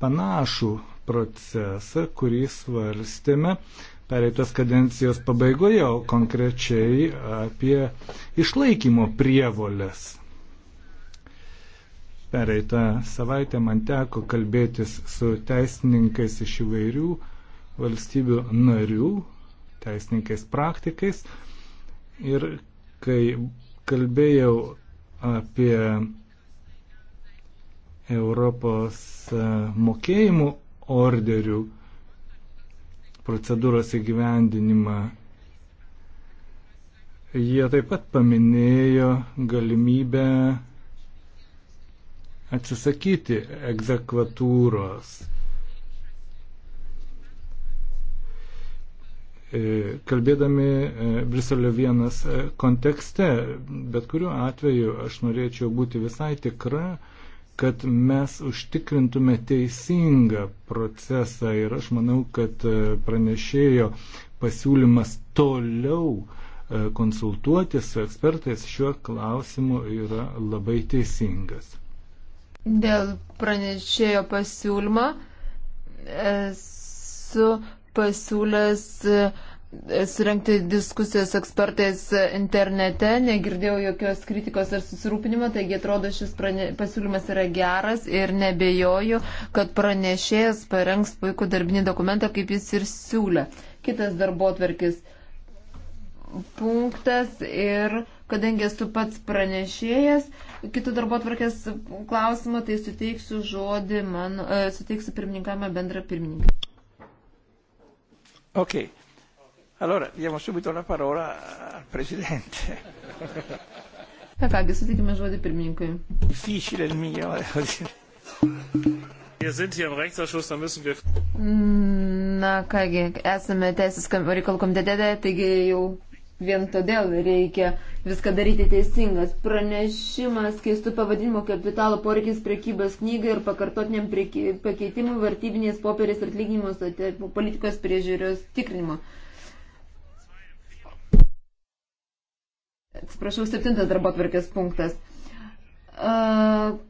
panašų procesą, kurį svarstėme pereitos kadencijos pabaigoje, o konkrečiai apie išlaikymo prievolės. Pereitą savaitę man teko kalbėtis su teisininkais iš įvairių valstybių narių, teisininkais praktikais. Ir kai kalbėjau apie Europos e, mokėjimų orderių procedūros įgyvendinimą. Jie taip pat paminėjo galimybę atsisakyti egzekvatūros. E, kalbėdami e, Briselio vienas e, kontekste, bet kuriuo atveju aš norėčiau būti visai tikra, kad mes užtikrintume teisingą procesą ir aš manau, kad pranešėjo pasiūlymas toliau konsultuoti su ekspertais šiuo klausimu yra labai teisingas. Dėl pranešėjo pasiūlymo esu pasiūlęs e, surenkti diskusijos ekspertais internete, negirdėjau jokios kritikos ar susirūpinimo, taigi atrodo šis prane... pasiūlymas yra geras ir nebejoju, kad pranešėjas parengs puikų darbinį dokumentą, kaip jis ir siūlė. Kitas darbo atverkis punktas ir kadangi esu pats pranešėjas, kitų darbo atvarkės klausimą, tai suteiksiu žodį, man, e, suteiksiu pirmininkamą bendrą pirmininką. Ok. Allora, diamo subito la parola al Presidente. Na kągi, sutikime žodį pirmininkui. Difficile il mio. Eh, wir sind hier im Rechtsausschuss, da müssen wir. Na kągi, esame Teisės reikalų komitete, taigi jau Vien todėl reikia viską daryti teisingas. Pranešimas keistų pavadinimų kapitalo poreikis priekybos knygai ir pakartotiniam pakeitimui vartybinės popierės atlyginimus politikos priežiūros tikrinimo. Atsiprašau, septintas darbo atvarkės punktas.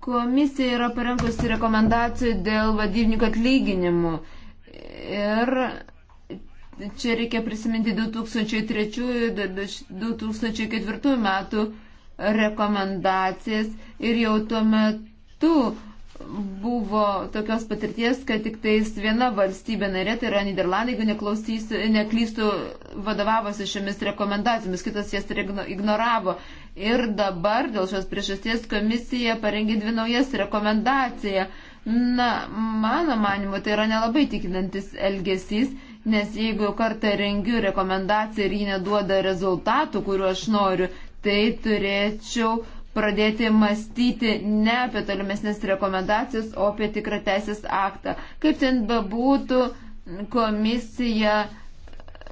Komisija yra parengusi rekomendacijų dėl vadybininkų atlyginimų. Ir Čia reikia prisiminti 2003-2004 metų rekomendacijas ir jau tuo metu buvo tokios patirties, kad tik tais viena valstybė narė, tai yra Niderlandai, jeigu neklystų, vadovavosi šiomis rekomendacijomis, kitas jas ignoravo. Ir dabar dėl šios priežasties komisija parengė dvi naujas rekomendacijas. Na, mano manimu, tai yra nelabai tikinantis elgesys nes jeigu kartą rengiu rekomendaciją ir ji neduoda rezultatų, kuriuo aš noriu, tai turėčiau pradėti mąstyti ne apie tolimesnės rekomendacijas, o apie tikrą teisės aktą. Kaip ten bebūtų, komisija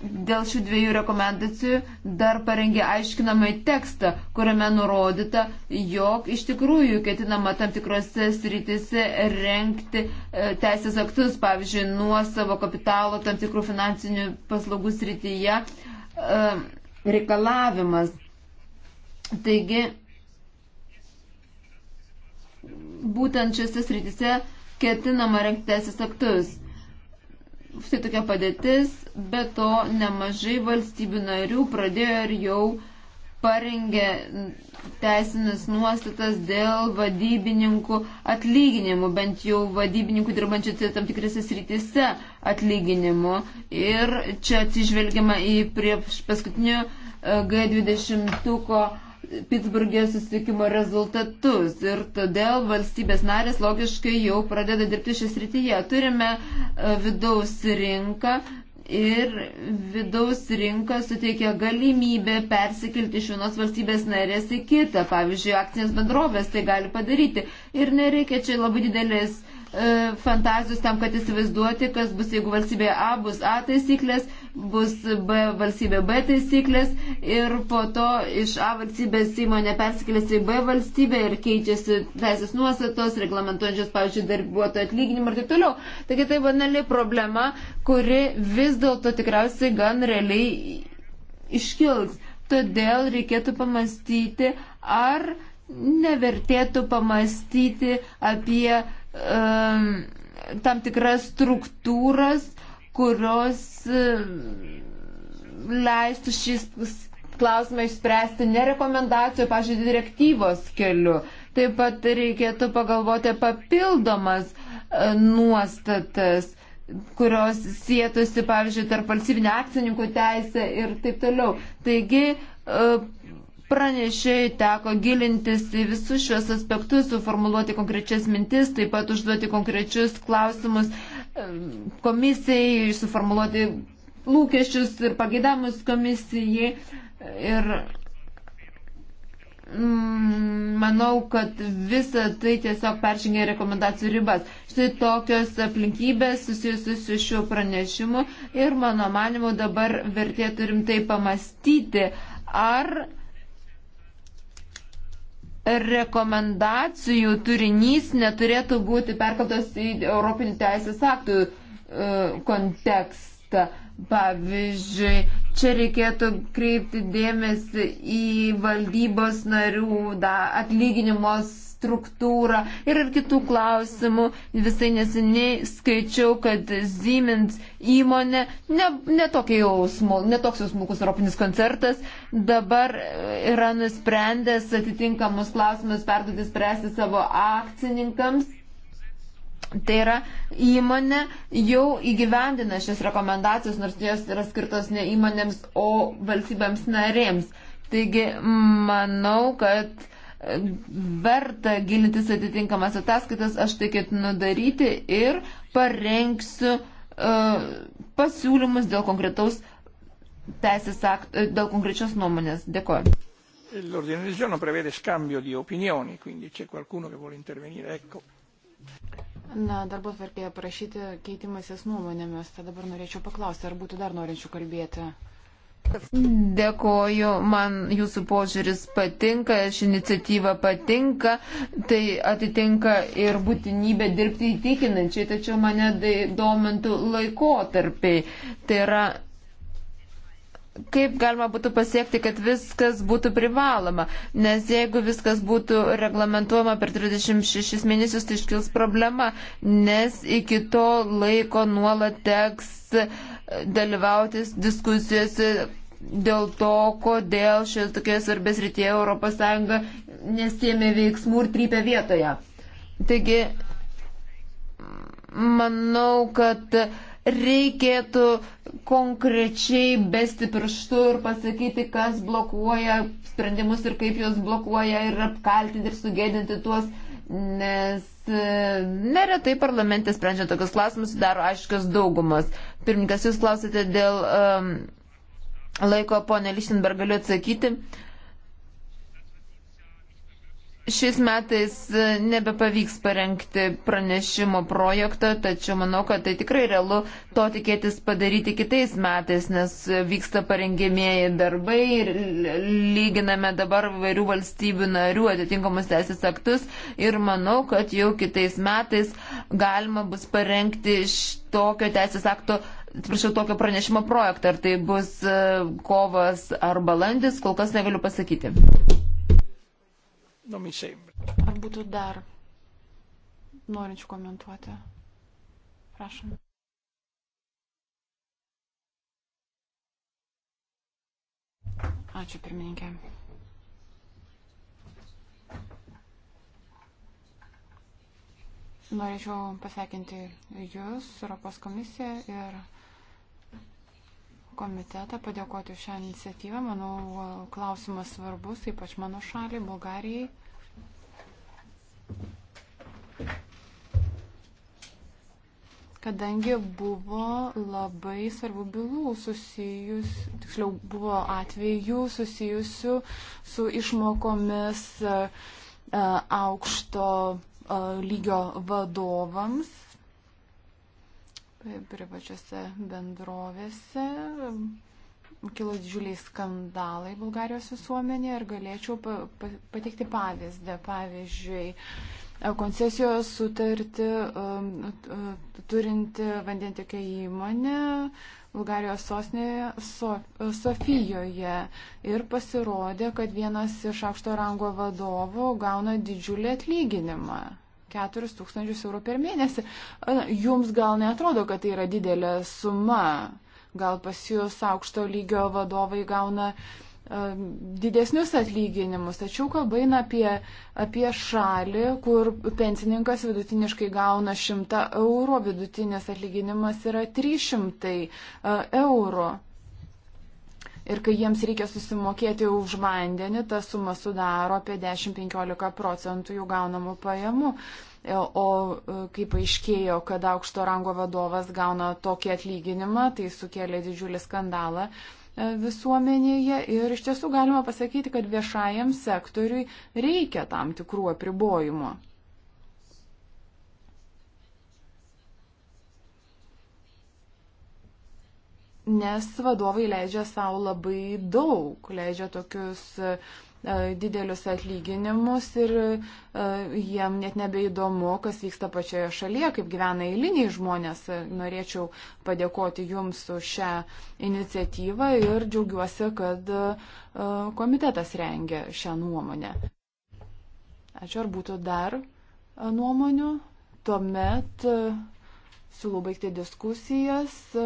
dėl šių dviejų rekomendacijų dar parengė aiškinamąjį tekstą, kuriame nurodyta, jog iš tikrųjų ketinama tam tikrose sritise renkti e, teisės aktus, pavyzdžiui, nuo savo kapitalo tam tikrų finansinių paslaugų srityje e, reikalavimas. Taigi, būtent šiose sritise ketinama renkti teisės aktus. Štai tokia padėtis, bet to nemažai valstybių narių pradėjo ir jau parengė teisinės nuostatas dėl vadybininkų atlyginimų, bent jau vadybininkų dirbančių tai tam tikrose srityse atlyginimų. Ir čia atsižvelgiama į prie paskutinio e, G20 Pittsburgė susitikimo rezultatus ir todėl valstybės narės logiškai jau pradeda dirbti šis rytyje. Turime e, vidaus rinką ir vidaus rinka suteikia galimybę persikilti iš vienos valstybės narės į kitą. Pavyzdžiui, akcinės bendrovės tai gali padaryti ir nereikia čia labai didelės e, fantazijos tam, kad įsivaizduoti, kas bus, jeigu valstybėje A bus A taisyklės bus B valstybė B taisyklės ir po to iš A valstybės įmonė persikėlės į B valstybę ir keičiasi teisės nuostatos, reglamentuojančios, pavyzdžiui, darbuotojų atlyginimą ir taip toliau. Taigi tai banali problema, kuri vis dėlto tikriausiai gan realiai iškils. Todėl reikėtų pamastyti, ar nevertėtų pamastyti apie um, tam tikras struktūras, uh, kurios e, leistų šis klausimą išspręsti ne rekomendacijų, pažiūrėjau, direktyvos keliu. Taip pat reikėtų pagalvoti papildomas e, nuostatas, kurios sėtųsi, pavyzdžiui, tarp valstybinio akcininkų teisę ir taip toliau. Taigi, e, pranešėjai teko gilintis į visus šios aspektus, suformuluoti konkrečias mintis, taip pat užduoti konkrečius klausimus komisijai, suformuoluoti lūkesčius ir pageidamus komisijai. Ir mm, manau, kad visa tai tiesiog peržengia rekomendacijų ribas. Štai tokios aplinkybės susijusius su šiuo pranešimu ir mano manimu dabar vertėtų rimtai pamastyti, ar rekomendacijų turinys neturėtų būti perkeltas į Europinį teisės aktų e, kontekstą. Pavyzdžiui, čia reikėtų kreipti dėmesį į valdybos narių da, atlyginimo struktūrą ir ar kitų klausimų. Visai neseniai skaičiau, kad Siemens įmonė, ne, ne, jau smul, ne toks jau smulkus europinis koncertas, dabar yra nusprendęs atitinkamus klausimus perduoti spręsti savo akcininkams Tai yra įmonė jau įgyvendina šias rekomendacijas, nors jos yra skirtos ne įmonėms, o valstybėms narėms. Taigi manau, kad e, verta gilintis atitinkamas ataskaitas, aš tai ketinu daryti ir parengsiu uh, pasiūlymus dėl konkretaus teisės aktų, e, dėl konkrečios nuomonės. Dėkuoju. L'ordine del giorno prevede scambio di opinioni, quindi c'è qualcuno che vuole intervenire. Ecco. Na, darbo tvarkėje parašyti keitimasis nuomonėmis. Tad dabar norėčiau paklausti, ar būtų dar norinčių kalbėti. Dėkoju, man jūsų požiūris patinka, ši iniciatyva patinka, tai atitinka ir būtinybė dirbti įtikinančiai, tačiau mane domintų laikotarpiai. Tai yra kaip galima būtų pasiekti, kad viskas būtų privaloma. Nes jeigu viskas būtų reglamentuojama per 36 mėnesius, tai iškils problema, nes iki to laiko nuolat teks dalyvautis diskusijose dėl to, kodėl šioje tokioje svarbės rytėje ES nesėmė veiksmų ir trypė vietoje. Taigi, manau, kad uh, reikėtų konkrečiai besti pirštu ir pasakyti, kas blokuoja sprendimus ir kaip juos blokuoja ir apkaltinti ir sugėdinti tuos, nes e, neretai parlamente sprendžia tokius klausimus, daro aiškios daugumas. Pirmininkas, jūs klausėte dėl um, laiko, ponė Lichtenberg, galiu atsakyti. Uh, Šiais metais e, nebepavyks parengti pranešimo projektą, tačiau manau, kad tai tikrai realu to tikėtis padaryti kitais metais, nes vyksta parengėmėjai darbai ir lyginame dabar vairių valstybių narių atitinkamus teisės aktus ir manau, kad jau kitais metais galima bus parengti iš tokio teisės akto atsiprašau, tokio pranešimo projektą. Ar tai bus e, kovas ar balandis, kol kas negaliu pasakyti non nu, mi sembra. Ar būtų dar norinčių komentuoti? Prašom. Ačiū pirmininkė. Norėčiau pasveikinti Jūs, Europos komisiją ir komitetą, padėkoti už šią iniciatyvą. Manau, klausimas svarbus, ypač mano šaliai, Bulgarijai kadangi buvo labai svarbių bylų susijus, tiksliau buvo atvejų susijusių su išmokomis e, aukšto e, lygio vadovams privačiose bendrovėse kilo didžiuliai skandalai Bulgarijos visuomenėje ir galėčiau pateikti pavyzdį. Pavyzdžiui, koncesijos sutartį um, uh, turinti vandentikio įmonė Bulgarijos sostinėje so, Sofijoje ir pasirodė, kad vienas iš aukšto rango vadovų gauna didžiulį atlyginimą. 4 tūkstančius eurų per mėnesį. Jums gal netrodo, kad tai yra didelė suma Gal pas jūs aukšto lygio vadovai gauna e, didesnius atlyginimus, tačiau kalba eina apie, apie šalį, kur pensininkas vidutiniškai gauna 100 eurų, vidutinis atlyginimas yra 300 e, eurų. Ir kai jiems reikia susimokėti už vandenį, ta suma sudaro apie 10-15 procentų jų gaunamų pajamų. Uh, E, o e, kaip aiškėjo, kad aukšto rango vadovas gauna tokį atlyginimą, tai sukėlė didžiulį skandalą e, visuomenėje ir iš tiesų galima pasakyti, kad viešajam sektoriui reikia tam tikrų apribojimų. Nes vadovai leidžia savo labai daug, leidžia tokius uh, E, didelius atlyginimus ir e, jiem net nebeįdomu, kas vyksta pačioje šalyje, kaip gyvena eiliniai žmonės. E, norėčiau padėkoti Jums už šią iniciatyvą ir džiaugiuosi, kad komitetas rengia šią nuomonę. Ačiū, ar būtų dar nuomonių? Tuomet siūlau baigti diskusijas. E,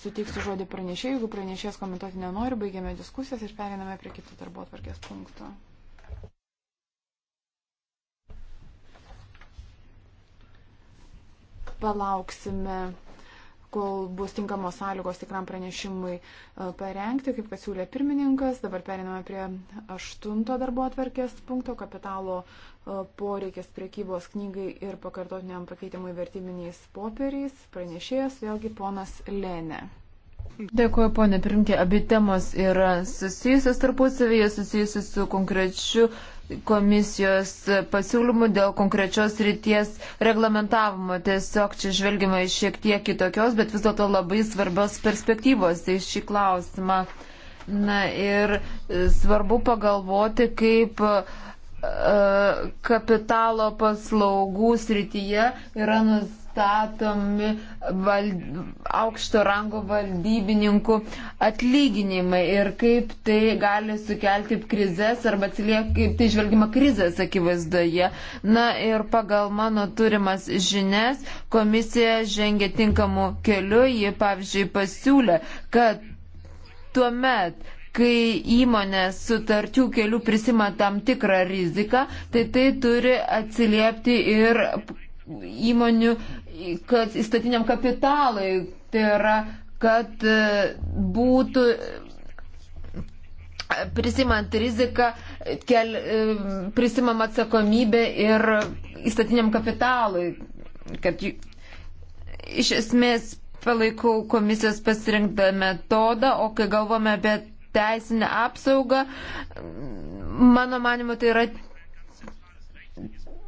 Sutiksiu žodį pranešėjai, jeigu pranešėjas komentuoti nenori, baigiame diskusijas ir periname prie kito darbo atvarkės punkto. Palauksime kol bus tinkamos sąlygos tikram pranešimui e, parengti, kaip kad siūlė pirmininkas. Dabar periname prie aštunto darbo atverkės punkto kapitalo e, poreikės priekybos knygai ir pakartotiniam pakeitimui vertiminiais popieriais. Pranešėjas vėlgi ponas Lenė. Dėkuoju, ponė Primkė. Abi temos yra susijusios tarpusavyje, susijusios su konkrečiu komisijos pasiūlymų dėl konkrečios ryties reglamentavimo. Tiesiog čia žvelgima iš šiek tiek kitokios, bet vis dėlto labai svarbios perspektyvos į tai šį klausimą. Na ir e, svarbu pagalvoti, kaip e, kapitalo paslaugų srityje yra nus nustatomi val, aukšto rango valdybininkų atlyginimai ir kaip tai gali sukelti krizės arba atsiliek, kaip tai žvelgima krizės akivaizdoje. Na ir pagal mano turimas žinias komisija žengė tinkamu keliu, ji pavyzdžiui pasiūlė, kad tuomet kai įmonės sutarčių kelių prisima tam tikrą riziką, tai tai turi atsiliepti ir įmonių, kad įstatiniam kapitalui, tai yra, kad e, būtų e, prisimant riziką, kel, e, prisimam atsakomybę ir įstatiniam kapitalui, kad iš esmės palaikau komisijos pasirinktą metodą, o kai galvome apie teisinę apsaugą, mano manimo, tai yra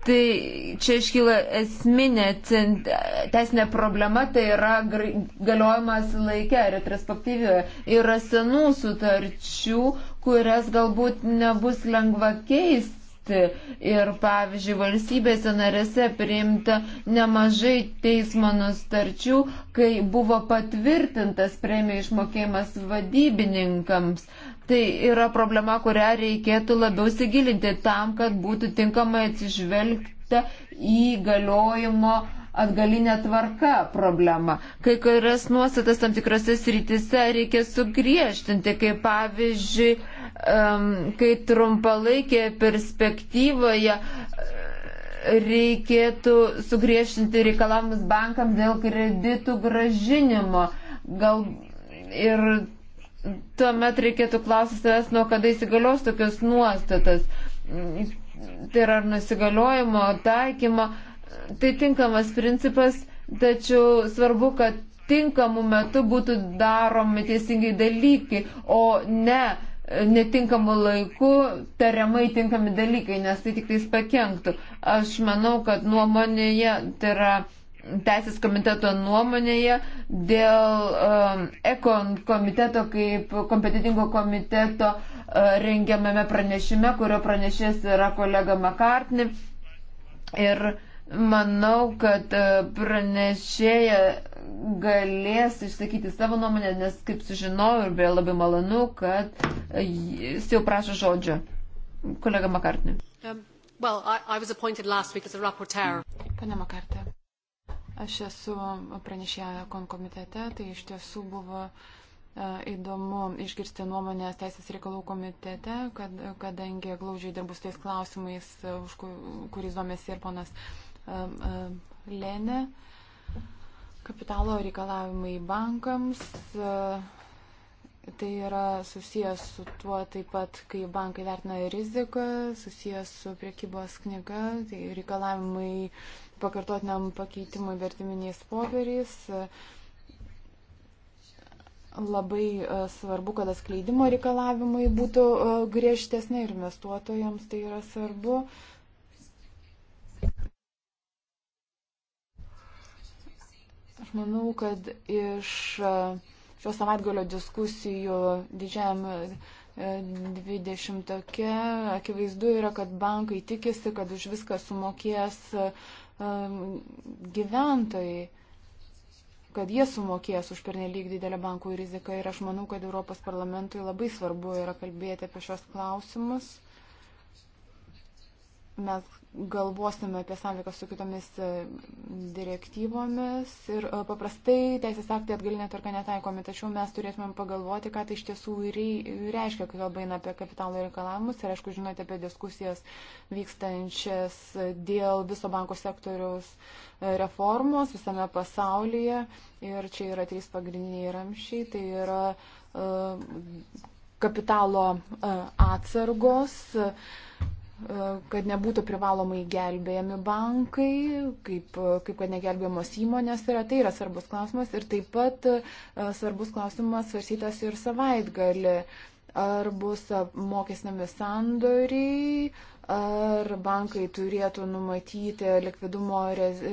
Tai čia iškyla esminė teisinė problema, tai yra galiojimas laikė, retrospektyvioje. Yra senų sutarčių, kurias galbūt nebus lengva keisti keisti. Ir pavyzdžiui, valstybėse narėse priimta nemažai teismo nustarčių, kai buvo patvirtintas premijų išmokėjimas vadybininkams. Tai yra problema, kurią reikėtų labiau sigilinti tam, kad būtų tinkamai atsižvelgta į galiojimo atgalinė tvarka problema. Kai kurias nuostatas tam tikrose srityse reikia sugriežtinti, kaip pavyzdžiui, um, kai trumpalaikėje perspektyvoje e, reikėtų sugriežtinti reikalavimus bankams dėl kreditų gražinimo. Gal ir tuomet reikėtų klausyti savęs, nuo kada įsigalios tokios nuostatas. Tai yra ar nusigaliojimo, taikymo. Tai tinkamas principas, tačiau svarbu, kad tinkamu metu būtų daromi teisingai dalykai, o ne netinkamu laiku tariamai tinkami dalykai, nes tai tik tais pakenktų. Aš manau, kad nuomonėje tai yra Teisės komiteto nuomonėje dėl um, ekon komiteto kaip kompetitingo komiteto uh, rengiamame pranešime, kurio pranešės yra kolega Makartni. Ir manau, kad uh, pranešėja galės išsakyti savo nuomonę, nes kaip sužinojau ir beje labai malonu, kad uh, jis jau prašo žodžio. Kolega Makartni. Um, well, I, I Pane Makartė, Aš esu pranešėja konkomitete, tai iš tiesų buvo e, įdomu išgirsti nuomonę Teisės reikalų komitete, kad, kadangi glaužiai dirbus tais klausimais, e, už kuris domėsi ir ponas e, Lenė, kapitalo reikalavimai bankams. Tai yra susijęs su tuo taip pat, kai bankai vertina riziką, susijęs su priekybos knyga, tai reikalavimai uh, pakartotiniam pakeitimui vertiminiais popieriais. Labai e, svarbu, kad atskleidimo reikalavimai būtų e, griežtesni ir investuotojams tai yra svarbu. Aš manau, kad iš e, šio savaitgalio diskusijų didžiajam 20 tokia, akivaizdu yra, kad bankai tikisi, kad už viską sumokės uh, gyventojai, kad jie sumokės už pernelyg didelę bankų riziką. Ir aš manau, kad Europos parlamentui labai svarbu yra kalbėti apie šios klausimus. Mes galvosime apie sąveiką su kitomis e, direktyvomis ir e, paprastai teisės aktai atgalinė tvarka netaikomi, tačiau mes turėtumėm pagalvoti, ką tai iš tiesų reiškia, kai kalba eina apie kapitalo reikalavimus ir aišku, žinote apie diskusijas vykstančias dėl viso banko sektoriaus e, reformos visame pasaulyje ir čia yra trys pagrindiniai ramšiai, tai yra kapitalo atsargos, E, kad nebūtų privalomai gelbėjami bankai, kaip, e, kaip kad negelbėjamos įmonės yra, tai yra svarbus klausimas ir taip pat e, svarbus klausimas svarsytas ir savaitgali, ar bus apmokestinami sandoriai, ar bankai turėtų numatyti likvidumo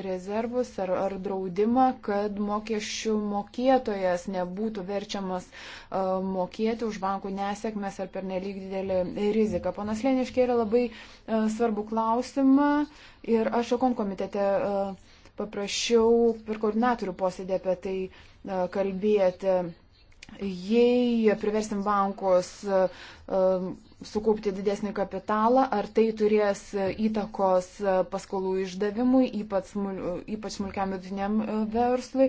rezervus ar, ar draudimą, kad mokesčių mokėtojas nebūtų verčiamas mokėti už bankų nesėkmės ar pernelyg didelį riziką. Panas Leniškė yra labai svarbu klausimą ir aš ekon komitete paprašiau per koordinatorių posėdį apie tai kalbėti. Jei priversim bankus sukaupti didesnį kapitalą, ar tai turės įtakos paskolų išdavimui, ypač, smul, ypač smulkiam vidiniam e, verslui.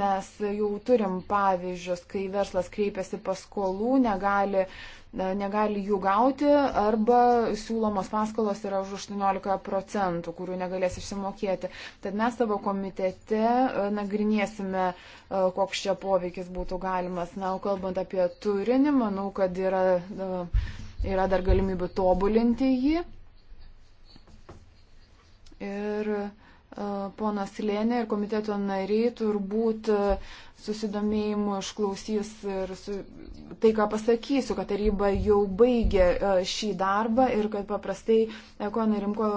Mes jau turim pavyzdžius, kai verslas kreipiasi paskolų, negali, e, negali jų gauti arba siūlomos paskolos yra už 18 procentų, kurių negalės išsimokėti. Tad mes savo komitete e, nagrinėsime, koks čia poveikis būtų galimas. Na, o kalbant apie turinį, manau, kad yra. Uh, yra dar galimybių tobulinti jį. Ir e, ponas Lėnė ir komiteto nariai turbūt e, susidomėjimu išklausys ir su, tai, ką pasakysiu, kad taryba jau baigė e, šį darbą ir kad paprastai Ekona Rimko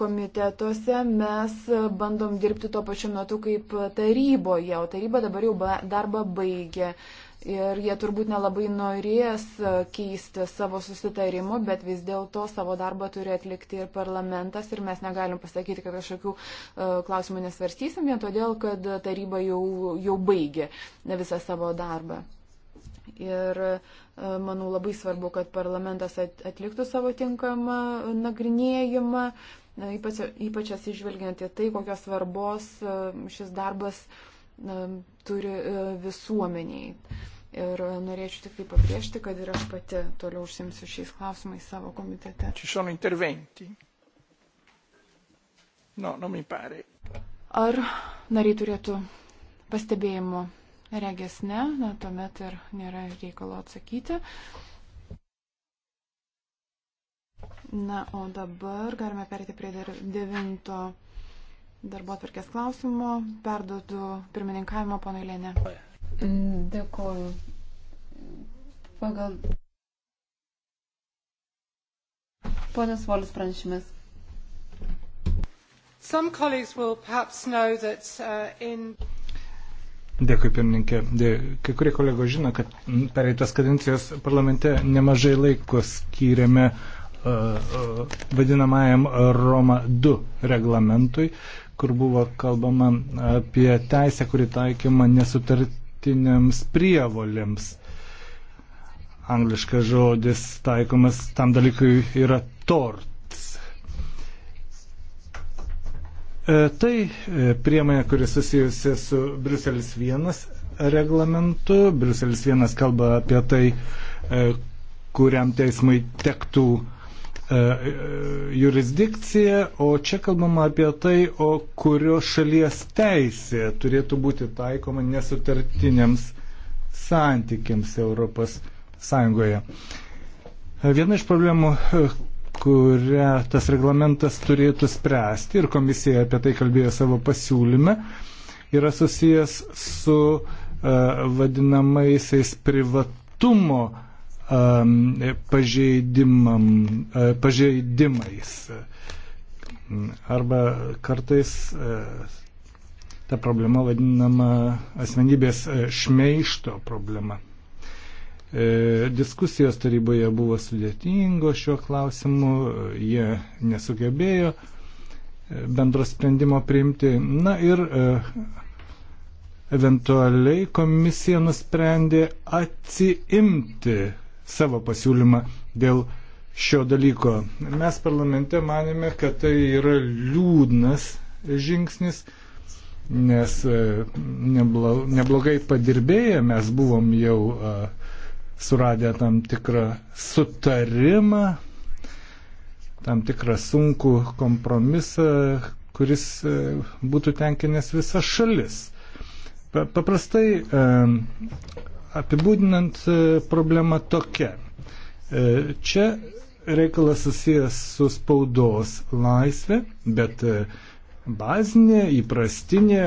komitetuose mes bandom dirbti tuo pačiu metu kaip taryboje, o taryba dabar jau darbą baigė. Uh, ir jie turbūt nelabai norės e, keisti savo susitarimo, bet vis dėlto savo darbą turi atlikti ir parlamentas ir mes negalim pasakyti, kad kažkokių e, klausimų nesvarstysim, vien todėl, kad taryba jau, jau baigė visą savo darbą. Ir e, manau labai svarbu, kad parlamentas atliktų savo tinkamą nagrinėjimą, ypač, ypač atsižvelgiant į tai, kokios svarbos šis darbas uh, turi e, visuomeniai. Ir e, norėčiau tik tai pabrėžti, kad ir aš pati toliau užsimsiu šiais klausimais savo komitete. Ci sono interventi? No, non mi pare. Ar nariai turėtų pastebėjimų? Regės ne, na, tuomet ir nėra reikalo atsakyti. Na, o dabar galime perėti prie devinto darbo atvarkės klausimo. Perduodu pirmininkavimo ponai Lėnė. Dėkoju. Pagal. Ponas Volis pranešimas. Some colleagues will perhaps know that uh, in Dėkui, pirmininkė. Kai kurie kolegos žino, kad pereitas kadencijos parlamente nemažai laiko skyrėme uh, uh, vadinamajam Roma 2 reglamentui, kur buvo kalbama apie teisę, kuri taikima nesutartiniams prievolėms. Angliškas žodis taikomas tam dalykui yra torts. E, tai e, priemonė, kuri susijusi su Bruselis 1 reglamentu. Bruselis 1 kalba apie tai, e, kuriam teismui tektų e, E, jurisdikcija, o čia kalbama apie tai, o kurio šalies teisė turėtų būti taikoma nesutartiniams santykiams Europos Sąjungoje. E, viena iš problemų, e, kurią tas reglamentas turėtų spręsti, ir komisija apie tai kalbėjo savo pasiūlyme, yra susijęs su uh, vadinamaisiais privatumo uh, Um, uh, pažeidimais. Arba kartais uh, ta problema vadinama asmenybės uh, šmeišto problema. Diskusijos taryboje buvo sudėtingos šiuo klausimu, jie nesugebėjo bendro sprendimo priimti. Na ir eventualiai komisija nusprendė atsiimti savo pasiūlymą dėl šio dalyko. Mes parlamente manėme, kad tai yra liūdnas žingsnis, nes e, neblogai padirbėję mes buvom jau e, suradę tam tikrą sutarimą, tam tikrą sunkų kompromisą, kuris e, būtų tenkinęs visas šalis. Paprastai Apibūdinant e, problemą tokia. E, čia reikalas susijęs su spaudos laisvė, bet e, bazinė, įprastinė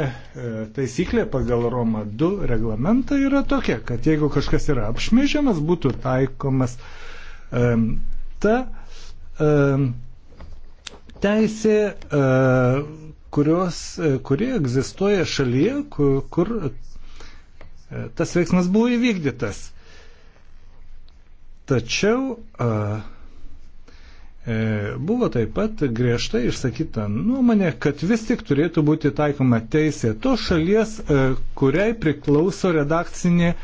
taisyklė pagal Roma 2 reglamentą yra tokia, kad jeigu kažkas yra apšmeižiamas, būtų taikomas ta teisė, kurios, kurie egzistuoja šalyje, kur, kur E, tas veiksmas buvo įvykdytas. Tačiau a, e, buvo taip pat griežtai išsakyta nuomonė, kad vis tik turėtų būti taikoma teisė to šalies, e, kuriai priklauso redakcinė e,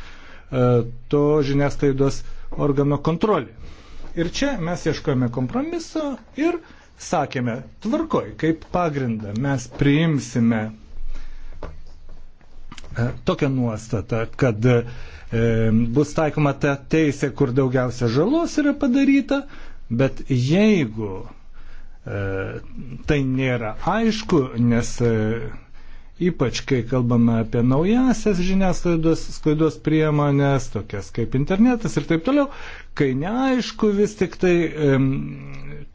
to žiniasklaidos organo kontrolė. Ir čia mes ieškojame kompromiso ir sakėme, tvarkoj, kaip pagrindą mes priimsime E, tokią nuostatą, kad e, bus taikoma ta teisė, kur daugiausia žalos yra padaryta, bet jeigu e, tai nėra aišku, nes e, ypač kai kalbame apie naujasias žiniasklaidos priemonės, tokias kaip internetas ir taip toliau, kai neaišku vis tik tai,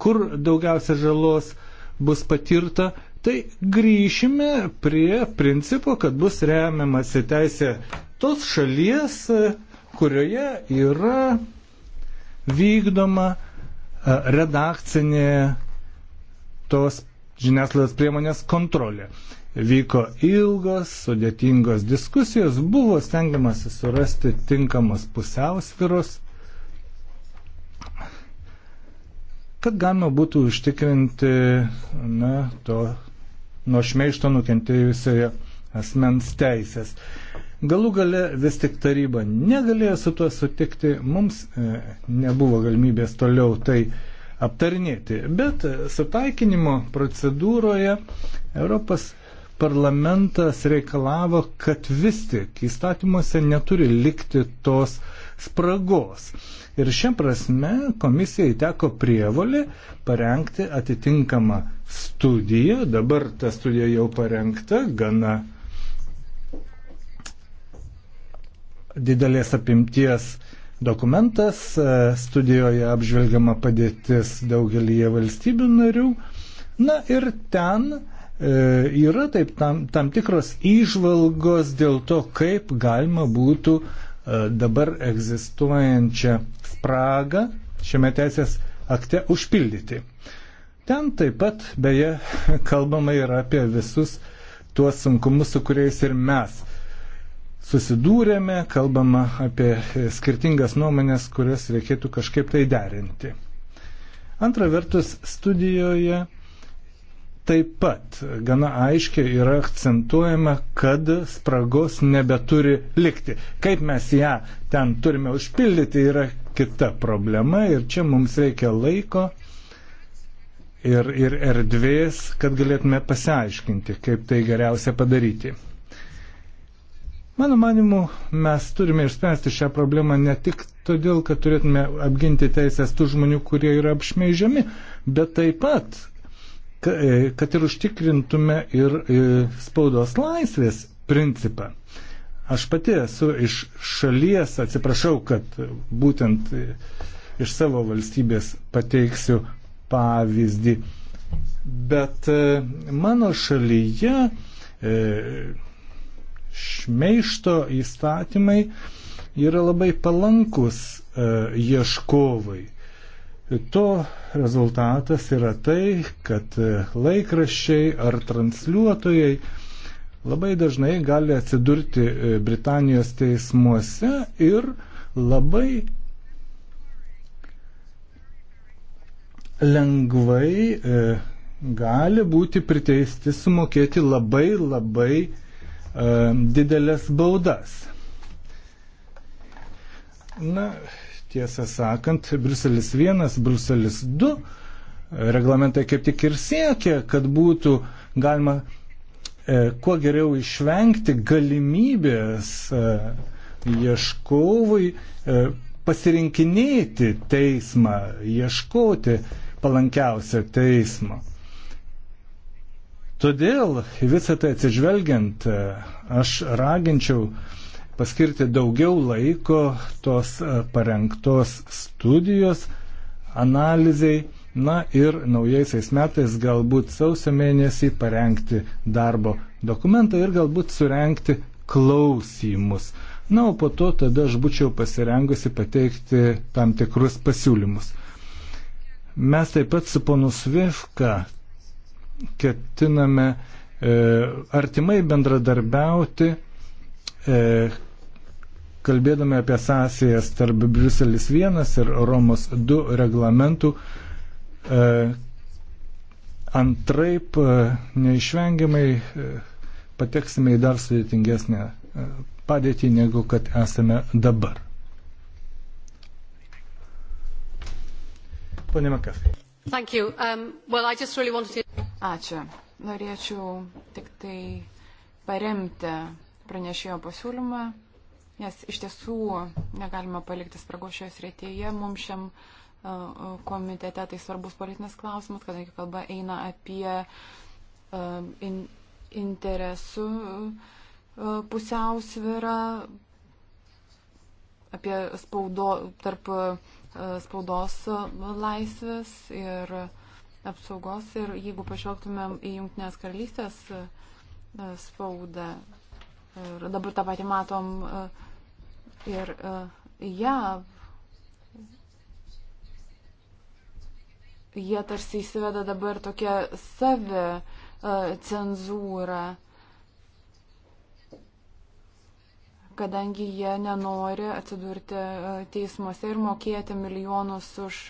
kur daugiausia žalos bus patirta, tai grįšime prie principo, kad bus remiamasi teisė tos šalies, kurioje yra vykdoma e, redakcinė tos žiniasklaidos priemonės kontrolė. Vyko ilgos, sudėtingos diskusijos, buvo stengiamasi surasti tinkamas pusiausviros, kad galima būtų užtikrinti na, to nuo šmeišto nukentėjusioje asmens teisės. Galų gale vis tik taryba negalėjo su tuo sutikti, mums e, nebuvo galimybės toliau tai aptarnėti. Bet e, sutaikinimo procedūroje Europos parlamentas reikalavo, kad vis tik įstatymuose neturi likti tos spragos. Ir šia prasme komisijai teko prievolį parengti atitinkamą studiją. Dabar ta studija jau parengta, gana didelės apimties dokumentas. Studijoje apžvelgiama padėtis daugelį valstybių narių. Na ir ten E, yra taip tam, tam tikros išvalgos dėl to, kaip galima būtų e, dabar egzistuojančią spragą šiame teisės akte užpildyti. Ten taip pat, beje, kalbama ir apie visus tuos sunkumus, su kuriais ir mes susidūrėme, kalbama apie skirtingas nuomonės, kurias reikėtų kažkaip tai derinti. Antra vertus, studijoje Taip pat gana aiškiai yra akcentuojama, kad spragos nebeturi likti. Kaip mes ją ten turime užpildyti yra kita problema ir čia mums reikia laiko ir, ir erdvės, kad galėtume pasiaiškinti, kaip tai geriausia padaryti. Mano manimu, mes turime išspręsti šią problemą ne tik todėl, kad turėtume apginti teisės tų žmonių, kurie yra apšmeižiami, bet taip pat E, kad ir užtikrintume ir e, spaudos laisvės principą. Aš pati esu iš šalies, atsiprašau, kad būtent e, iš savo valstybės pateiksiu pavyzdį, bet mano šalyje šmeišto įstatymai yra labai palankus ieškovai. To rezultatas yra tai, kad e, laikraščiai ar transliuotojai labai dažnai gali atsidurti e, Britanijos teismuose ir labai lengvai e, gali būti priteisti sumokėti labai labai didelės baudas. Na, Tiesą sakant, Bruselis 1, Bruselis 2 reglamentai kaip tik ir siekia, kad būtų galima e, kuo geriau išvengti galimybės e, ieškovui e, pasirinkinėti teismą, ieškoti palankiausią teismą. Todėl visą tai atsižvelgiant, e, aš raginčiau e, paskirti daugiau laiko tos e, parengtos studijos analizai. Na ir naujaisiais metais galbūt sausio mėnesį parengti darbo dokumentą ir galbūt surenkti klausimus. Na, o po to tada aš būčiau pasirengusi pateikti tam tikrus pasiūlymus. Mes taip pat su ponu Svifka ketiname e, artimai bendradarbiauti, e, kalbėdami apie sąsijas tarp Bruselis 1 ir Romos 2 reglamentų, e, antraip e, neišvengiamai e, pateksime į dar sudėtingesnę padėtį, negu kad esame dabar. Pone Makafė. Um, well, really wanted... Ačiū. Norėčiau tik tai paremti pranešėjo pasiūlymą nes iš tiesų negalima palikti sprago šioje srityje. Mums šiam e, e, komitete tai svarbus politinis klausimas, kadangi kalba eina apie e, in, interesų pusiausvyrą, apie spaudo, tarp spaudos laisvės ir apsaugos. Ir jeigu pažvelgtumėm į Junktinės karalystės spaudą, Ir dabar tą patį matom e, ir e, JAV. Jie tarsi įsiveda dabar tokią savi e, cenzūrą, kadangi jie nenori atsidurti teismuose ir mokėti milijonus už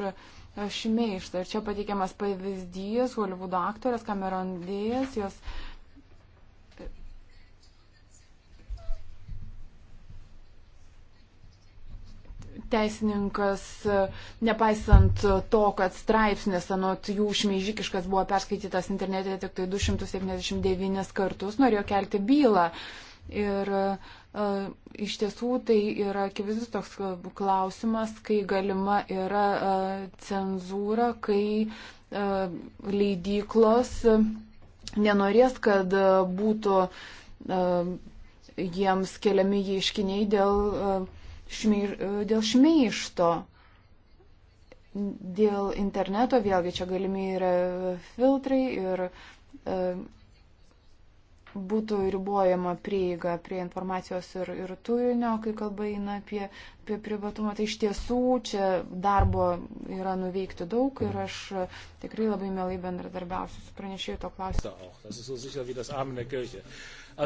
šmeištą. Ir čia pateikiamas pavyzdys, Holivudo aktorės Cameron Dijas, jos uh, teisininkas, nepaisant to, kad straipsnis anot jų šmeižikiškas buvo perskaitytas internete tik tai 279 kartus, norėjo kelti bylą. Ir uh, iš tiesų tai yra akivaizdus toks klausimas, kai galima yra uh, cenzūra, kai uh, leidyklos nenorės, kad uh, būtų uh, jiems keliami ieškiniai dėl uh, šmeiž, e, dėl šmeišto, dėl interneto, vėlgi čia galimi yra filtrai ir e, būtų ribojama prieiga prie informacijos ir, ir turinio, kai kalba eina apie, apie privatumą. Tai iš tiesų čia darbo yra nuveikti daug ir aš tikrai labai mielai bendradarbiausiu su pranešėju to klausimu.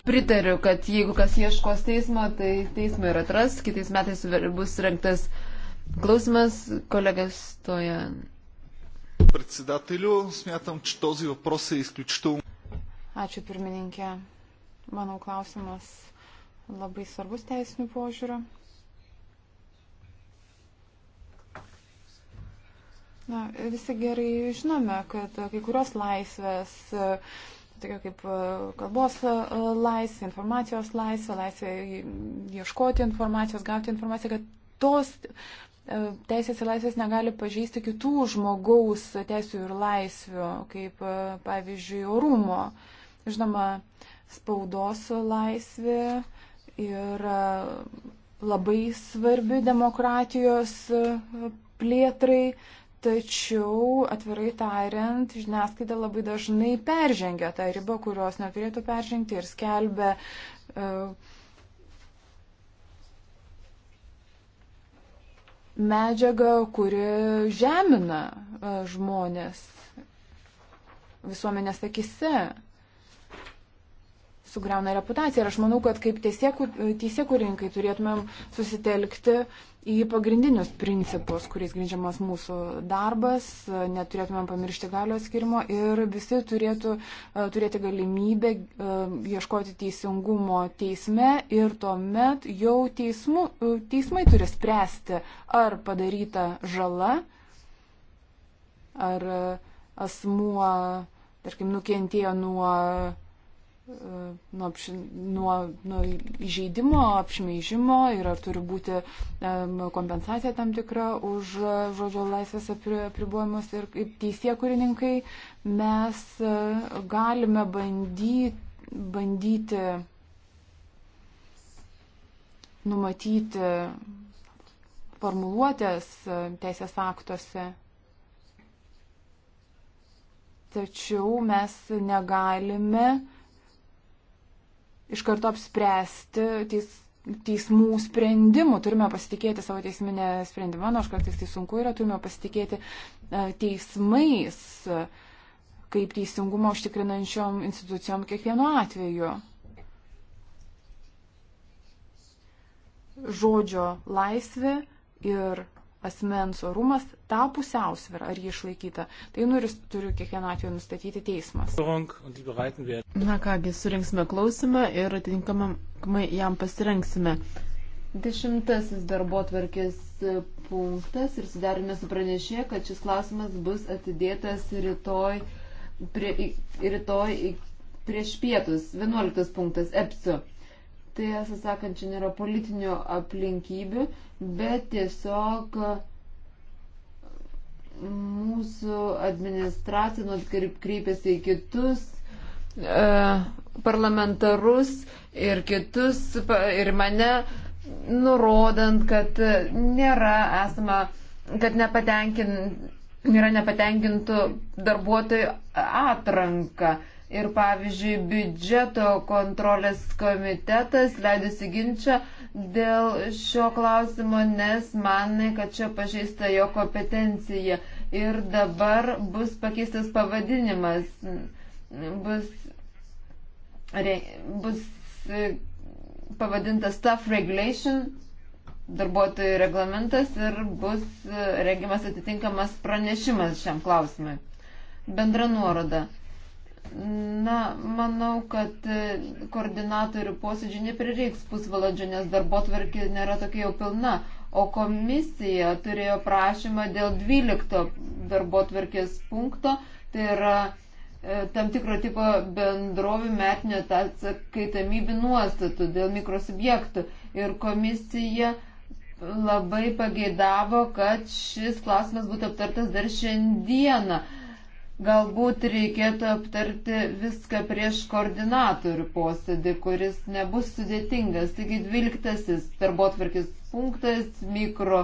Pritariu, kad jeigu kas ieškos teismo, tai teismą ir atras. Kitais metais bus rengtas klausimas kolegas toje. Председателю, смятам, че този въпрос е изключително. Ačiū pirmininkė. Manau, klausimas labai svarbus teisinių požiūrių. Na, visi gerai žinome, kad kai kurios laisvės uh, tokia kaip e, kalbos e, laisvė, informacijos laisvė, laisvė ieškoti informacijos, gauti informaciją, kad tos e, teisės ir laisvės negali pažeisti kitų žmogaus teisų ir laisvių, kaip pavyzdžiui orumo. Žinoma, spaudos laisvė ir labai svarbi demokratijos plėtrai, Tačiau, atvirai tariant, žiniasklaida labai dažnai peržengia tą ribą, kurios neturėtų peržengti ir skelbia. E, Medžiaga, kuri žemina e, žmonės visuomenės akise sugriauna reputaciją. Ir aš manau, kad kaip teisėkurinkai turėtumėm susitelkti į pagrindinius principus, kuriais grindžiamas mūsų darbas, neturėtumėm pamiršti galios skirimo ir visi turėtų e, turėti galimybę e, ieškoti teisingumo teisme ir tuomet jau teismų, e, teismai turi spręsti, ar padaryta žala, ar asmuo, tarkim, nukentėjo nuo nuo, nuo, nuo įžeidimo, apšmeižimo ir ar turi būti um, kompensacija tam tikra už e, žodžio laisvės apri, apribojimus. Ir kaip teisė kūrininkai mes uh, galime bandy, bandyti numatyti formuluotės e, teisės aktuose. Tačiau mes negalime uh, iš karto apspręsti teis, teismų sprendimų. Turime pasitikėti savo teisminę sprendimą, nors kartais tai sunku yra, turime pasitikėti e, teismais kaip teisingumą užtikrinančiom institucijom kiekvienu atveju. Žodžio laisvė ir asmens orumas, tą pusiausvyrą, ar jį išlaikyta. Tai nuris turi kiekvieną atveju nustatyti teismas. Na kągi, surinksime klausimą ir atitinkamai jam pasirenksime. Dešimtasis darbo tvarkės punktas ir sudarėme su pranešė, kad šis klausimas bus atidėtas rytoj, prie, rytoj prieš pietus. Vienuoliktas punktas EPSU. Tai tiesą sakant, čia nėra politinių aplinkybių, bet tiesiog mūsų administracija nors nu, kreipėsi į kitus e, parlamentarus ir kitus ir mane nurodant, kad nėra esama, kad nepatenkin, yra nepatenkintų darbuotojų atranka. Ir pavyzdžiui, biudžeto kontrolės komitetas leidusi ginčia dėl šio klausimo, nes manai, kad čia pažeista jo kompetencija. Ir dabar bus pakeistas pavadinimas. Bus, re, bus e, pavadintas staff regulation, darbuotojų reglamentas ir bus e, rengiamas atitinkamas pranešimas šiam klausimui. Bendra nuoroda. Na, manau, kad e, koordinatorių posėdžių neprireiks pusvalandžio, nes darbo tvarkė nėra tokia jau pilna, o komisija turėjo prašymą dėl 12 darbo tvarkės punkto, tai yra e, tam tikro tipo bendrovių metinio atskaitamybių nuostatų dėl mikrosubjektų. Ir komisija labai pageidavo, kad šis klausimas būtų aptartas dar šiandieną Galbūt reikėtų aptarti viską prieš koordinatorių posėdį, kuris nebus sudėtingas. Taigi 12 darbo tvarkis punktas, mikro,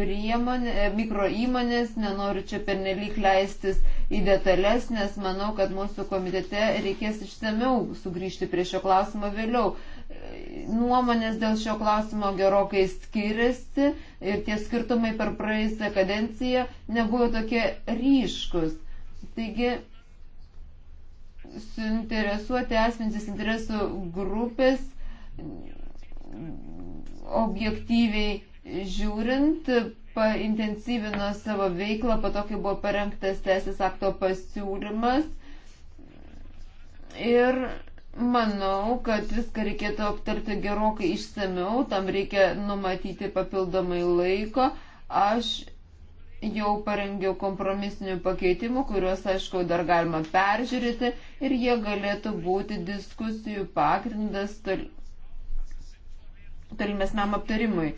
priemonė, e, mikro įmonės, nenoriu čia pernelyg leistis į detalės, nes manau, kad mūsų komitete reikės išsameu sugrįžti prie šio klausimo vėliau. Nuomonės dėl šio klausimo gerokai skiriasi ir tie skirtumai per praėjusią kadenciją nebuvo tokie ryškus Taigi, suinteresuoti asmenys interesų grupės objektyviai žiūrint intensyvino savo veiklą, po to, kai buvo parengtas teisės akto pasiūlymas. Ir manau, kad viską reikėtų aptarti gerokai išsameu, tam reikia numatyti papildomai laiko. Aš jau parengiau kompromisinių pakeitimų, kuriuos, aišku, dar galima peržiūrėti ir jie galėtų būti diskusijų pagrindas tol... tolimesniam aptarimui.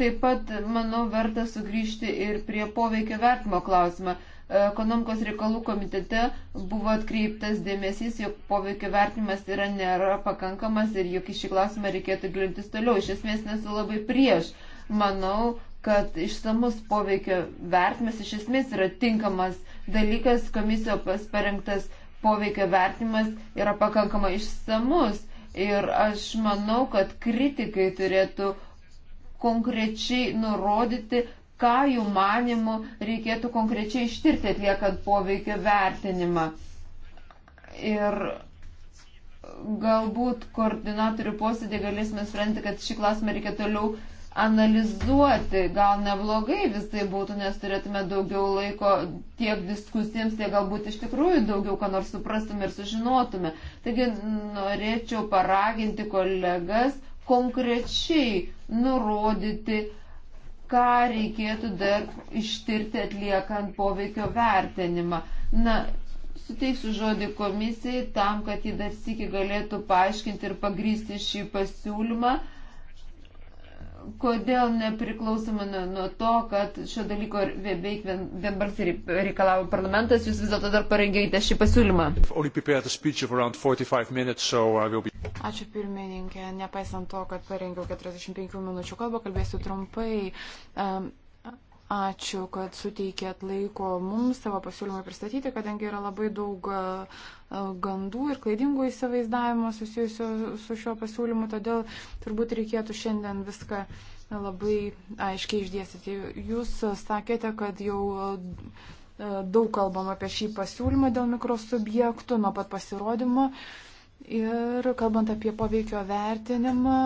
Taip pat, manau, verta sugrįžti ir prie poveikio vertimo klausimą. Ekonomikos reikalų komitete buvo atkreiptas dėmesys, jog poveikio vertimas yra nėra pakankamas ir jog į šį klausimą reikėtų gilintis toliau. Iš esmės nesu labai prieš. Manau, kad išsamus poveikio vertimas iš esmės yra tinkamas dalykas, komisijos parengtas poveikio vertimas yra pakankamai išsamus. Ir aš manau, kad kritikai turėtų konkrečiai nurodyti, ką jų manimų reikėtų konkrečiai ištirti atliekant poveikio vertinimą. Ir galbūt koordinatorių posėdį galėsime sprendti, kad šį klausimą reikia toliau analizuoti. Gal neblogai vis tai būtų, nes turėtume daugiau laiko tiek diskusijams, tiek galbūt iš tikrųjų daugiau ką nors suprastume ir sužinotume. Taigi norėčiau paraginti kolegas konkrečiai nurodyti, ką reikėtų dar ištirti atliekant poveikio vertinimą. Na, suteiksiu žodį komisijai tam, kad jį dar sėki galėtų paaiškinti ir pagrysti šį pasiūlymą kodėl nepriklausomai nuo to, kad šio dalyko beveik vienbarsiai reikalavo parlamentas, jūs vis dėlto dar parengėte šį pasiūlymą. Minutes, so uh, be... Ačiū pirmininkė, nepaisant to, kad parengiau 45 minučių kalbą, kalbėsiu trumpai. Um, Ačiū, kad suteikėt laiko mums savo pasiūlymą pristatyti, kadangi yra labai daug e, e, gandų ir klaidingų įsivaizdavimo susijusių su šiuo pasiūlymu, todėl turbūt reikėtų šiandien viską labai aiškiai išdėstyti. Jūs sakėte, kad jau e, daug kalbam apie šį pasiūlymą dėl mikrosubjektų nuo pat pasirodymo. Uh, Ir kalbant apie poveikio vertinimą,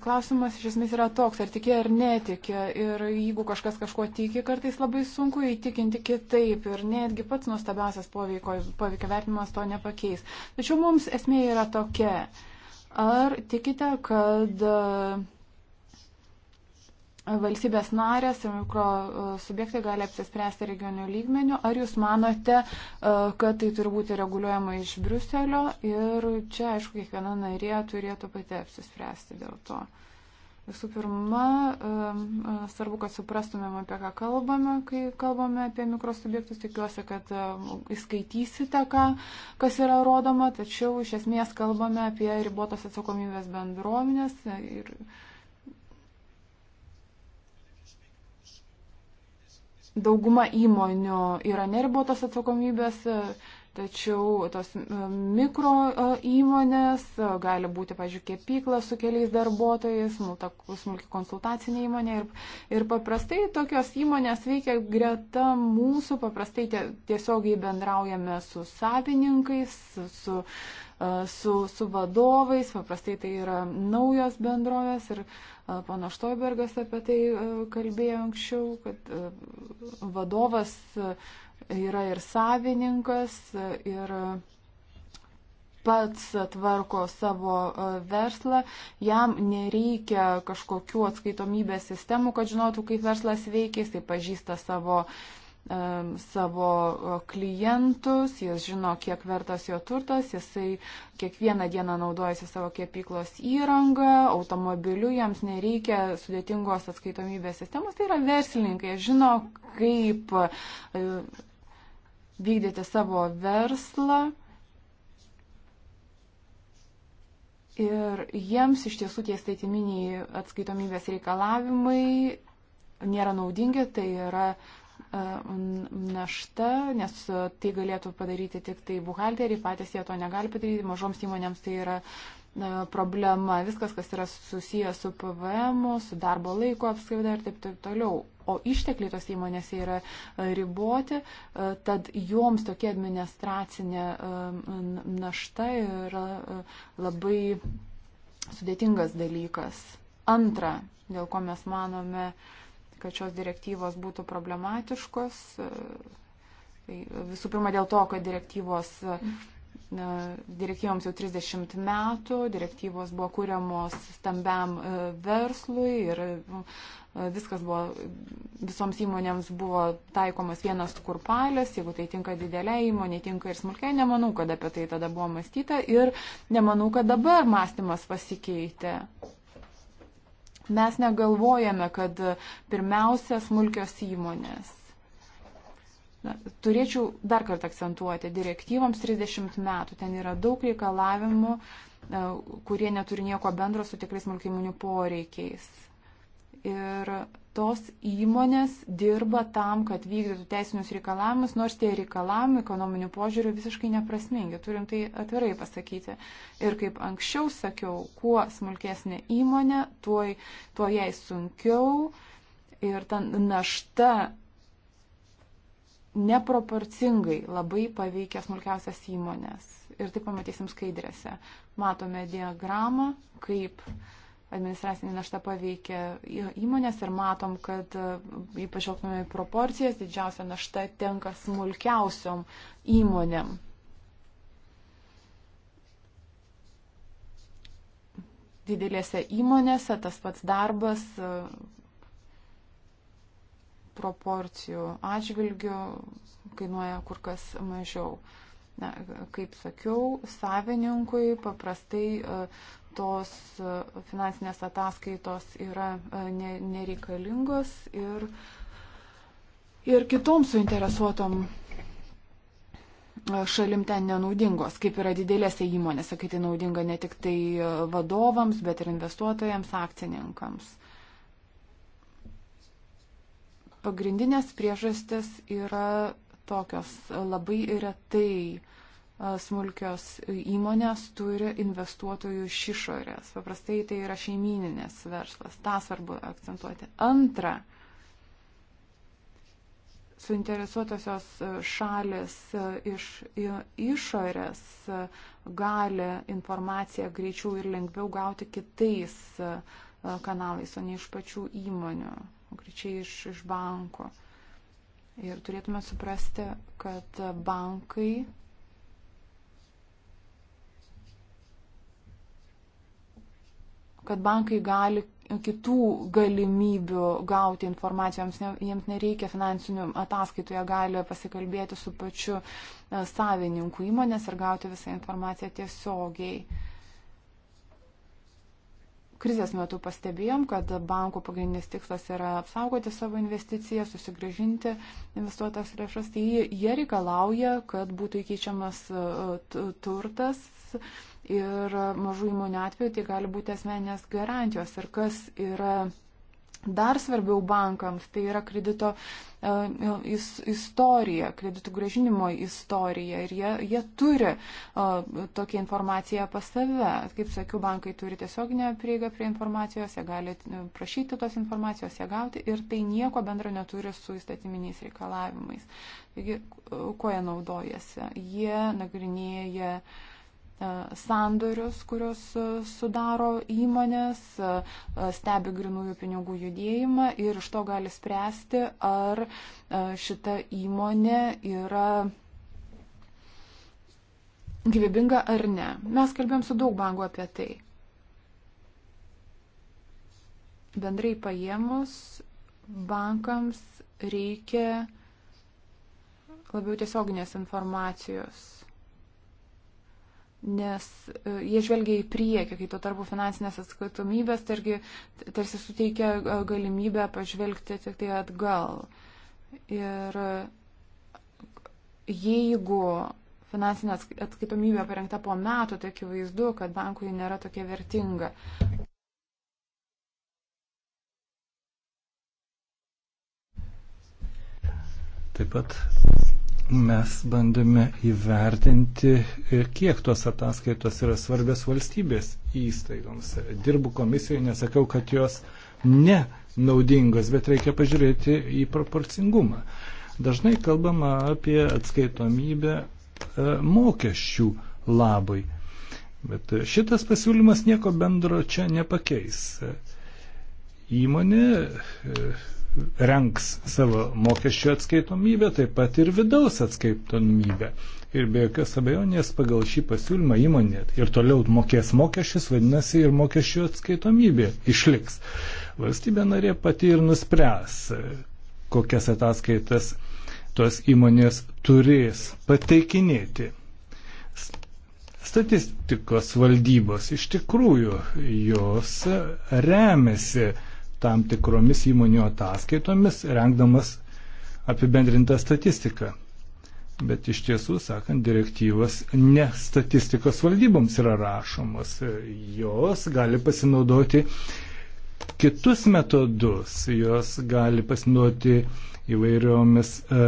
klausimas iš esmės yra toks, ar tikė ar netikė. Ir jeigu kažkas kažkuo tiki, kartais labai sunku įtikinti kitaip. Ir netgi pats nuostabiausias poveikio, poveikio vertinimas to nepakeis. Tačiau mums esmė yra tokia. Ar tikite, kad. Uh, valstybės narės ir mikro e, subjektai gali apsispręsti regionių lygmenių. Ar jūs manote, e, kad tai turi būti reguliuojama iš Bruselio ir čia, aišku, kiekviena narė turėtų pati apsispręsti dėl to? Visų pirma, e, svarbu, kad suprastumėm, apie ką kalbame, kai kalbame apie mikrosubjektus. Tikiuosi, kad įskaitysite, ką, kas yra rodoma, tačiau iš esmės kalbame apie ribotos atsakomybės bendruomenės. Ir, uh, dauguma įmonių yra neribotos atsakomybės, tačiau tos mikro e, įmonės e, gali būti, pažiūrėjau, kepykla su keliais darbuotojais, smulki konsultacinė įmonė ir, ir paprastai tokios įmonės veikia greta mūsų, paprastai tiesiogiai bendraujame su savininkais, su, su su, su vadovais, paprastai tai yra naujos bendrovės ir pana Štoibergas apie tai kalbėjo anksčiau, kad vadovas yra ir savininkas, ir pats tvarko savo verslą, jam nereikia kažkokių atskaitomybės sistemų, kad žinotų, kaip verslas veikia, jisai pažįsta savo uh, savo klientus, jis žino, kiek vertas jo turtas, jisai kiekvieną dieną naudojasi savo kepyklos įrangą, automobiliu, jiems nereikia sudėtingos atskaitomybės sistemos, tai yra verslininkai, žino, kaip e, vykdyti savo verslą. Ir jiems iš tiesų tie staitiminiai atskaitomybės reikalavimai nėra naudingi, tai yra našta, nes tai galėtų padaryti tik tai buhalteriai, patys jie to negali padaryti, mažoms įmonėms tai yra problema, viskas, kas yra susijęs su PVM, su darbo laiko apskaida ir taip, taip toliau. O ištekliai tos įmonėse yra riboti, tad joms tokia administracinė našta yra labai sudėtingas dalykas. Antra, dėl ko mes manome, uh, kad šios direktyvos būtų problematiškos. Tai visų pirma dėl to, kad direktyvos, direktyvoms jau 30 metų, direktyvos buvo kūriamos stambiam e, verslui ir e, viskas buvo, visoms įmonėms buvo taikomas vienas kurpalės, jeigu tai tinka didelė įmonė, tinka ir smulkiai, nemanau, kad apie tai tada buvo mąstyta ir nemanau, kad dabar mąstymas pasikeitė. Mes negalvojame, kad pirmiausia smulkios įmonės. Na, turėčiau dar kartą akcentuoti, direktyvams 30 metų, ten yra daug reikalavimų, e, kurie neturi nieko bendro su tikrais smulkiai įmonių poreikiais. Ir tos įmonės dirba tam, kad vykdytų teisinius reikalavimus, nors tie reikalavimai ekonominių požiūrių visiškai neprasmingi, turim tai atvirai pasakyti. Ir kaip anksčiau sakiau, kuo smulkesnė įmonė, tuo, tuo jai sunkiau ir ta našta neproporcingai labai paveikia smulkiausias įmonės. Ir tai pamatysim skaidrėse. Matome diagramą, kaip uh, administracinė našta paveikia įmonės ir matom, kad e, ypač auktume į proporcijas, didžiausia našta tenka smulkiausiom įmonėm. Didelėse įmonėse tas pats darbas e, proporcijų atžvilgių kainuoja kur kas mažiau. Na, kaip sakiau, savininkui paprastai e, tos e, finansinės ataskaitos yra e, nereikalingos ir, ir kitom suinteresuotom e, šalim ten nenaudingos, kaip yra didelėse įmonėse, kai tai naudinga ne tik tai vadovams, bet ir investuotojams, akcininkams. Pagrindinės priežastis yra tokios labai retai uh, smulkios įmonės turi investuotojų iš išorės. Paprastai tai yra šeimininės verslas. Ta svarbu akcentuoti. Antra, suinteresuotosios šalis iš išorės gali informaciją greičiau ir lengviau gauti kitais kanalais, o ne iš pačių įmonių, konkrečiai iš, iš banko. Ir turėtume suprasti, kad bankai kad bankai gali kitų galimybių gauti informacijoms, jiems nereikia finansinių ataskaitų, jie gali pasikalbėti su pačiu e, savininku įmonės ir gauti visą informaciją tiesiogiai. Krizės metu pastebėjom, kad banko pagrindinis tikslas yra apsaugoti savo investiciją, susigražinti investuotas lėšas. Tai jie reikalauja, kad būtų įkeičiamas e, turtas Ir mažų įmonių atveju tai gali būti asmeninės garantijos. Ir kas yra dar svarbiau bankams, tai yra kredito uh, istorija, kreditų gražinimo istorija. Ir jie, jie turi uh, tokią informaciją pas save. Kaip sakiau, bankai turi tiesioginę prieigą prie informacijos, jie gali e, prašyti tos informacijos, jie gauti ir tai nieko bendro neturi su įstatyminiais reikalavimais. Taigi, kuo jie naudojasi? Jie nagrinėja uh, E, sandorius, kurios e, sudaro įmonės, e, stebi grinųjų pinigų judėjimą ir iš to gali spręsti, ar šita įmonė yra gyvybinga ar ne. Mes kalbėjom su daug bankų apie tai. Bendrai paėmus, bankams reikia labiau tiesioginės informacijos nes e, jie žvelgia į priekį, kai tuo tarpu finansinės atskaitomybės targi, tarsi suteikia e, galimybę pažvelgti tik tai atgal. Ir e, jeigu finansinė atskaitomybė parengta po metų, tai akivaizdu, kad bankui nėra tokia vertinga. Taip pat mes bandėme įvertinti, e, kiek tos ataskaitos yra svarbios valstybės įstaigoms. Dirbu komisijoje, nesakau, kad jos nenaudingos, bet reikia pažiūrėti į proporcingumą. Dažnai kalbama apie atskaitomybę e, mokesčių labai. Bet šitas pasiūlymas nieko bendro čia nepakeis. Įmonė e, renks savo mokesčių atskaitomybę, taip pat ir vidaus atskaitomybę. Ir be jokios abejonės pagal šį pasiūlymą įmonė ir toliau mokės mokesčius, vadinasi, ir mokesčių atskaitomybė išliks. Valstybė narė pati ir nuspręs, kokias ataskaitas tos įmonės turės pateikinėti. Statistikos valdybos iš tikrųjų jos remiasi tam tikromis įmonių ataskaitomis, rengdamas apibendrintą statistiką. Bet iš tiesų, sakant, direktyvos ne statistikos valdyboms yra rašomos. Jos gali pasinaudoti kitus metodus, jos gali pasinaudoti įvairiomis e,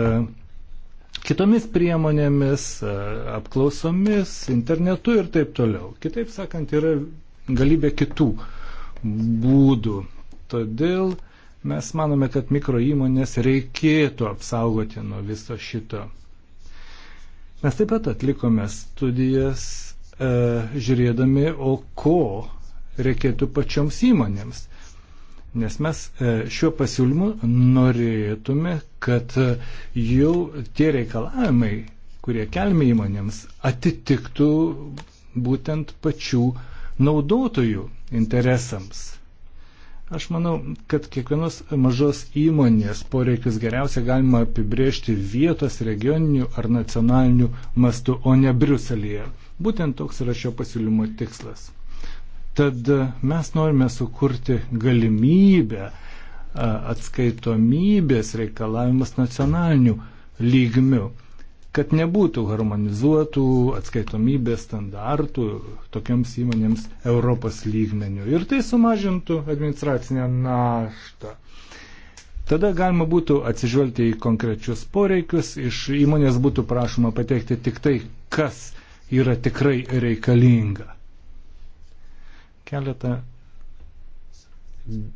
kitomis priemonėmis, e, apklausomis, internetu ir taip toliau. Kitaip sakant, yra galybė kitų būdų Todėl mes manome, kad mikro įmonės reikėtų apsaugoti nuo viso šito. Mes taip pat atlikome studijas e, žiūrėdami, o ko reikėtų pačioms įmonėms. Nes mes e, šiuo pasiūlymu norėtume, kad e, jau tie reikalavimai, kurie kelmi įmonėms, atitiktų būtent pačių naudotojų interesams. Aš manau, kad kiekvienos mažos įmonės poreikius geriausia galima apibriežti vietos, regioninių ar nacionalinių mastų, o ne Briuselėje. Būtent toks yra šio pasiūlymo tikslas. Tad e, mes norime sukurti galimybę e, atskaitomybės reikalavimas nacionalinių lygmių kad nebūtų harmonizuotų atskaitomybės standartų tokiams įmonėms Europos lygmenių. Ir tai sumažintų administracinę naštą. Tada galima būtų atsižvelgti į konkrečius poreikius, iš įmonės būtų prašoma pateikti tik tai, kas yra tikrai reikalinga. Keletą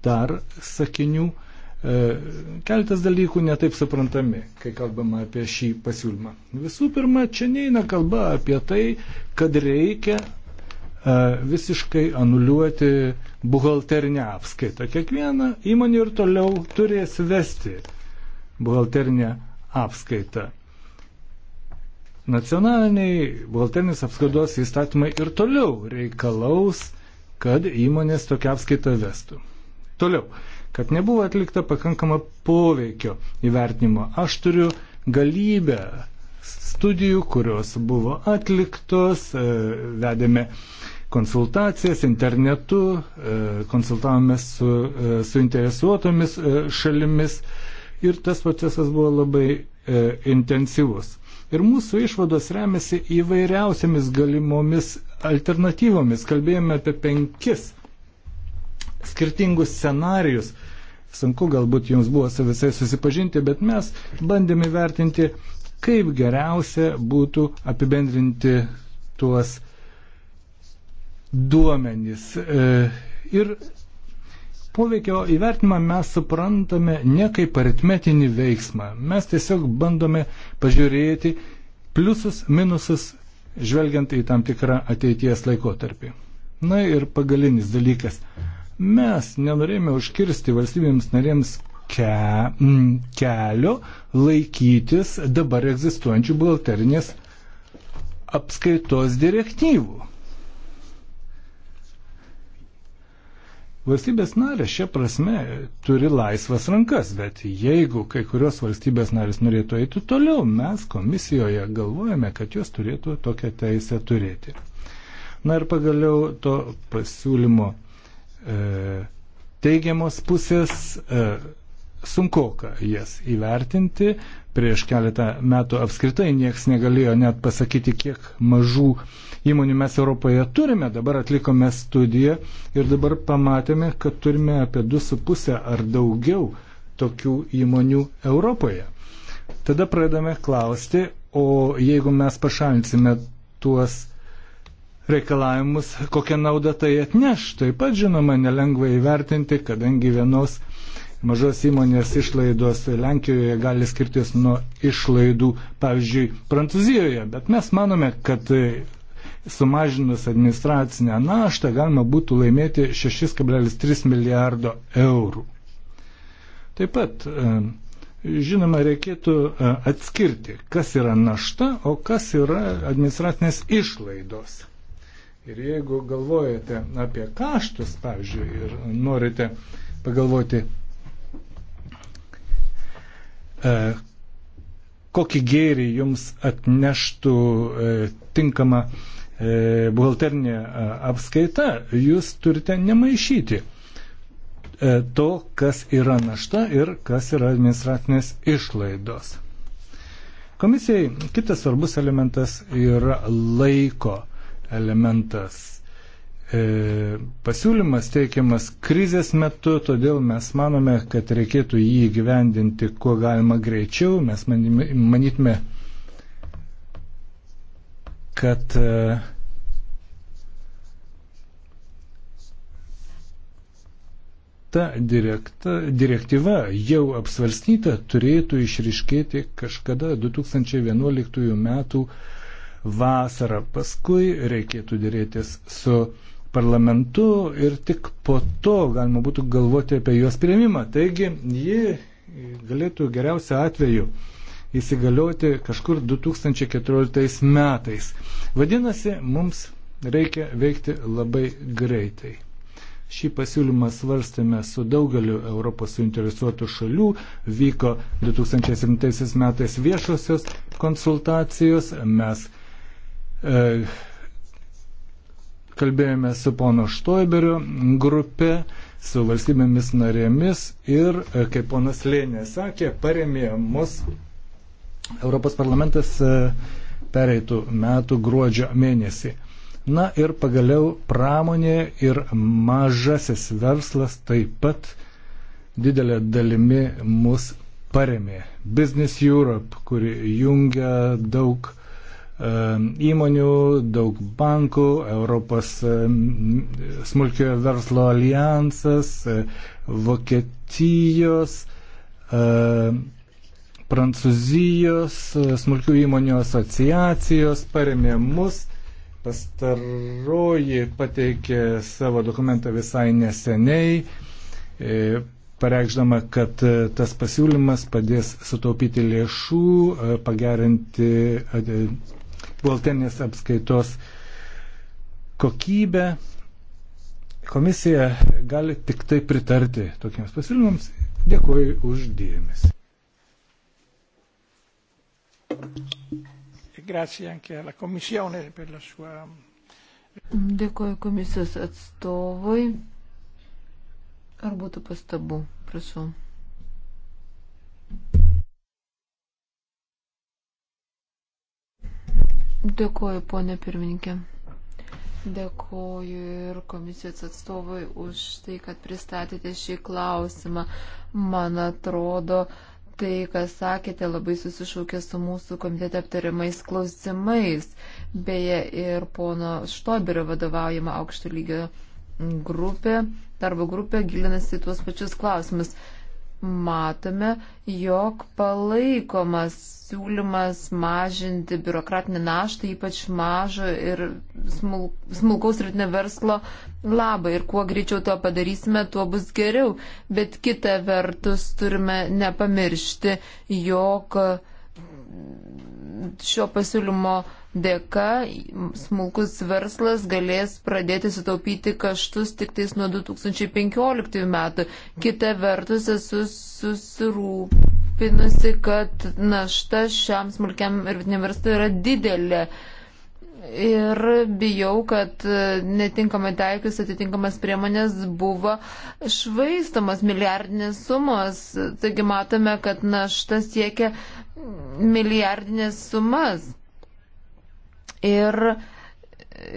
dar sakinių E, keltas dalykų netaip suprantami, kai kalbama apie šį pasiūlymą. Visų pirma, čia neina kalba apie tai, kad reikia e, visiškai anuliuoti buhalterinę apskaitą. Kiekviena įmonė ir toliau turės vesti buhalterinę apskaitą. Nacionaliniai buhalterinės apskaitos įstatymai ir toliau reikalaus, kad įmonės tokią apskaitą vestų. Toliau kad nebuvo atlikta pakankama poveikio įvertinimo. Aš turiu galybę studijų, kurios buvo atliktos, e, vedėme konsultacijas internetu, e, konsultavome su e, suinteresuotomis šalimis ir tas procesas buvo labai intensyvus. Ir mūsų išvados remiasi įvairiausiamis galimomis alternatyvomis. Kalbėjome apie penkis skirtingus scenarius. Sunku galbūt jums buvo su visai susipažinti, bet mes bandėme vertinti, kaip geriausia būtų apibendrinti tuos duomenys. E, ir poveikio įvertinimą mes suprantame ne kaip aritmetinį veiksmą. Mes tiesiog bandome pažiūrėti pliusus, minusus, žvelgiant į tam tikrą ateities laikotarpį. Na ir pagalinis dalykas. Mes nenorėjome užkirsti valstybėms narėms ke, kelio laikytis dabar egzistuojančių buhalterinės apskaitos direktyvų. Valstybės narės šia prasme turi laisvas rankas, bet jeigu kai kurios valstybės narės norėtų eiti toliau, mes komisijoje galvojame, kad jos turėtų tokią teisę turėti. Na ir pagaliau to pasiūlymo E, teigiamos pusės e, sunku jas įvertinti. Prieš keletą metų apskritai niekas negalėjo net pasakyti, kiek mažų įmonių mes Europoje turime. Dabar atlikome studiją ir dabar pamatėme, kad turime apie 2,5 ar daugiau tokių įmonių Europoje. Tada pradame klausti, o jeigu mes pašalinsime tuos reikalavimus, kokią naudą tai atneš. Taip pat, žinoma, nelengva įvertinti, kadangi vienos mažos įmonės išlaidos Lenkijoje gali skirtis nuo išlaidų, pavyzdžiui, Prancūzijoje. Bet mes manome, kad sumažinus administracinę naštą galima būtų laimėti 6,3 milijardo eurų. Taip pat, e, žinoma, reikėtų e, atskirti, kas yra našta, o kas yra administracinės išlaidos. Ir jeigu galvojate apie kaštus, pavyzdžiui, ir norite pagalvoti, e, kokį gėrį jums atneštų e, tinkama e, buhalterinė apskaita, jūs turite nemaišyti to, kas yra našta ir kas yra administracinės išlaidos. Komisijai kitas svarbus elementas yra laiko elementas. E, pasiūlymas teikiamas krizės metu, todėl mes manome, kad reikėtų jį gyvendinti kuo galima greičiau. Mes manytume, kad e, ta direkta, direktyva jau apsvarstyta turėtų išriškėti kažkada 2011 metų m vasarą. Paskui reikėtų dėrėtis su parlamentu ir tik po to galima būtų galvoti apie juos prieimimą. Taigi ji galėtų geriausią atveju įsigalioti kažkur 2014 metais. Vadinasi, mums reikia veikti labai greitai. Šį pasiūlymą svarstėme su daugeliu Europos suinteresuotų šalių. Vyko 2007 metais viešosios konsultacijos. Mes E, kalbėjome su pono Štoiberiu grupė, su valstybėmis narėmis ir, e, kaip ponas Lėnė sakė, paremė mus Europos parlamentas e, pereitų metų gruodžio mėnesį. Na ir pagaliau pramonė ir mažasis verslas taip pat didelė dalimi mus paremė. Business Europe, kuri jungia daug įmonių, daug bankų, Europos smulkiojo verslo alijansas, e, Vokietijos, e, Prancūzijos e, smulkių įmonių asociacijos paremė mus. Pastaroji pateikė savo dokumentą visai neseniai, pareikšdama, kad tas pasiūlymas padės sutaupyti lėšų, pagerinti buhalterinės apskaitos kokybę. Komisija gali tik tai pritarti tokiems pasiūlymams. Dėkuoju už dėmesį. Dėkuoju komisijos atstovui. Ar būtų pastabų? Prašau. Dėkuoju, ponė pirmininkė. Dėkuoju ir komisijos atstovui už tai, kad pristatėte šį klausimą. Man atrodo, tai, kas sakėte, labai susišaukė su mūsų komitete aptariamais klausimais. Beje, ir pono Štoberio vadovaujama aukšto lygio grupė, darbo grupė gilinasi tuos pačius klausimus matome, jog palaikomas siūlymas mažinti biurokratinį naštą, ypač mažo ir smulkaus rytinio verslo labai. Ir kuo greičiau to padarysime, tuo bus geriau. Bet kita vertus turime nepamiršti, jog šio pasiūlymo dėka smulkus verslas galės pradėti sutaupyti kaštus tik tais nuo 2015 metų. Kita vertus esu susirūpinusi, kad našta šiam smulkiam ir vidiniam verslui yra didelė. Ir bijau, kad netinkamai taikius atitinkamas priemonės buvo švaistamas milijardinės sumos. Taigi matome, kad našta siekia milijardinės sumas ir,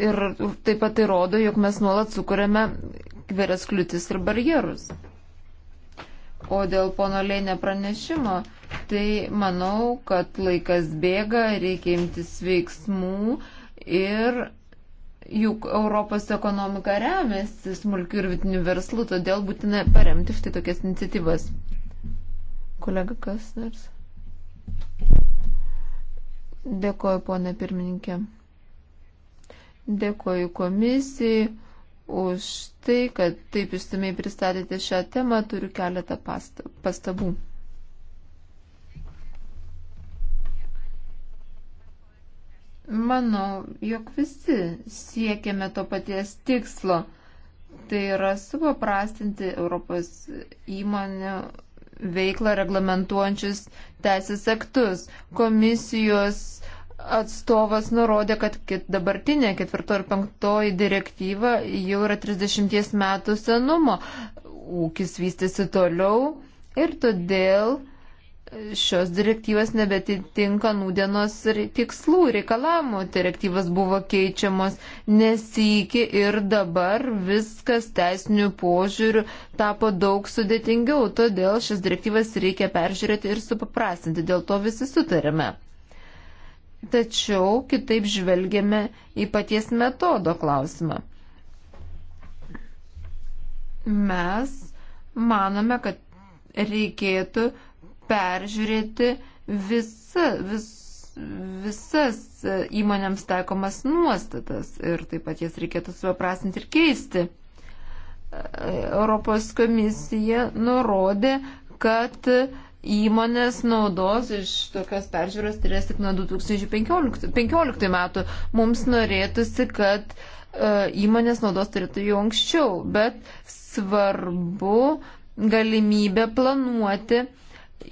ir taip pat įrodo, tai jog mes nuolat sukūrėme kveres kliūtis ir barjerus. O dėl pono Lėnė pranešimo, tai manau, kad laikas bėga, reikia imtis veiksmų ir juk Europos ekonomika remiasi smulkių ir vidinių verslų, todėl būtina paremti štai tokias iniciatyvas. Kolega kas nors? Dėkoju, ponė pirmininkė. Dėkoju komisijai už tai, kad taip išsamei pristatėte šią temą. Turiu keletą pastabų. Manau, jog visi siekiame to paties tikslo. Tai yra supaprastinti Europos įmonių veiklą reglamentuojančius teisės aktus. Komisijos uh, atstovas nurodė, kad dabartinė ketvirto ir penktoji direktyva jau yra 30 metų senumo. Ūkis vystėsi toliau ir todėl šios direktyvas nebetitinka nūdienos tikslų reikalavimų. Direktyvas buvo keičiamos nesiki ir dabar viskas teisinių požiūrių tapo daug sudėtingiau, todėl šias direktyvas reikia peržiūrėti ir supaprastinti, dėl to visi sutarėme tačiau kitaip žvelgiame į paties metodo klausimą. Mes manome, kad reikėtų peržiūrėti visa, vis, visas įmonėms taikomas nuostatas ir taip pat jas reikėtų supaprasinti ir keisti. Europos komisija nurodė, kad uh, įmonės naudos iš tokios peržiūros turės tik nuo 2015 15 metų. Mums norėtųsi, kad uh, įmonės naudos turėtų jau anksčiau, bet svarbu galimybę planuoti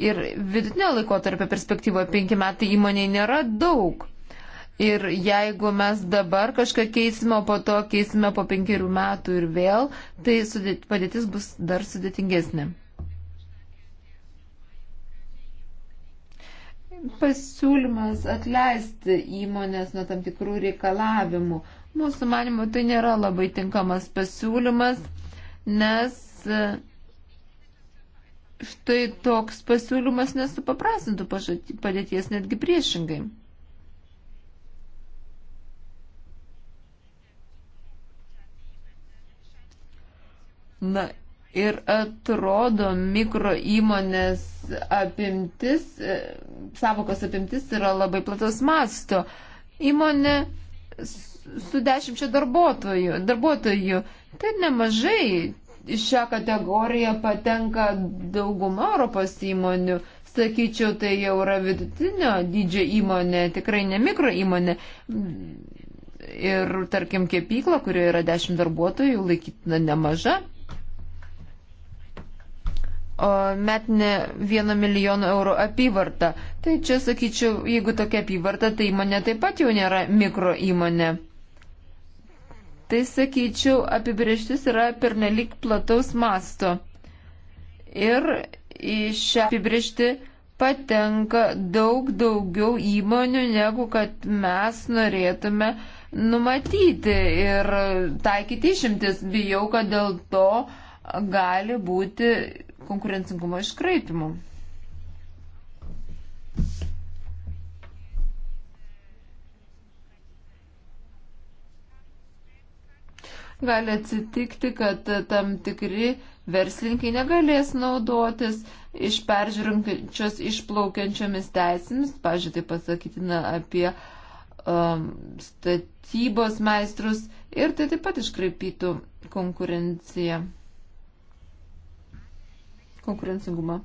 ir vidutinio laiko tarp perspektyvoje 5 metai įmoniai nėra daug. Ir jeigu mes dabar kažką keisime, o po to keisime po penkerių metų ir vėl, tai sudėt, padėtis bus dar sudėtingesnė. pasiūlymas atleisti įmonės nuo tam tikrų reikalavimų. Mūsų manimo, tai nėra labai tinkamas pasiūlymas, nes e, štai toks pasiūlymas nesupaprasintų padėties netgi priešingai. Na ir atrodo mikro įmonės apimtis, e, savokos apimtis yra labai plataus masto. Įmonė su dešimčia darbuotojų, darbuotojų, tai nemažai iš šią kategoriją patenka dauguma Europos įmonių. Sakyčiau, tai jau yra vidutinio dydžio įmonė, tikrai ne mikro įmonė. Ir, tarkim, kepykla, kurioje yra dešimt darbuotojų, laikytina nemaža metinė 1 milijono eurų apyvarta. Tai čia sakyčiau, jeigu tokia apyvarta, tai įmonė taip pat jau nėra mikro įmonė. Tai sakyčiau, apibrieštis yra pernelik plataus masto. Ir į šią apibriešti patenka daug daugiau įmonių, negu kad mes norėtume numatyti ir taikyti išimtis. Bijau, kad dėl to gali būti konkurencingumo iškraipimų. Gali atsitikti, kad tam tikri verslininkai negalės naudotis iš peržiūrinčios išplaukiančiomis teisėmis, pažiūrėjau, tai pasakytina apie um, statybos meistrus ir tai taip pat iškraipytų konkurenciją konkurencingumą.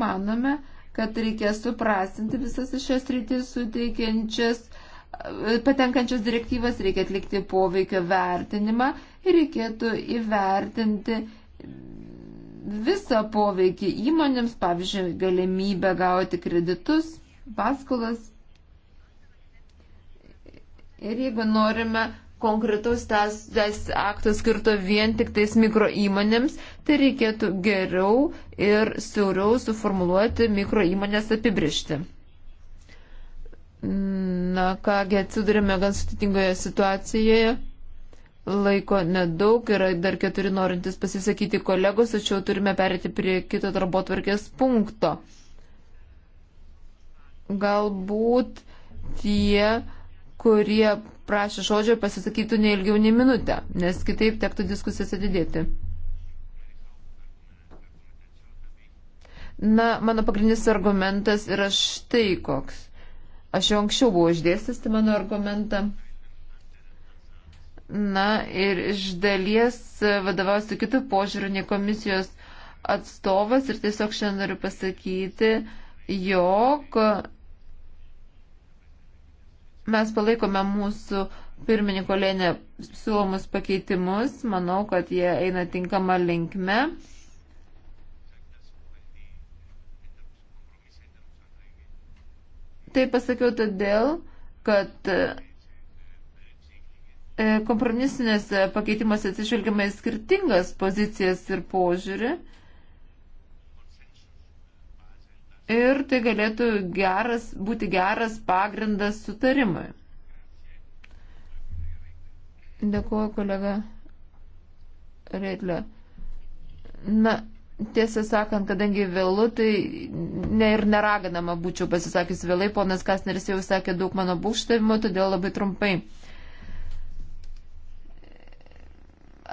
Manome, kad reikės suprastinti visas šias rytis suteikiančias, patenkančias direktyvas, reikia atlikti poveikio vertinimą ir reikėtų įvertinti visą poveikį įmonėms, pavyzdžiui, galimybę gauti kreditus, paskolas. Ir jeigu norime konkretaus tas akto skirto vien tik tais mikro įmonėms, tai reikėtų geriau ir siauriau suformuluoti mikro įmonės apibrišti. Na kągi, atsidurime gan sutitingoje situacijoje. Laiko nedaug, yra dar keturi norintys pasisakyti kolegos, tačiau turime perėti prie kito darbo tvarkės punkto. Galbūt tie, kurie paprašė žodžio ir pasisakytų neilgiau nei minutę, nes kitaip tektų diskusijas atidėti. Na, mano pagrindinis argumentas yra štai koks. Aš jau anksčiau buvau išdėstęs tai mano argumentą. Na ir iš dalies vadovausiu kitų požiūrių nei komisijos atstovas ir tiesiog šiandien noriu pasakyti, jog Mes palaikome mūsų pirmininko Lėnė siūlomus pakeitimus. Manau, kad jie eina tinkama linkme. Tai pasakiau todėl, kad e, kompromisinėse pakeitimuose atsižvelgiama į skirtingas pozicijas ir požiūrį. ir tai galėtų geras, būti geras pagrindas sutarimui. Dėkuoju, kolega Reitlė. Na, tiesą sakant, kadangi vėlu, tai ne ir neraginama būčiau pasisakęs vėlai, ponas Kasneris jau sakė daug mano būkštavimo, todėl labai trumpai.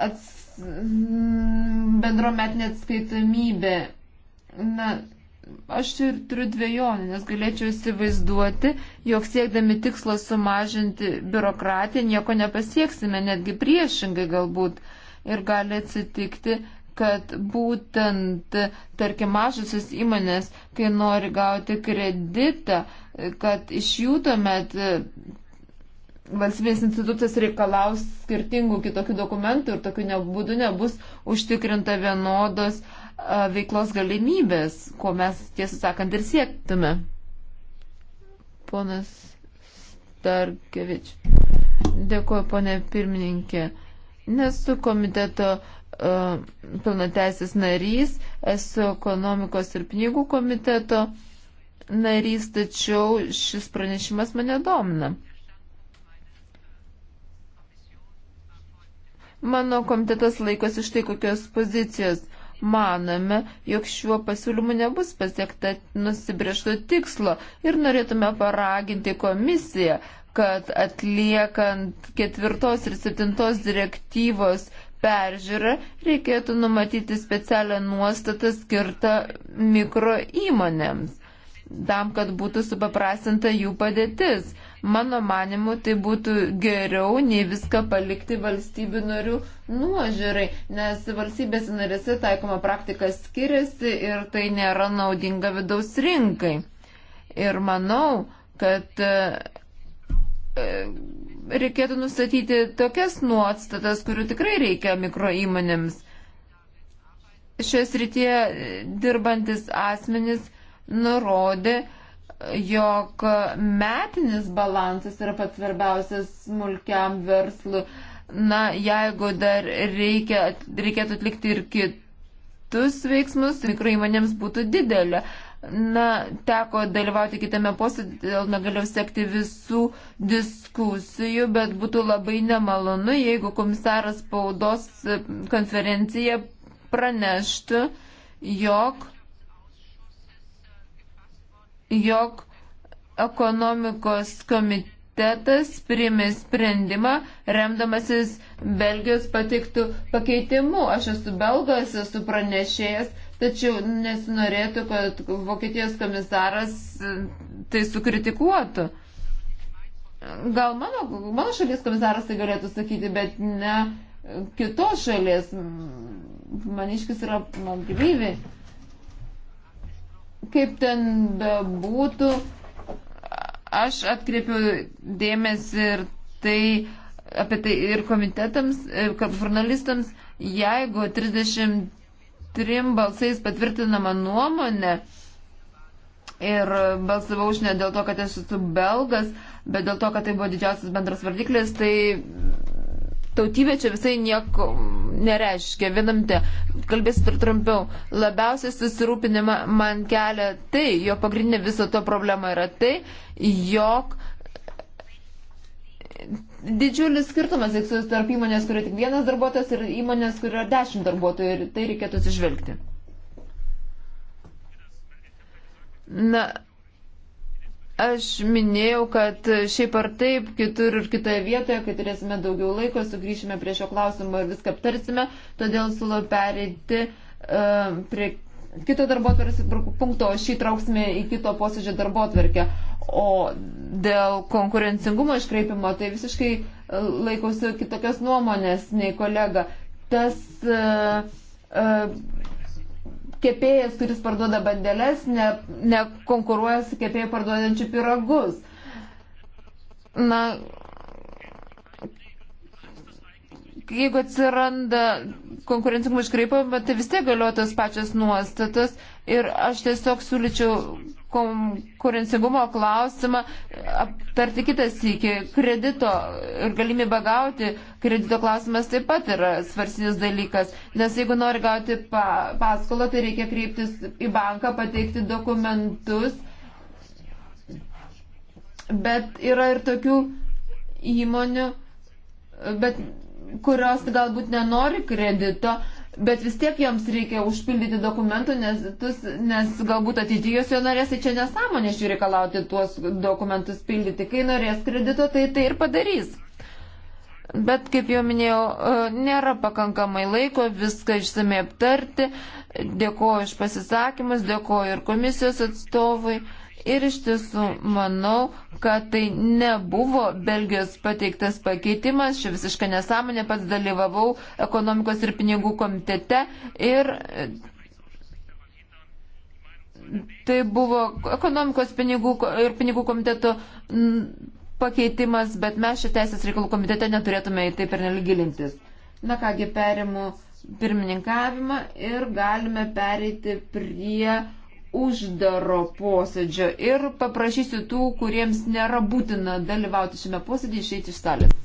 Ats... Bendrometinė atskaitomybė. Na, Aš ir turiu dviejonį, nes galėčiau įsivaizduoti, jog siekdami tikslo sumažinti biurokratiją nieko nepasieksime, netgi priešingai galbūt. Ir gali atsitikti, kad būtent, tarkim, mažusios įmonės, kai nori gauti kreditą, kad iš jų tuomet e, valstybės institucijas reikalaus skirtingų kitokių dokumentų ir tokiu būdu nebus užtikrinta vienodos uh, veiklos galimybės, ko mes tiesą sakant ir siektume. Ponas Starkevič. Dėkuoju, ponė pirmininkė. Nesu komiteto uh, pilnateisės narys, esu ekonomikos ir pinigų komiteto narys, tačiau šis pranešimas mane domina. Mano komitetas laikosi štai kokios pozicijos manome, jog šiuo pasiūlymu nebus pasiekta nusibriešto tikslo ir norėtume paraginti komisiją, kad atliekant ketvirtos ir septintos direktyvos peržiūrą reikėtų numatyti specialią nuostatą skirtą mikro įmonėms, tam, kad būtų supaprastinta jų padėtis. Mano manimu, tai būtų geriau nei viską palikti valstybių narių nuožiūrai, nes valstybės narėse taikoma praktika skiriasi ir tai nėra naudinga vidaus rinkai. Ir manau, kad e, e, reikėtų nustatyti tokias nuostatas, kurių tikrai reikia mikro įmonėms. Šios rytie dirbantis asmenis nurodė, jog metinis balansas yra pats svarbiausias smulkiam verslui. Na, jeigu dar reikia, reikėtų atlikti ir kitus veiksmus, mikroįmonėms tai būtų didelė. Na, teko dalyvauti kitame posėdė, dėl negalėjau sekti visų diskusijų, bet būtų labai nemalonu, jeigu komisaras spaudos konferencija praneštų, jog jog ekonomikos komitetas priimė sprendimą remdamasis Belgijos pateiktų pakeitimu. Aš esu belgas, esu pranešėjas, tačiau nesinorėtų, kad Vokietijos komisaras e, tai sukritikuotų. Gal mano, mano šalies komisaras tai galėtų sakyti, bet ne kitos šalies. Maniškis yra man gyvybė. Kaip ten bebūtų, aš atkreipiu dėmesį ir tai apie tai ir komitetams, ir žurnalistams, jeigu 33 balsais patvirtinama nuomonė ir balsavau už ne dėl to, kad esu belgas, bet dėl to, kad tai buvo didžiausias bendras vardiklis, tai tautybė čia visai nieko nereiškia. Vienam te, kalbėsiu ir trumpiau, labiausiai susirūpinimą man kelia tai, jo pagrindinė viso to problema yra tai, jog didžiulis skirtumas egzistuoja tarp įmonės, kur yra tik vienas darbuotojas ir įmonės, kur yra dešimt darbuotojų ir tai reikėtų atsižvelgti. Na, Aš minėjau, kad šiaip ar taip, kitur ir kitoje vietoje, kai turėsime daugiau laiko, sugrįšime prie šio klausimo ir viską aptarsime, todėl siūlau pereiti uh, prie kito darbo atvarkės punkto, šį trauksime į kito posėdžio darbo atvarkę. O dėl konkurencingumo iškreipimo, tai visiškai e, laikosi kitokios nuomonės nei kolega. Tas uh, uh, kepėjas, kuris parduoda bandelės, nekonkuruoja ne, ne su kepėju parduodančiu piragus. Na, jeigu atsiranda konkurencingumo iškreipimą, tai vis tiek galioja tos pačios nuostatos ir aš tiesiog siūlyčiau konkurencingumo klausimą aptarti kitas iki kredito ir galimybę gauti kredito klausimas taip pat yra svarsinis dalykas, nes jeigu nori gauti pa, paskolą, tai reikia kreiptis į banką, pateikti dokumentus, bet yra ir tokių įmonių, bet kurios galbūt nenori kredito, bet vis tiek joms reikia užpildyti dokumentų, nes, tus, nes galbūt ateityje jos jo norės, tai čia nesąmonė iš jų reikalauti tuos dokumentus pildyti. Kai norės kredito, tai tai ir padarys. Bet, kaip jau minėjau, e, nėra pakankamai laiko viską išsamei aptarti. Dėkoju iš pasisakymus, dėkoju ir komisijos atstovui. Ir iš tiesų manau, kad tai nebuvo Belgijos pateiktas pakeitimas, čia visiškai nesąmonė, pats dalyvavau ekonomikos ir pinigų komitete ir tai buvo ekonomikos pinigų ir pinigų komiteto pakeitimas, bet mes šią teisės reikalų komitete neturėtume į tai per neligilintis. Na kągi, perimu pirmininkavimą ir galime pereiti prie uždaro posėdžio ir paprašysiu tų, kuriems nėra būtina dalyvauti šiame posėdėje, išeiti iš salės.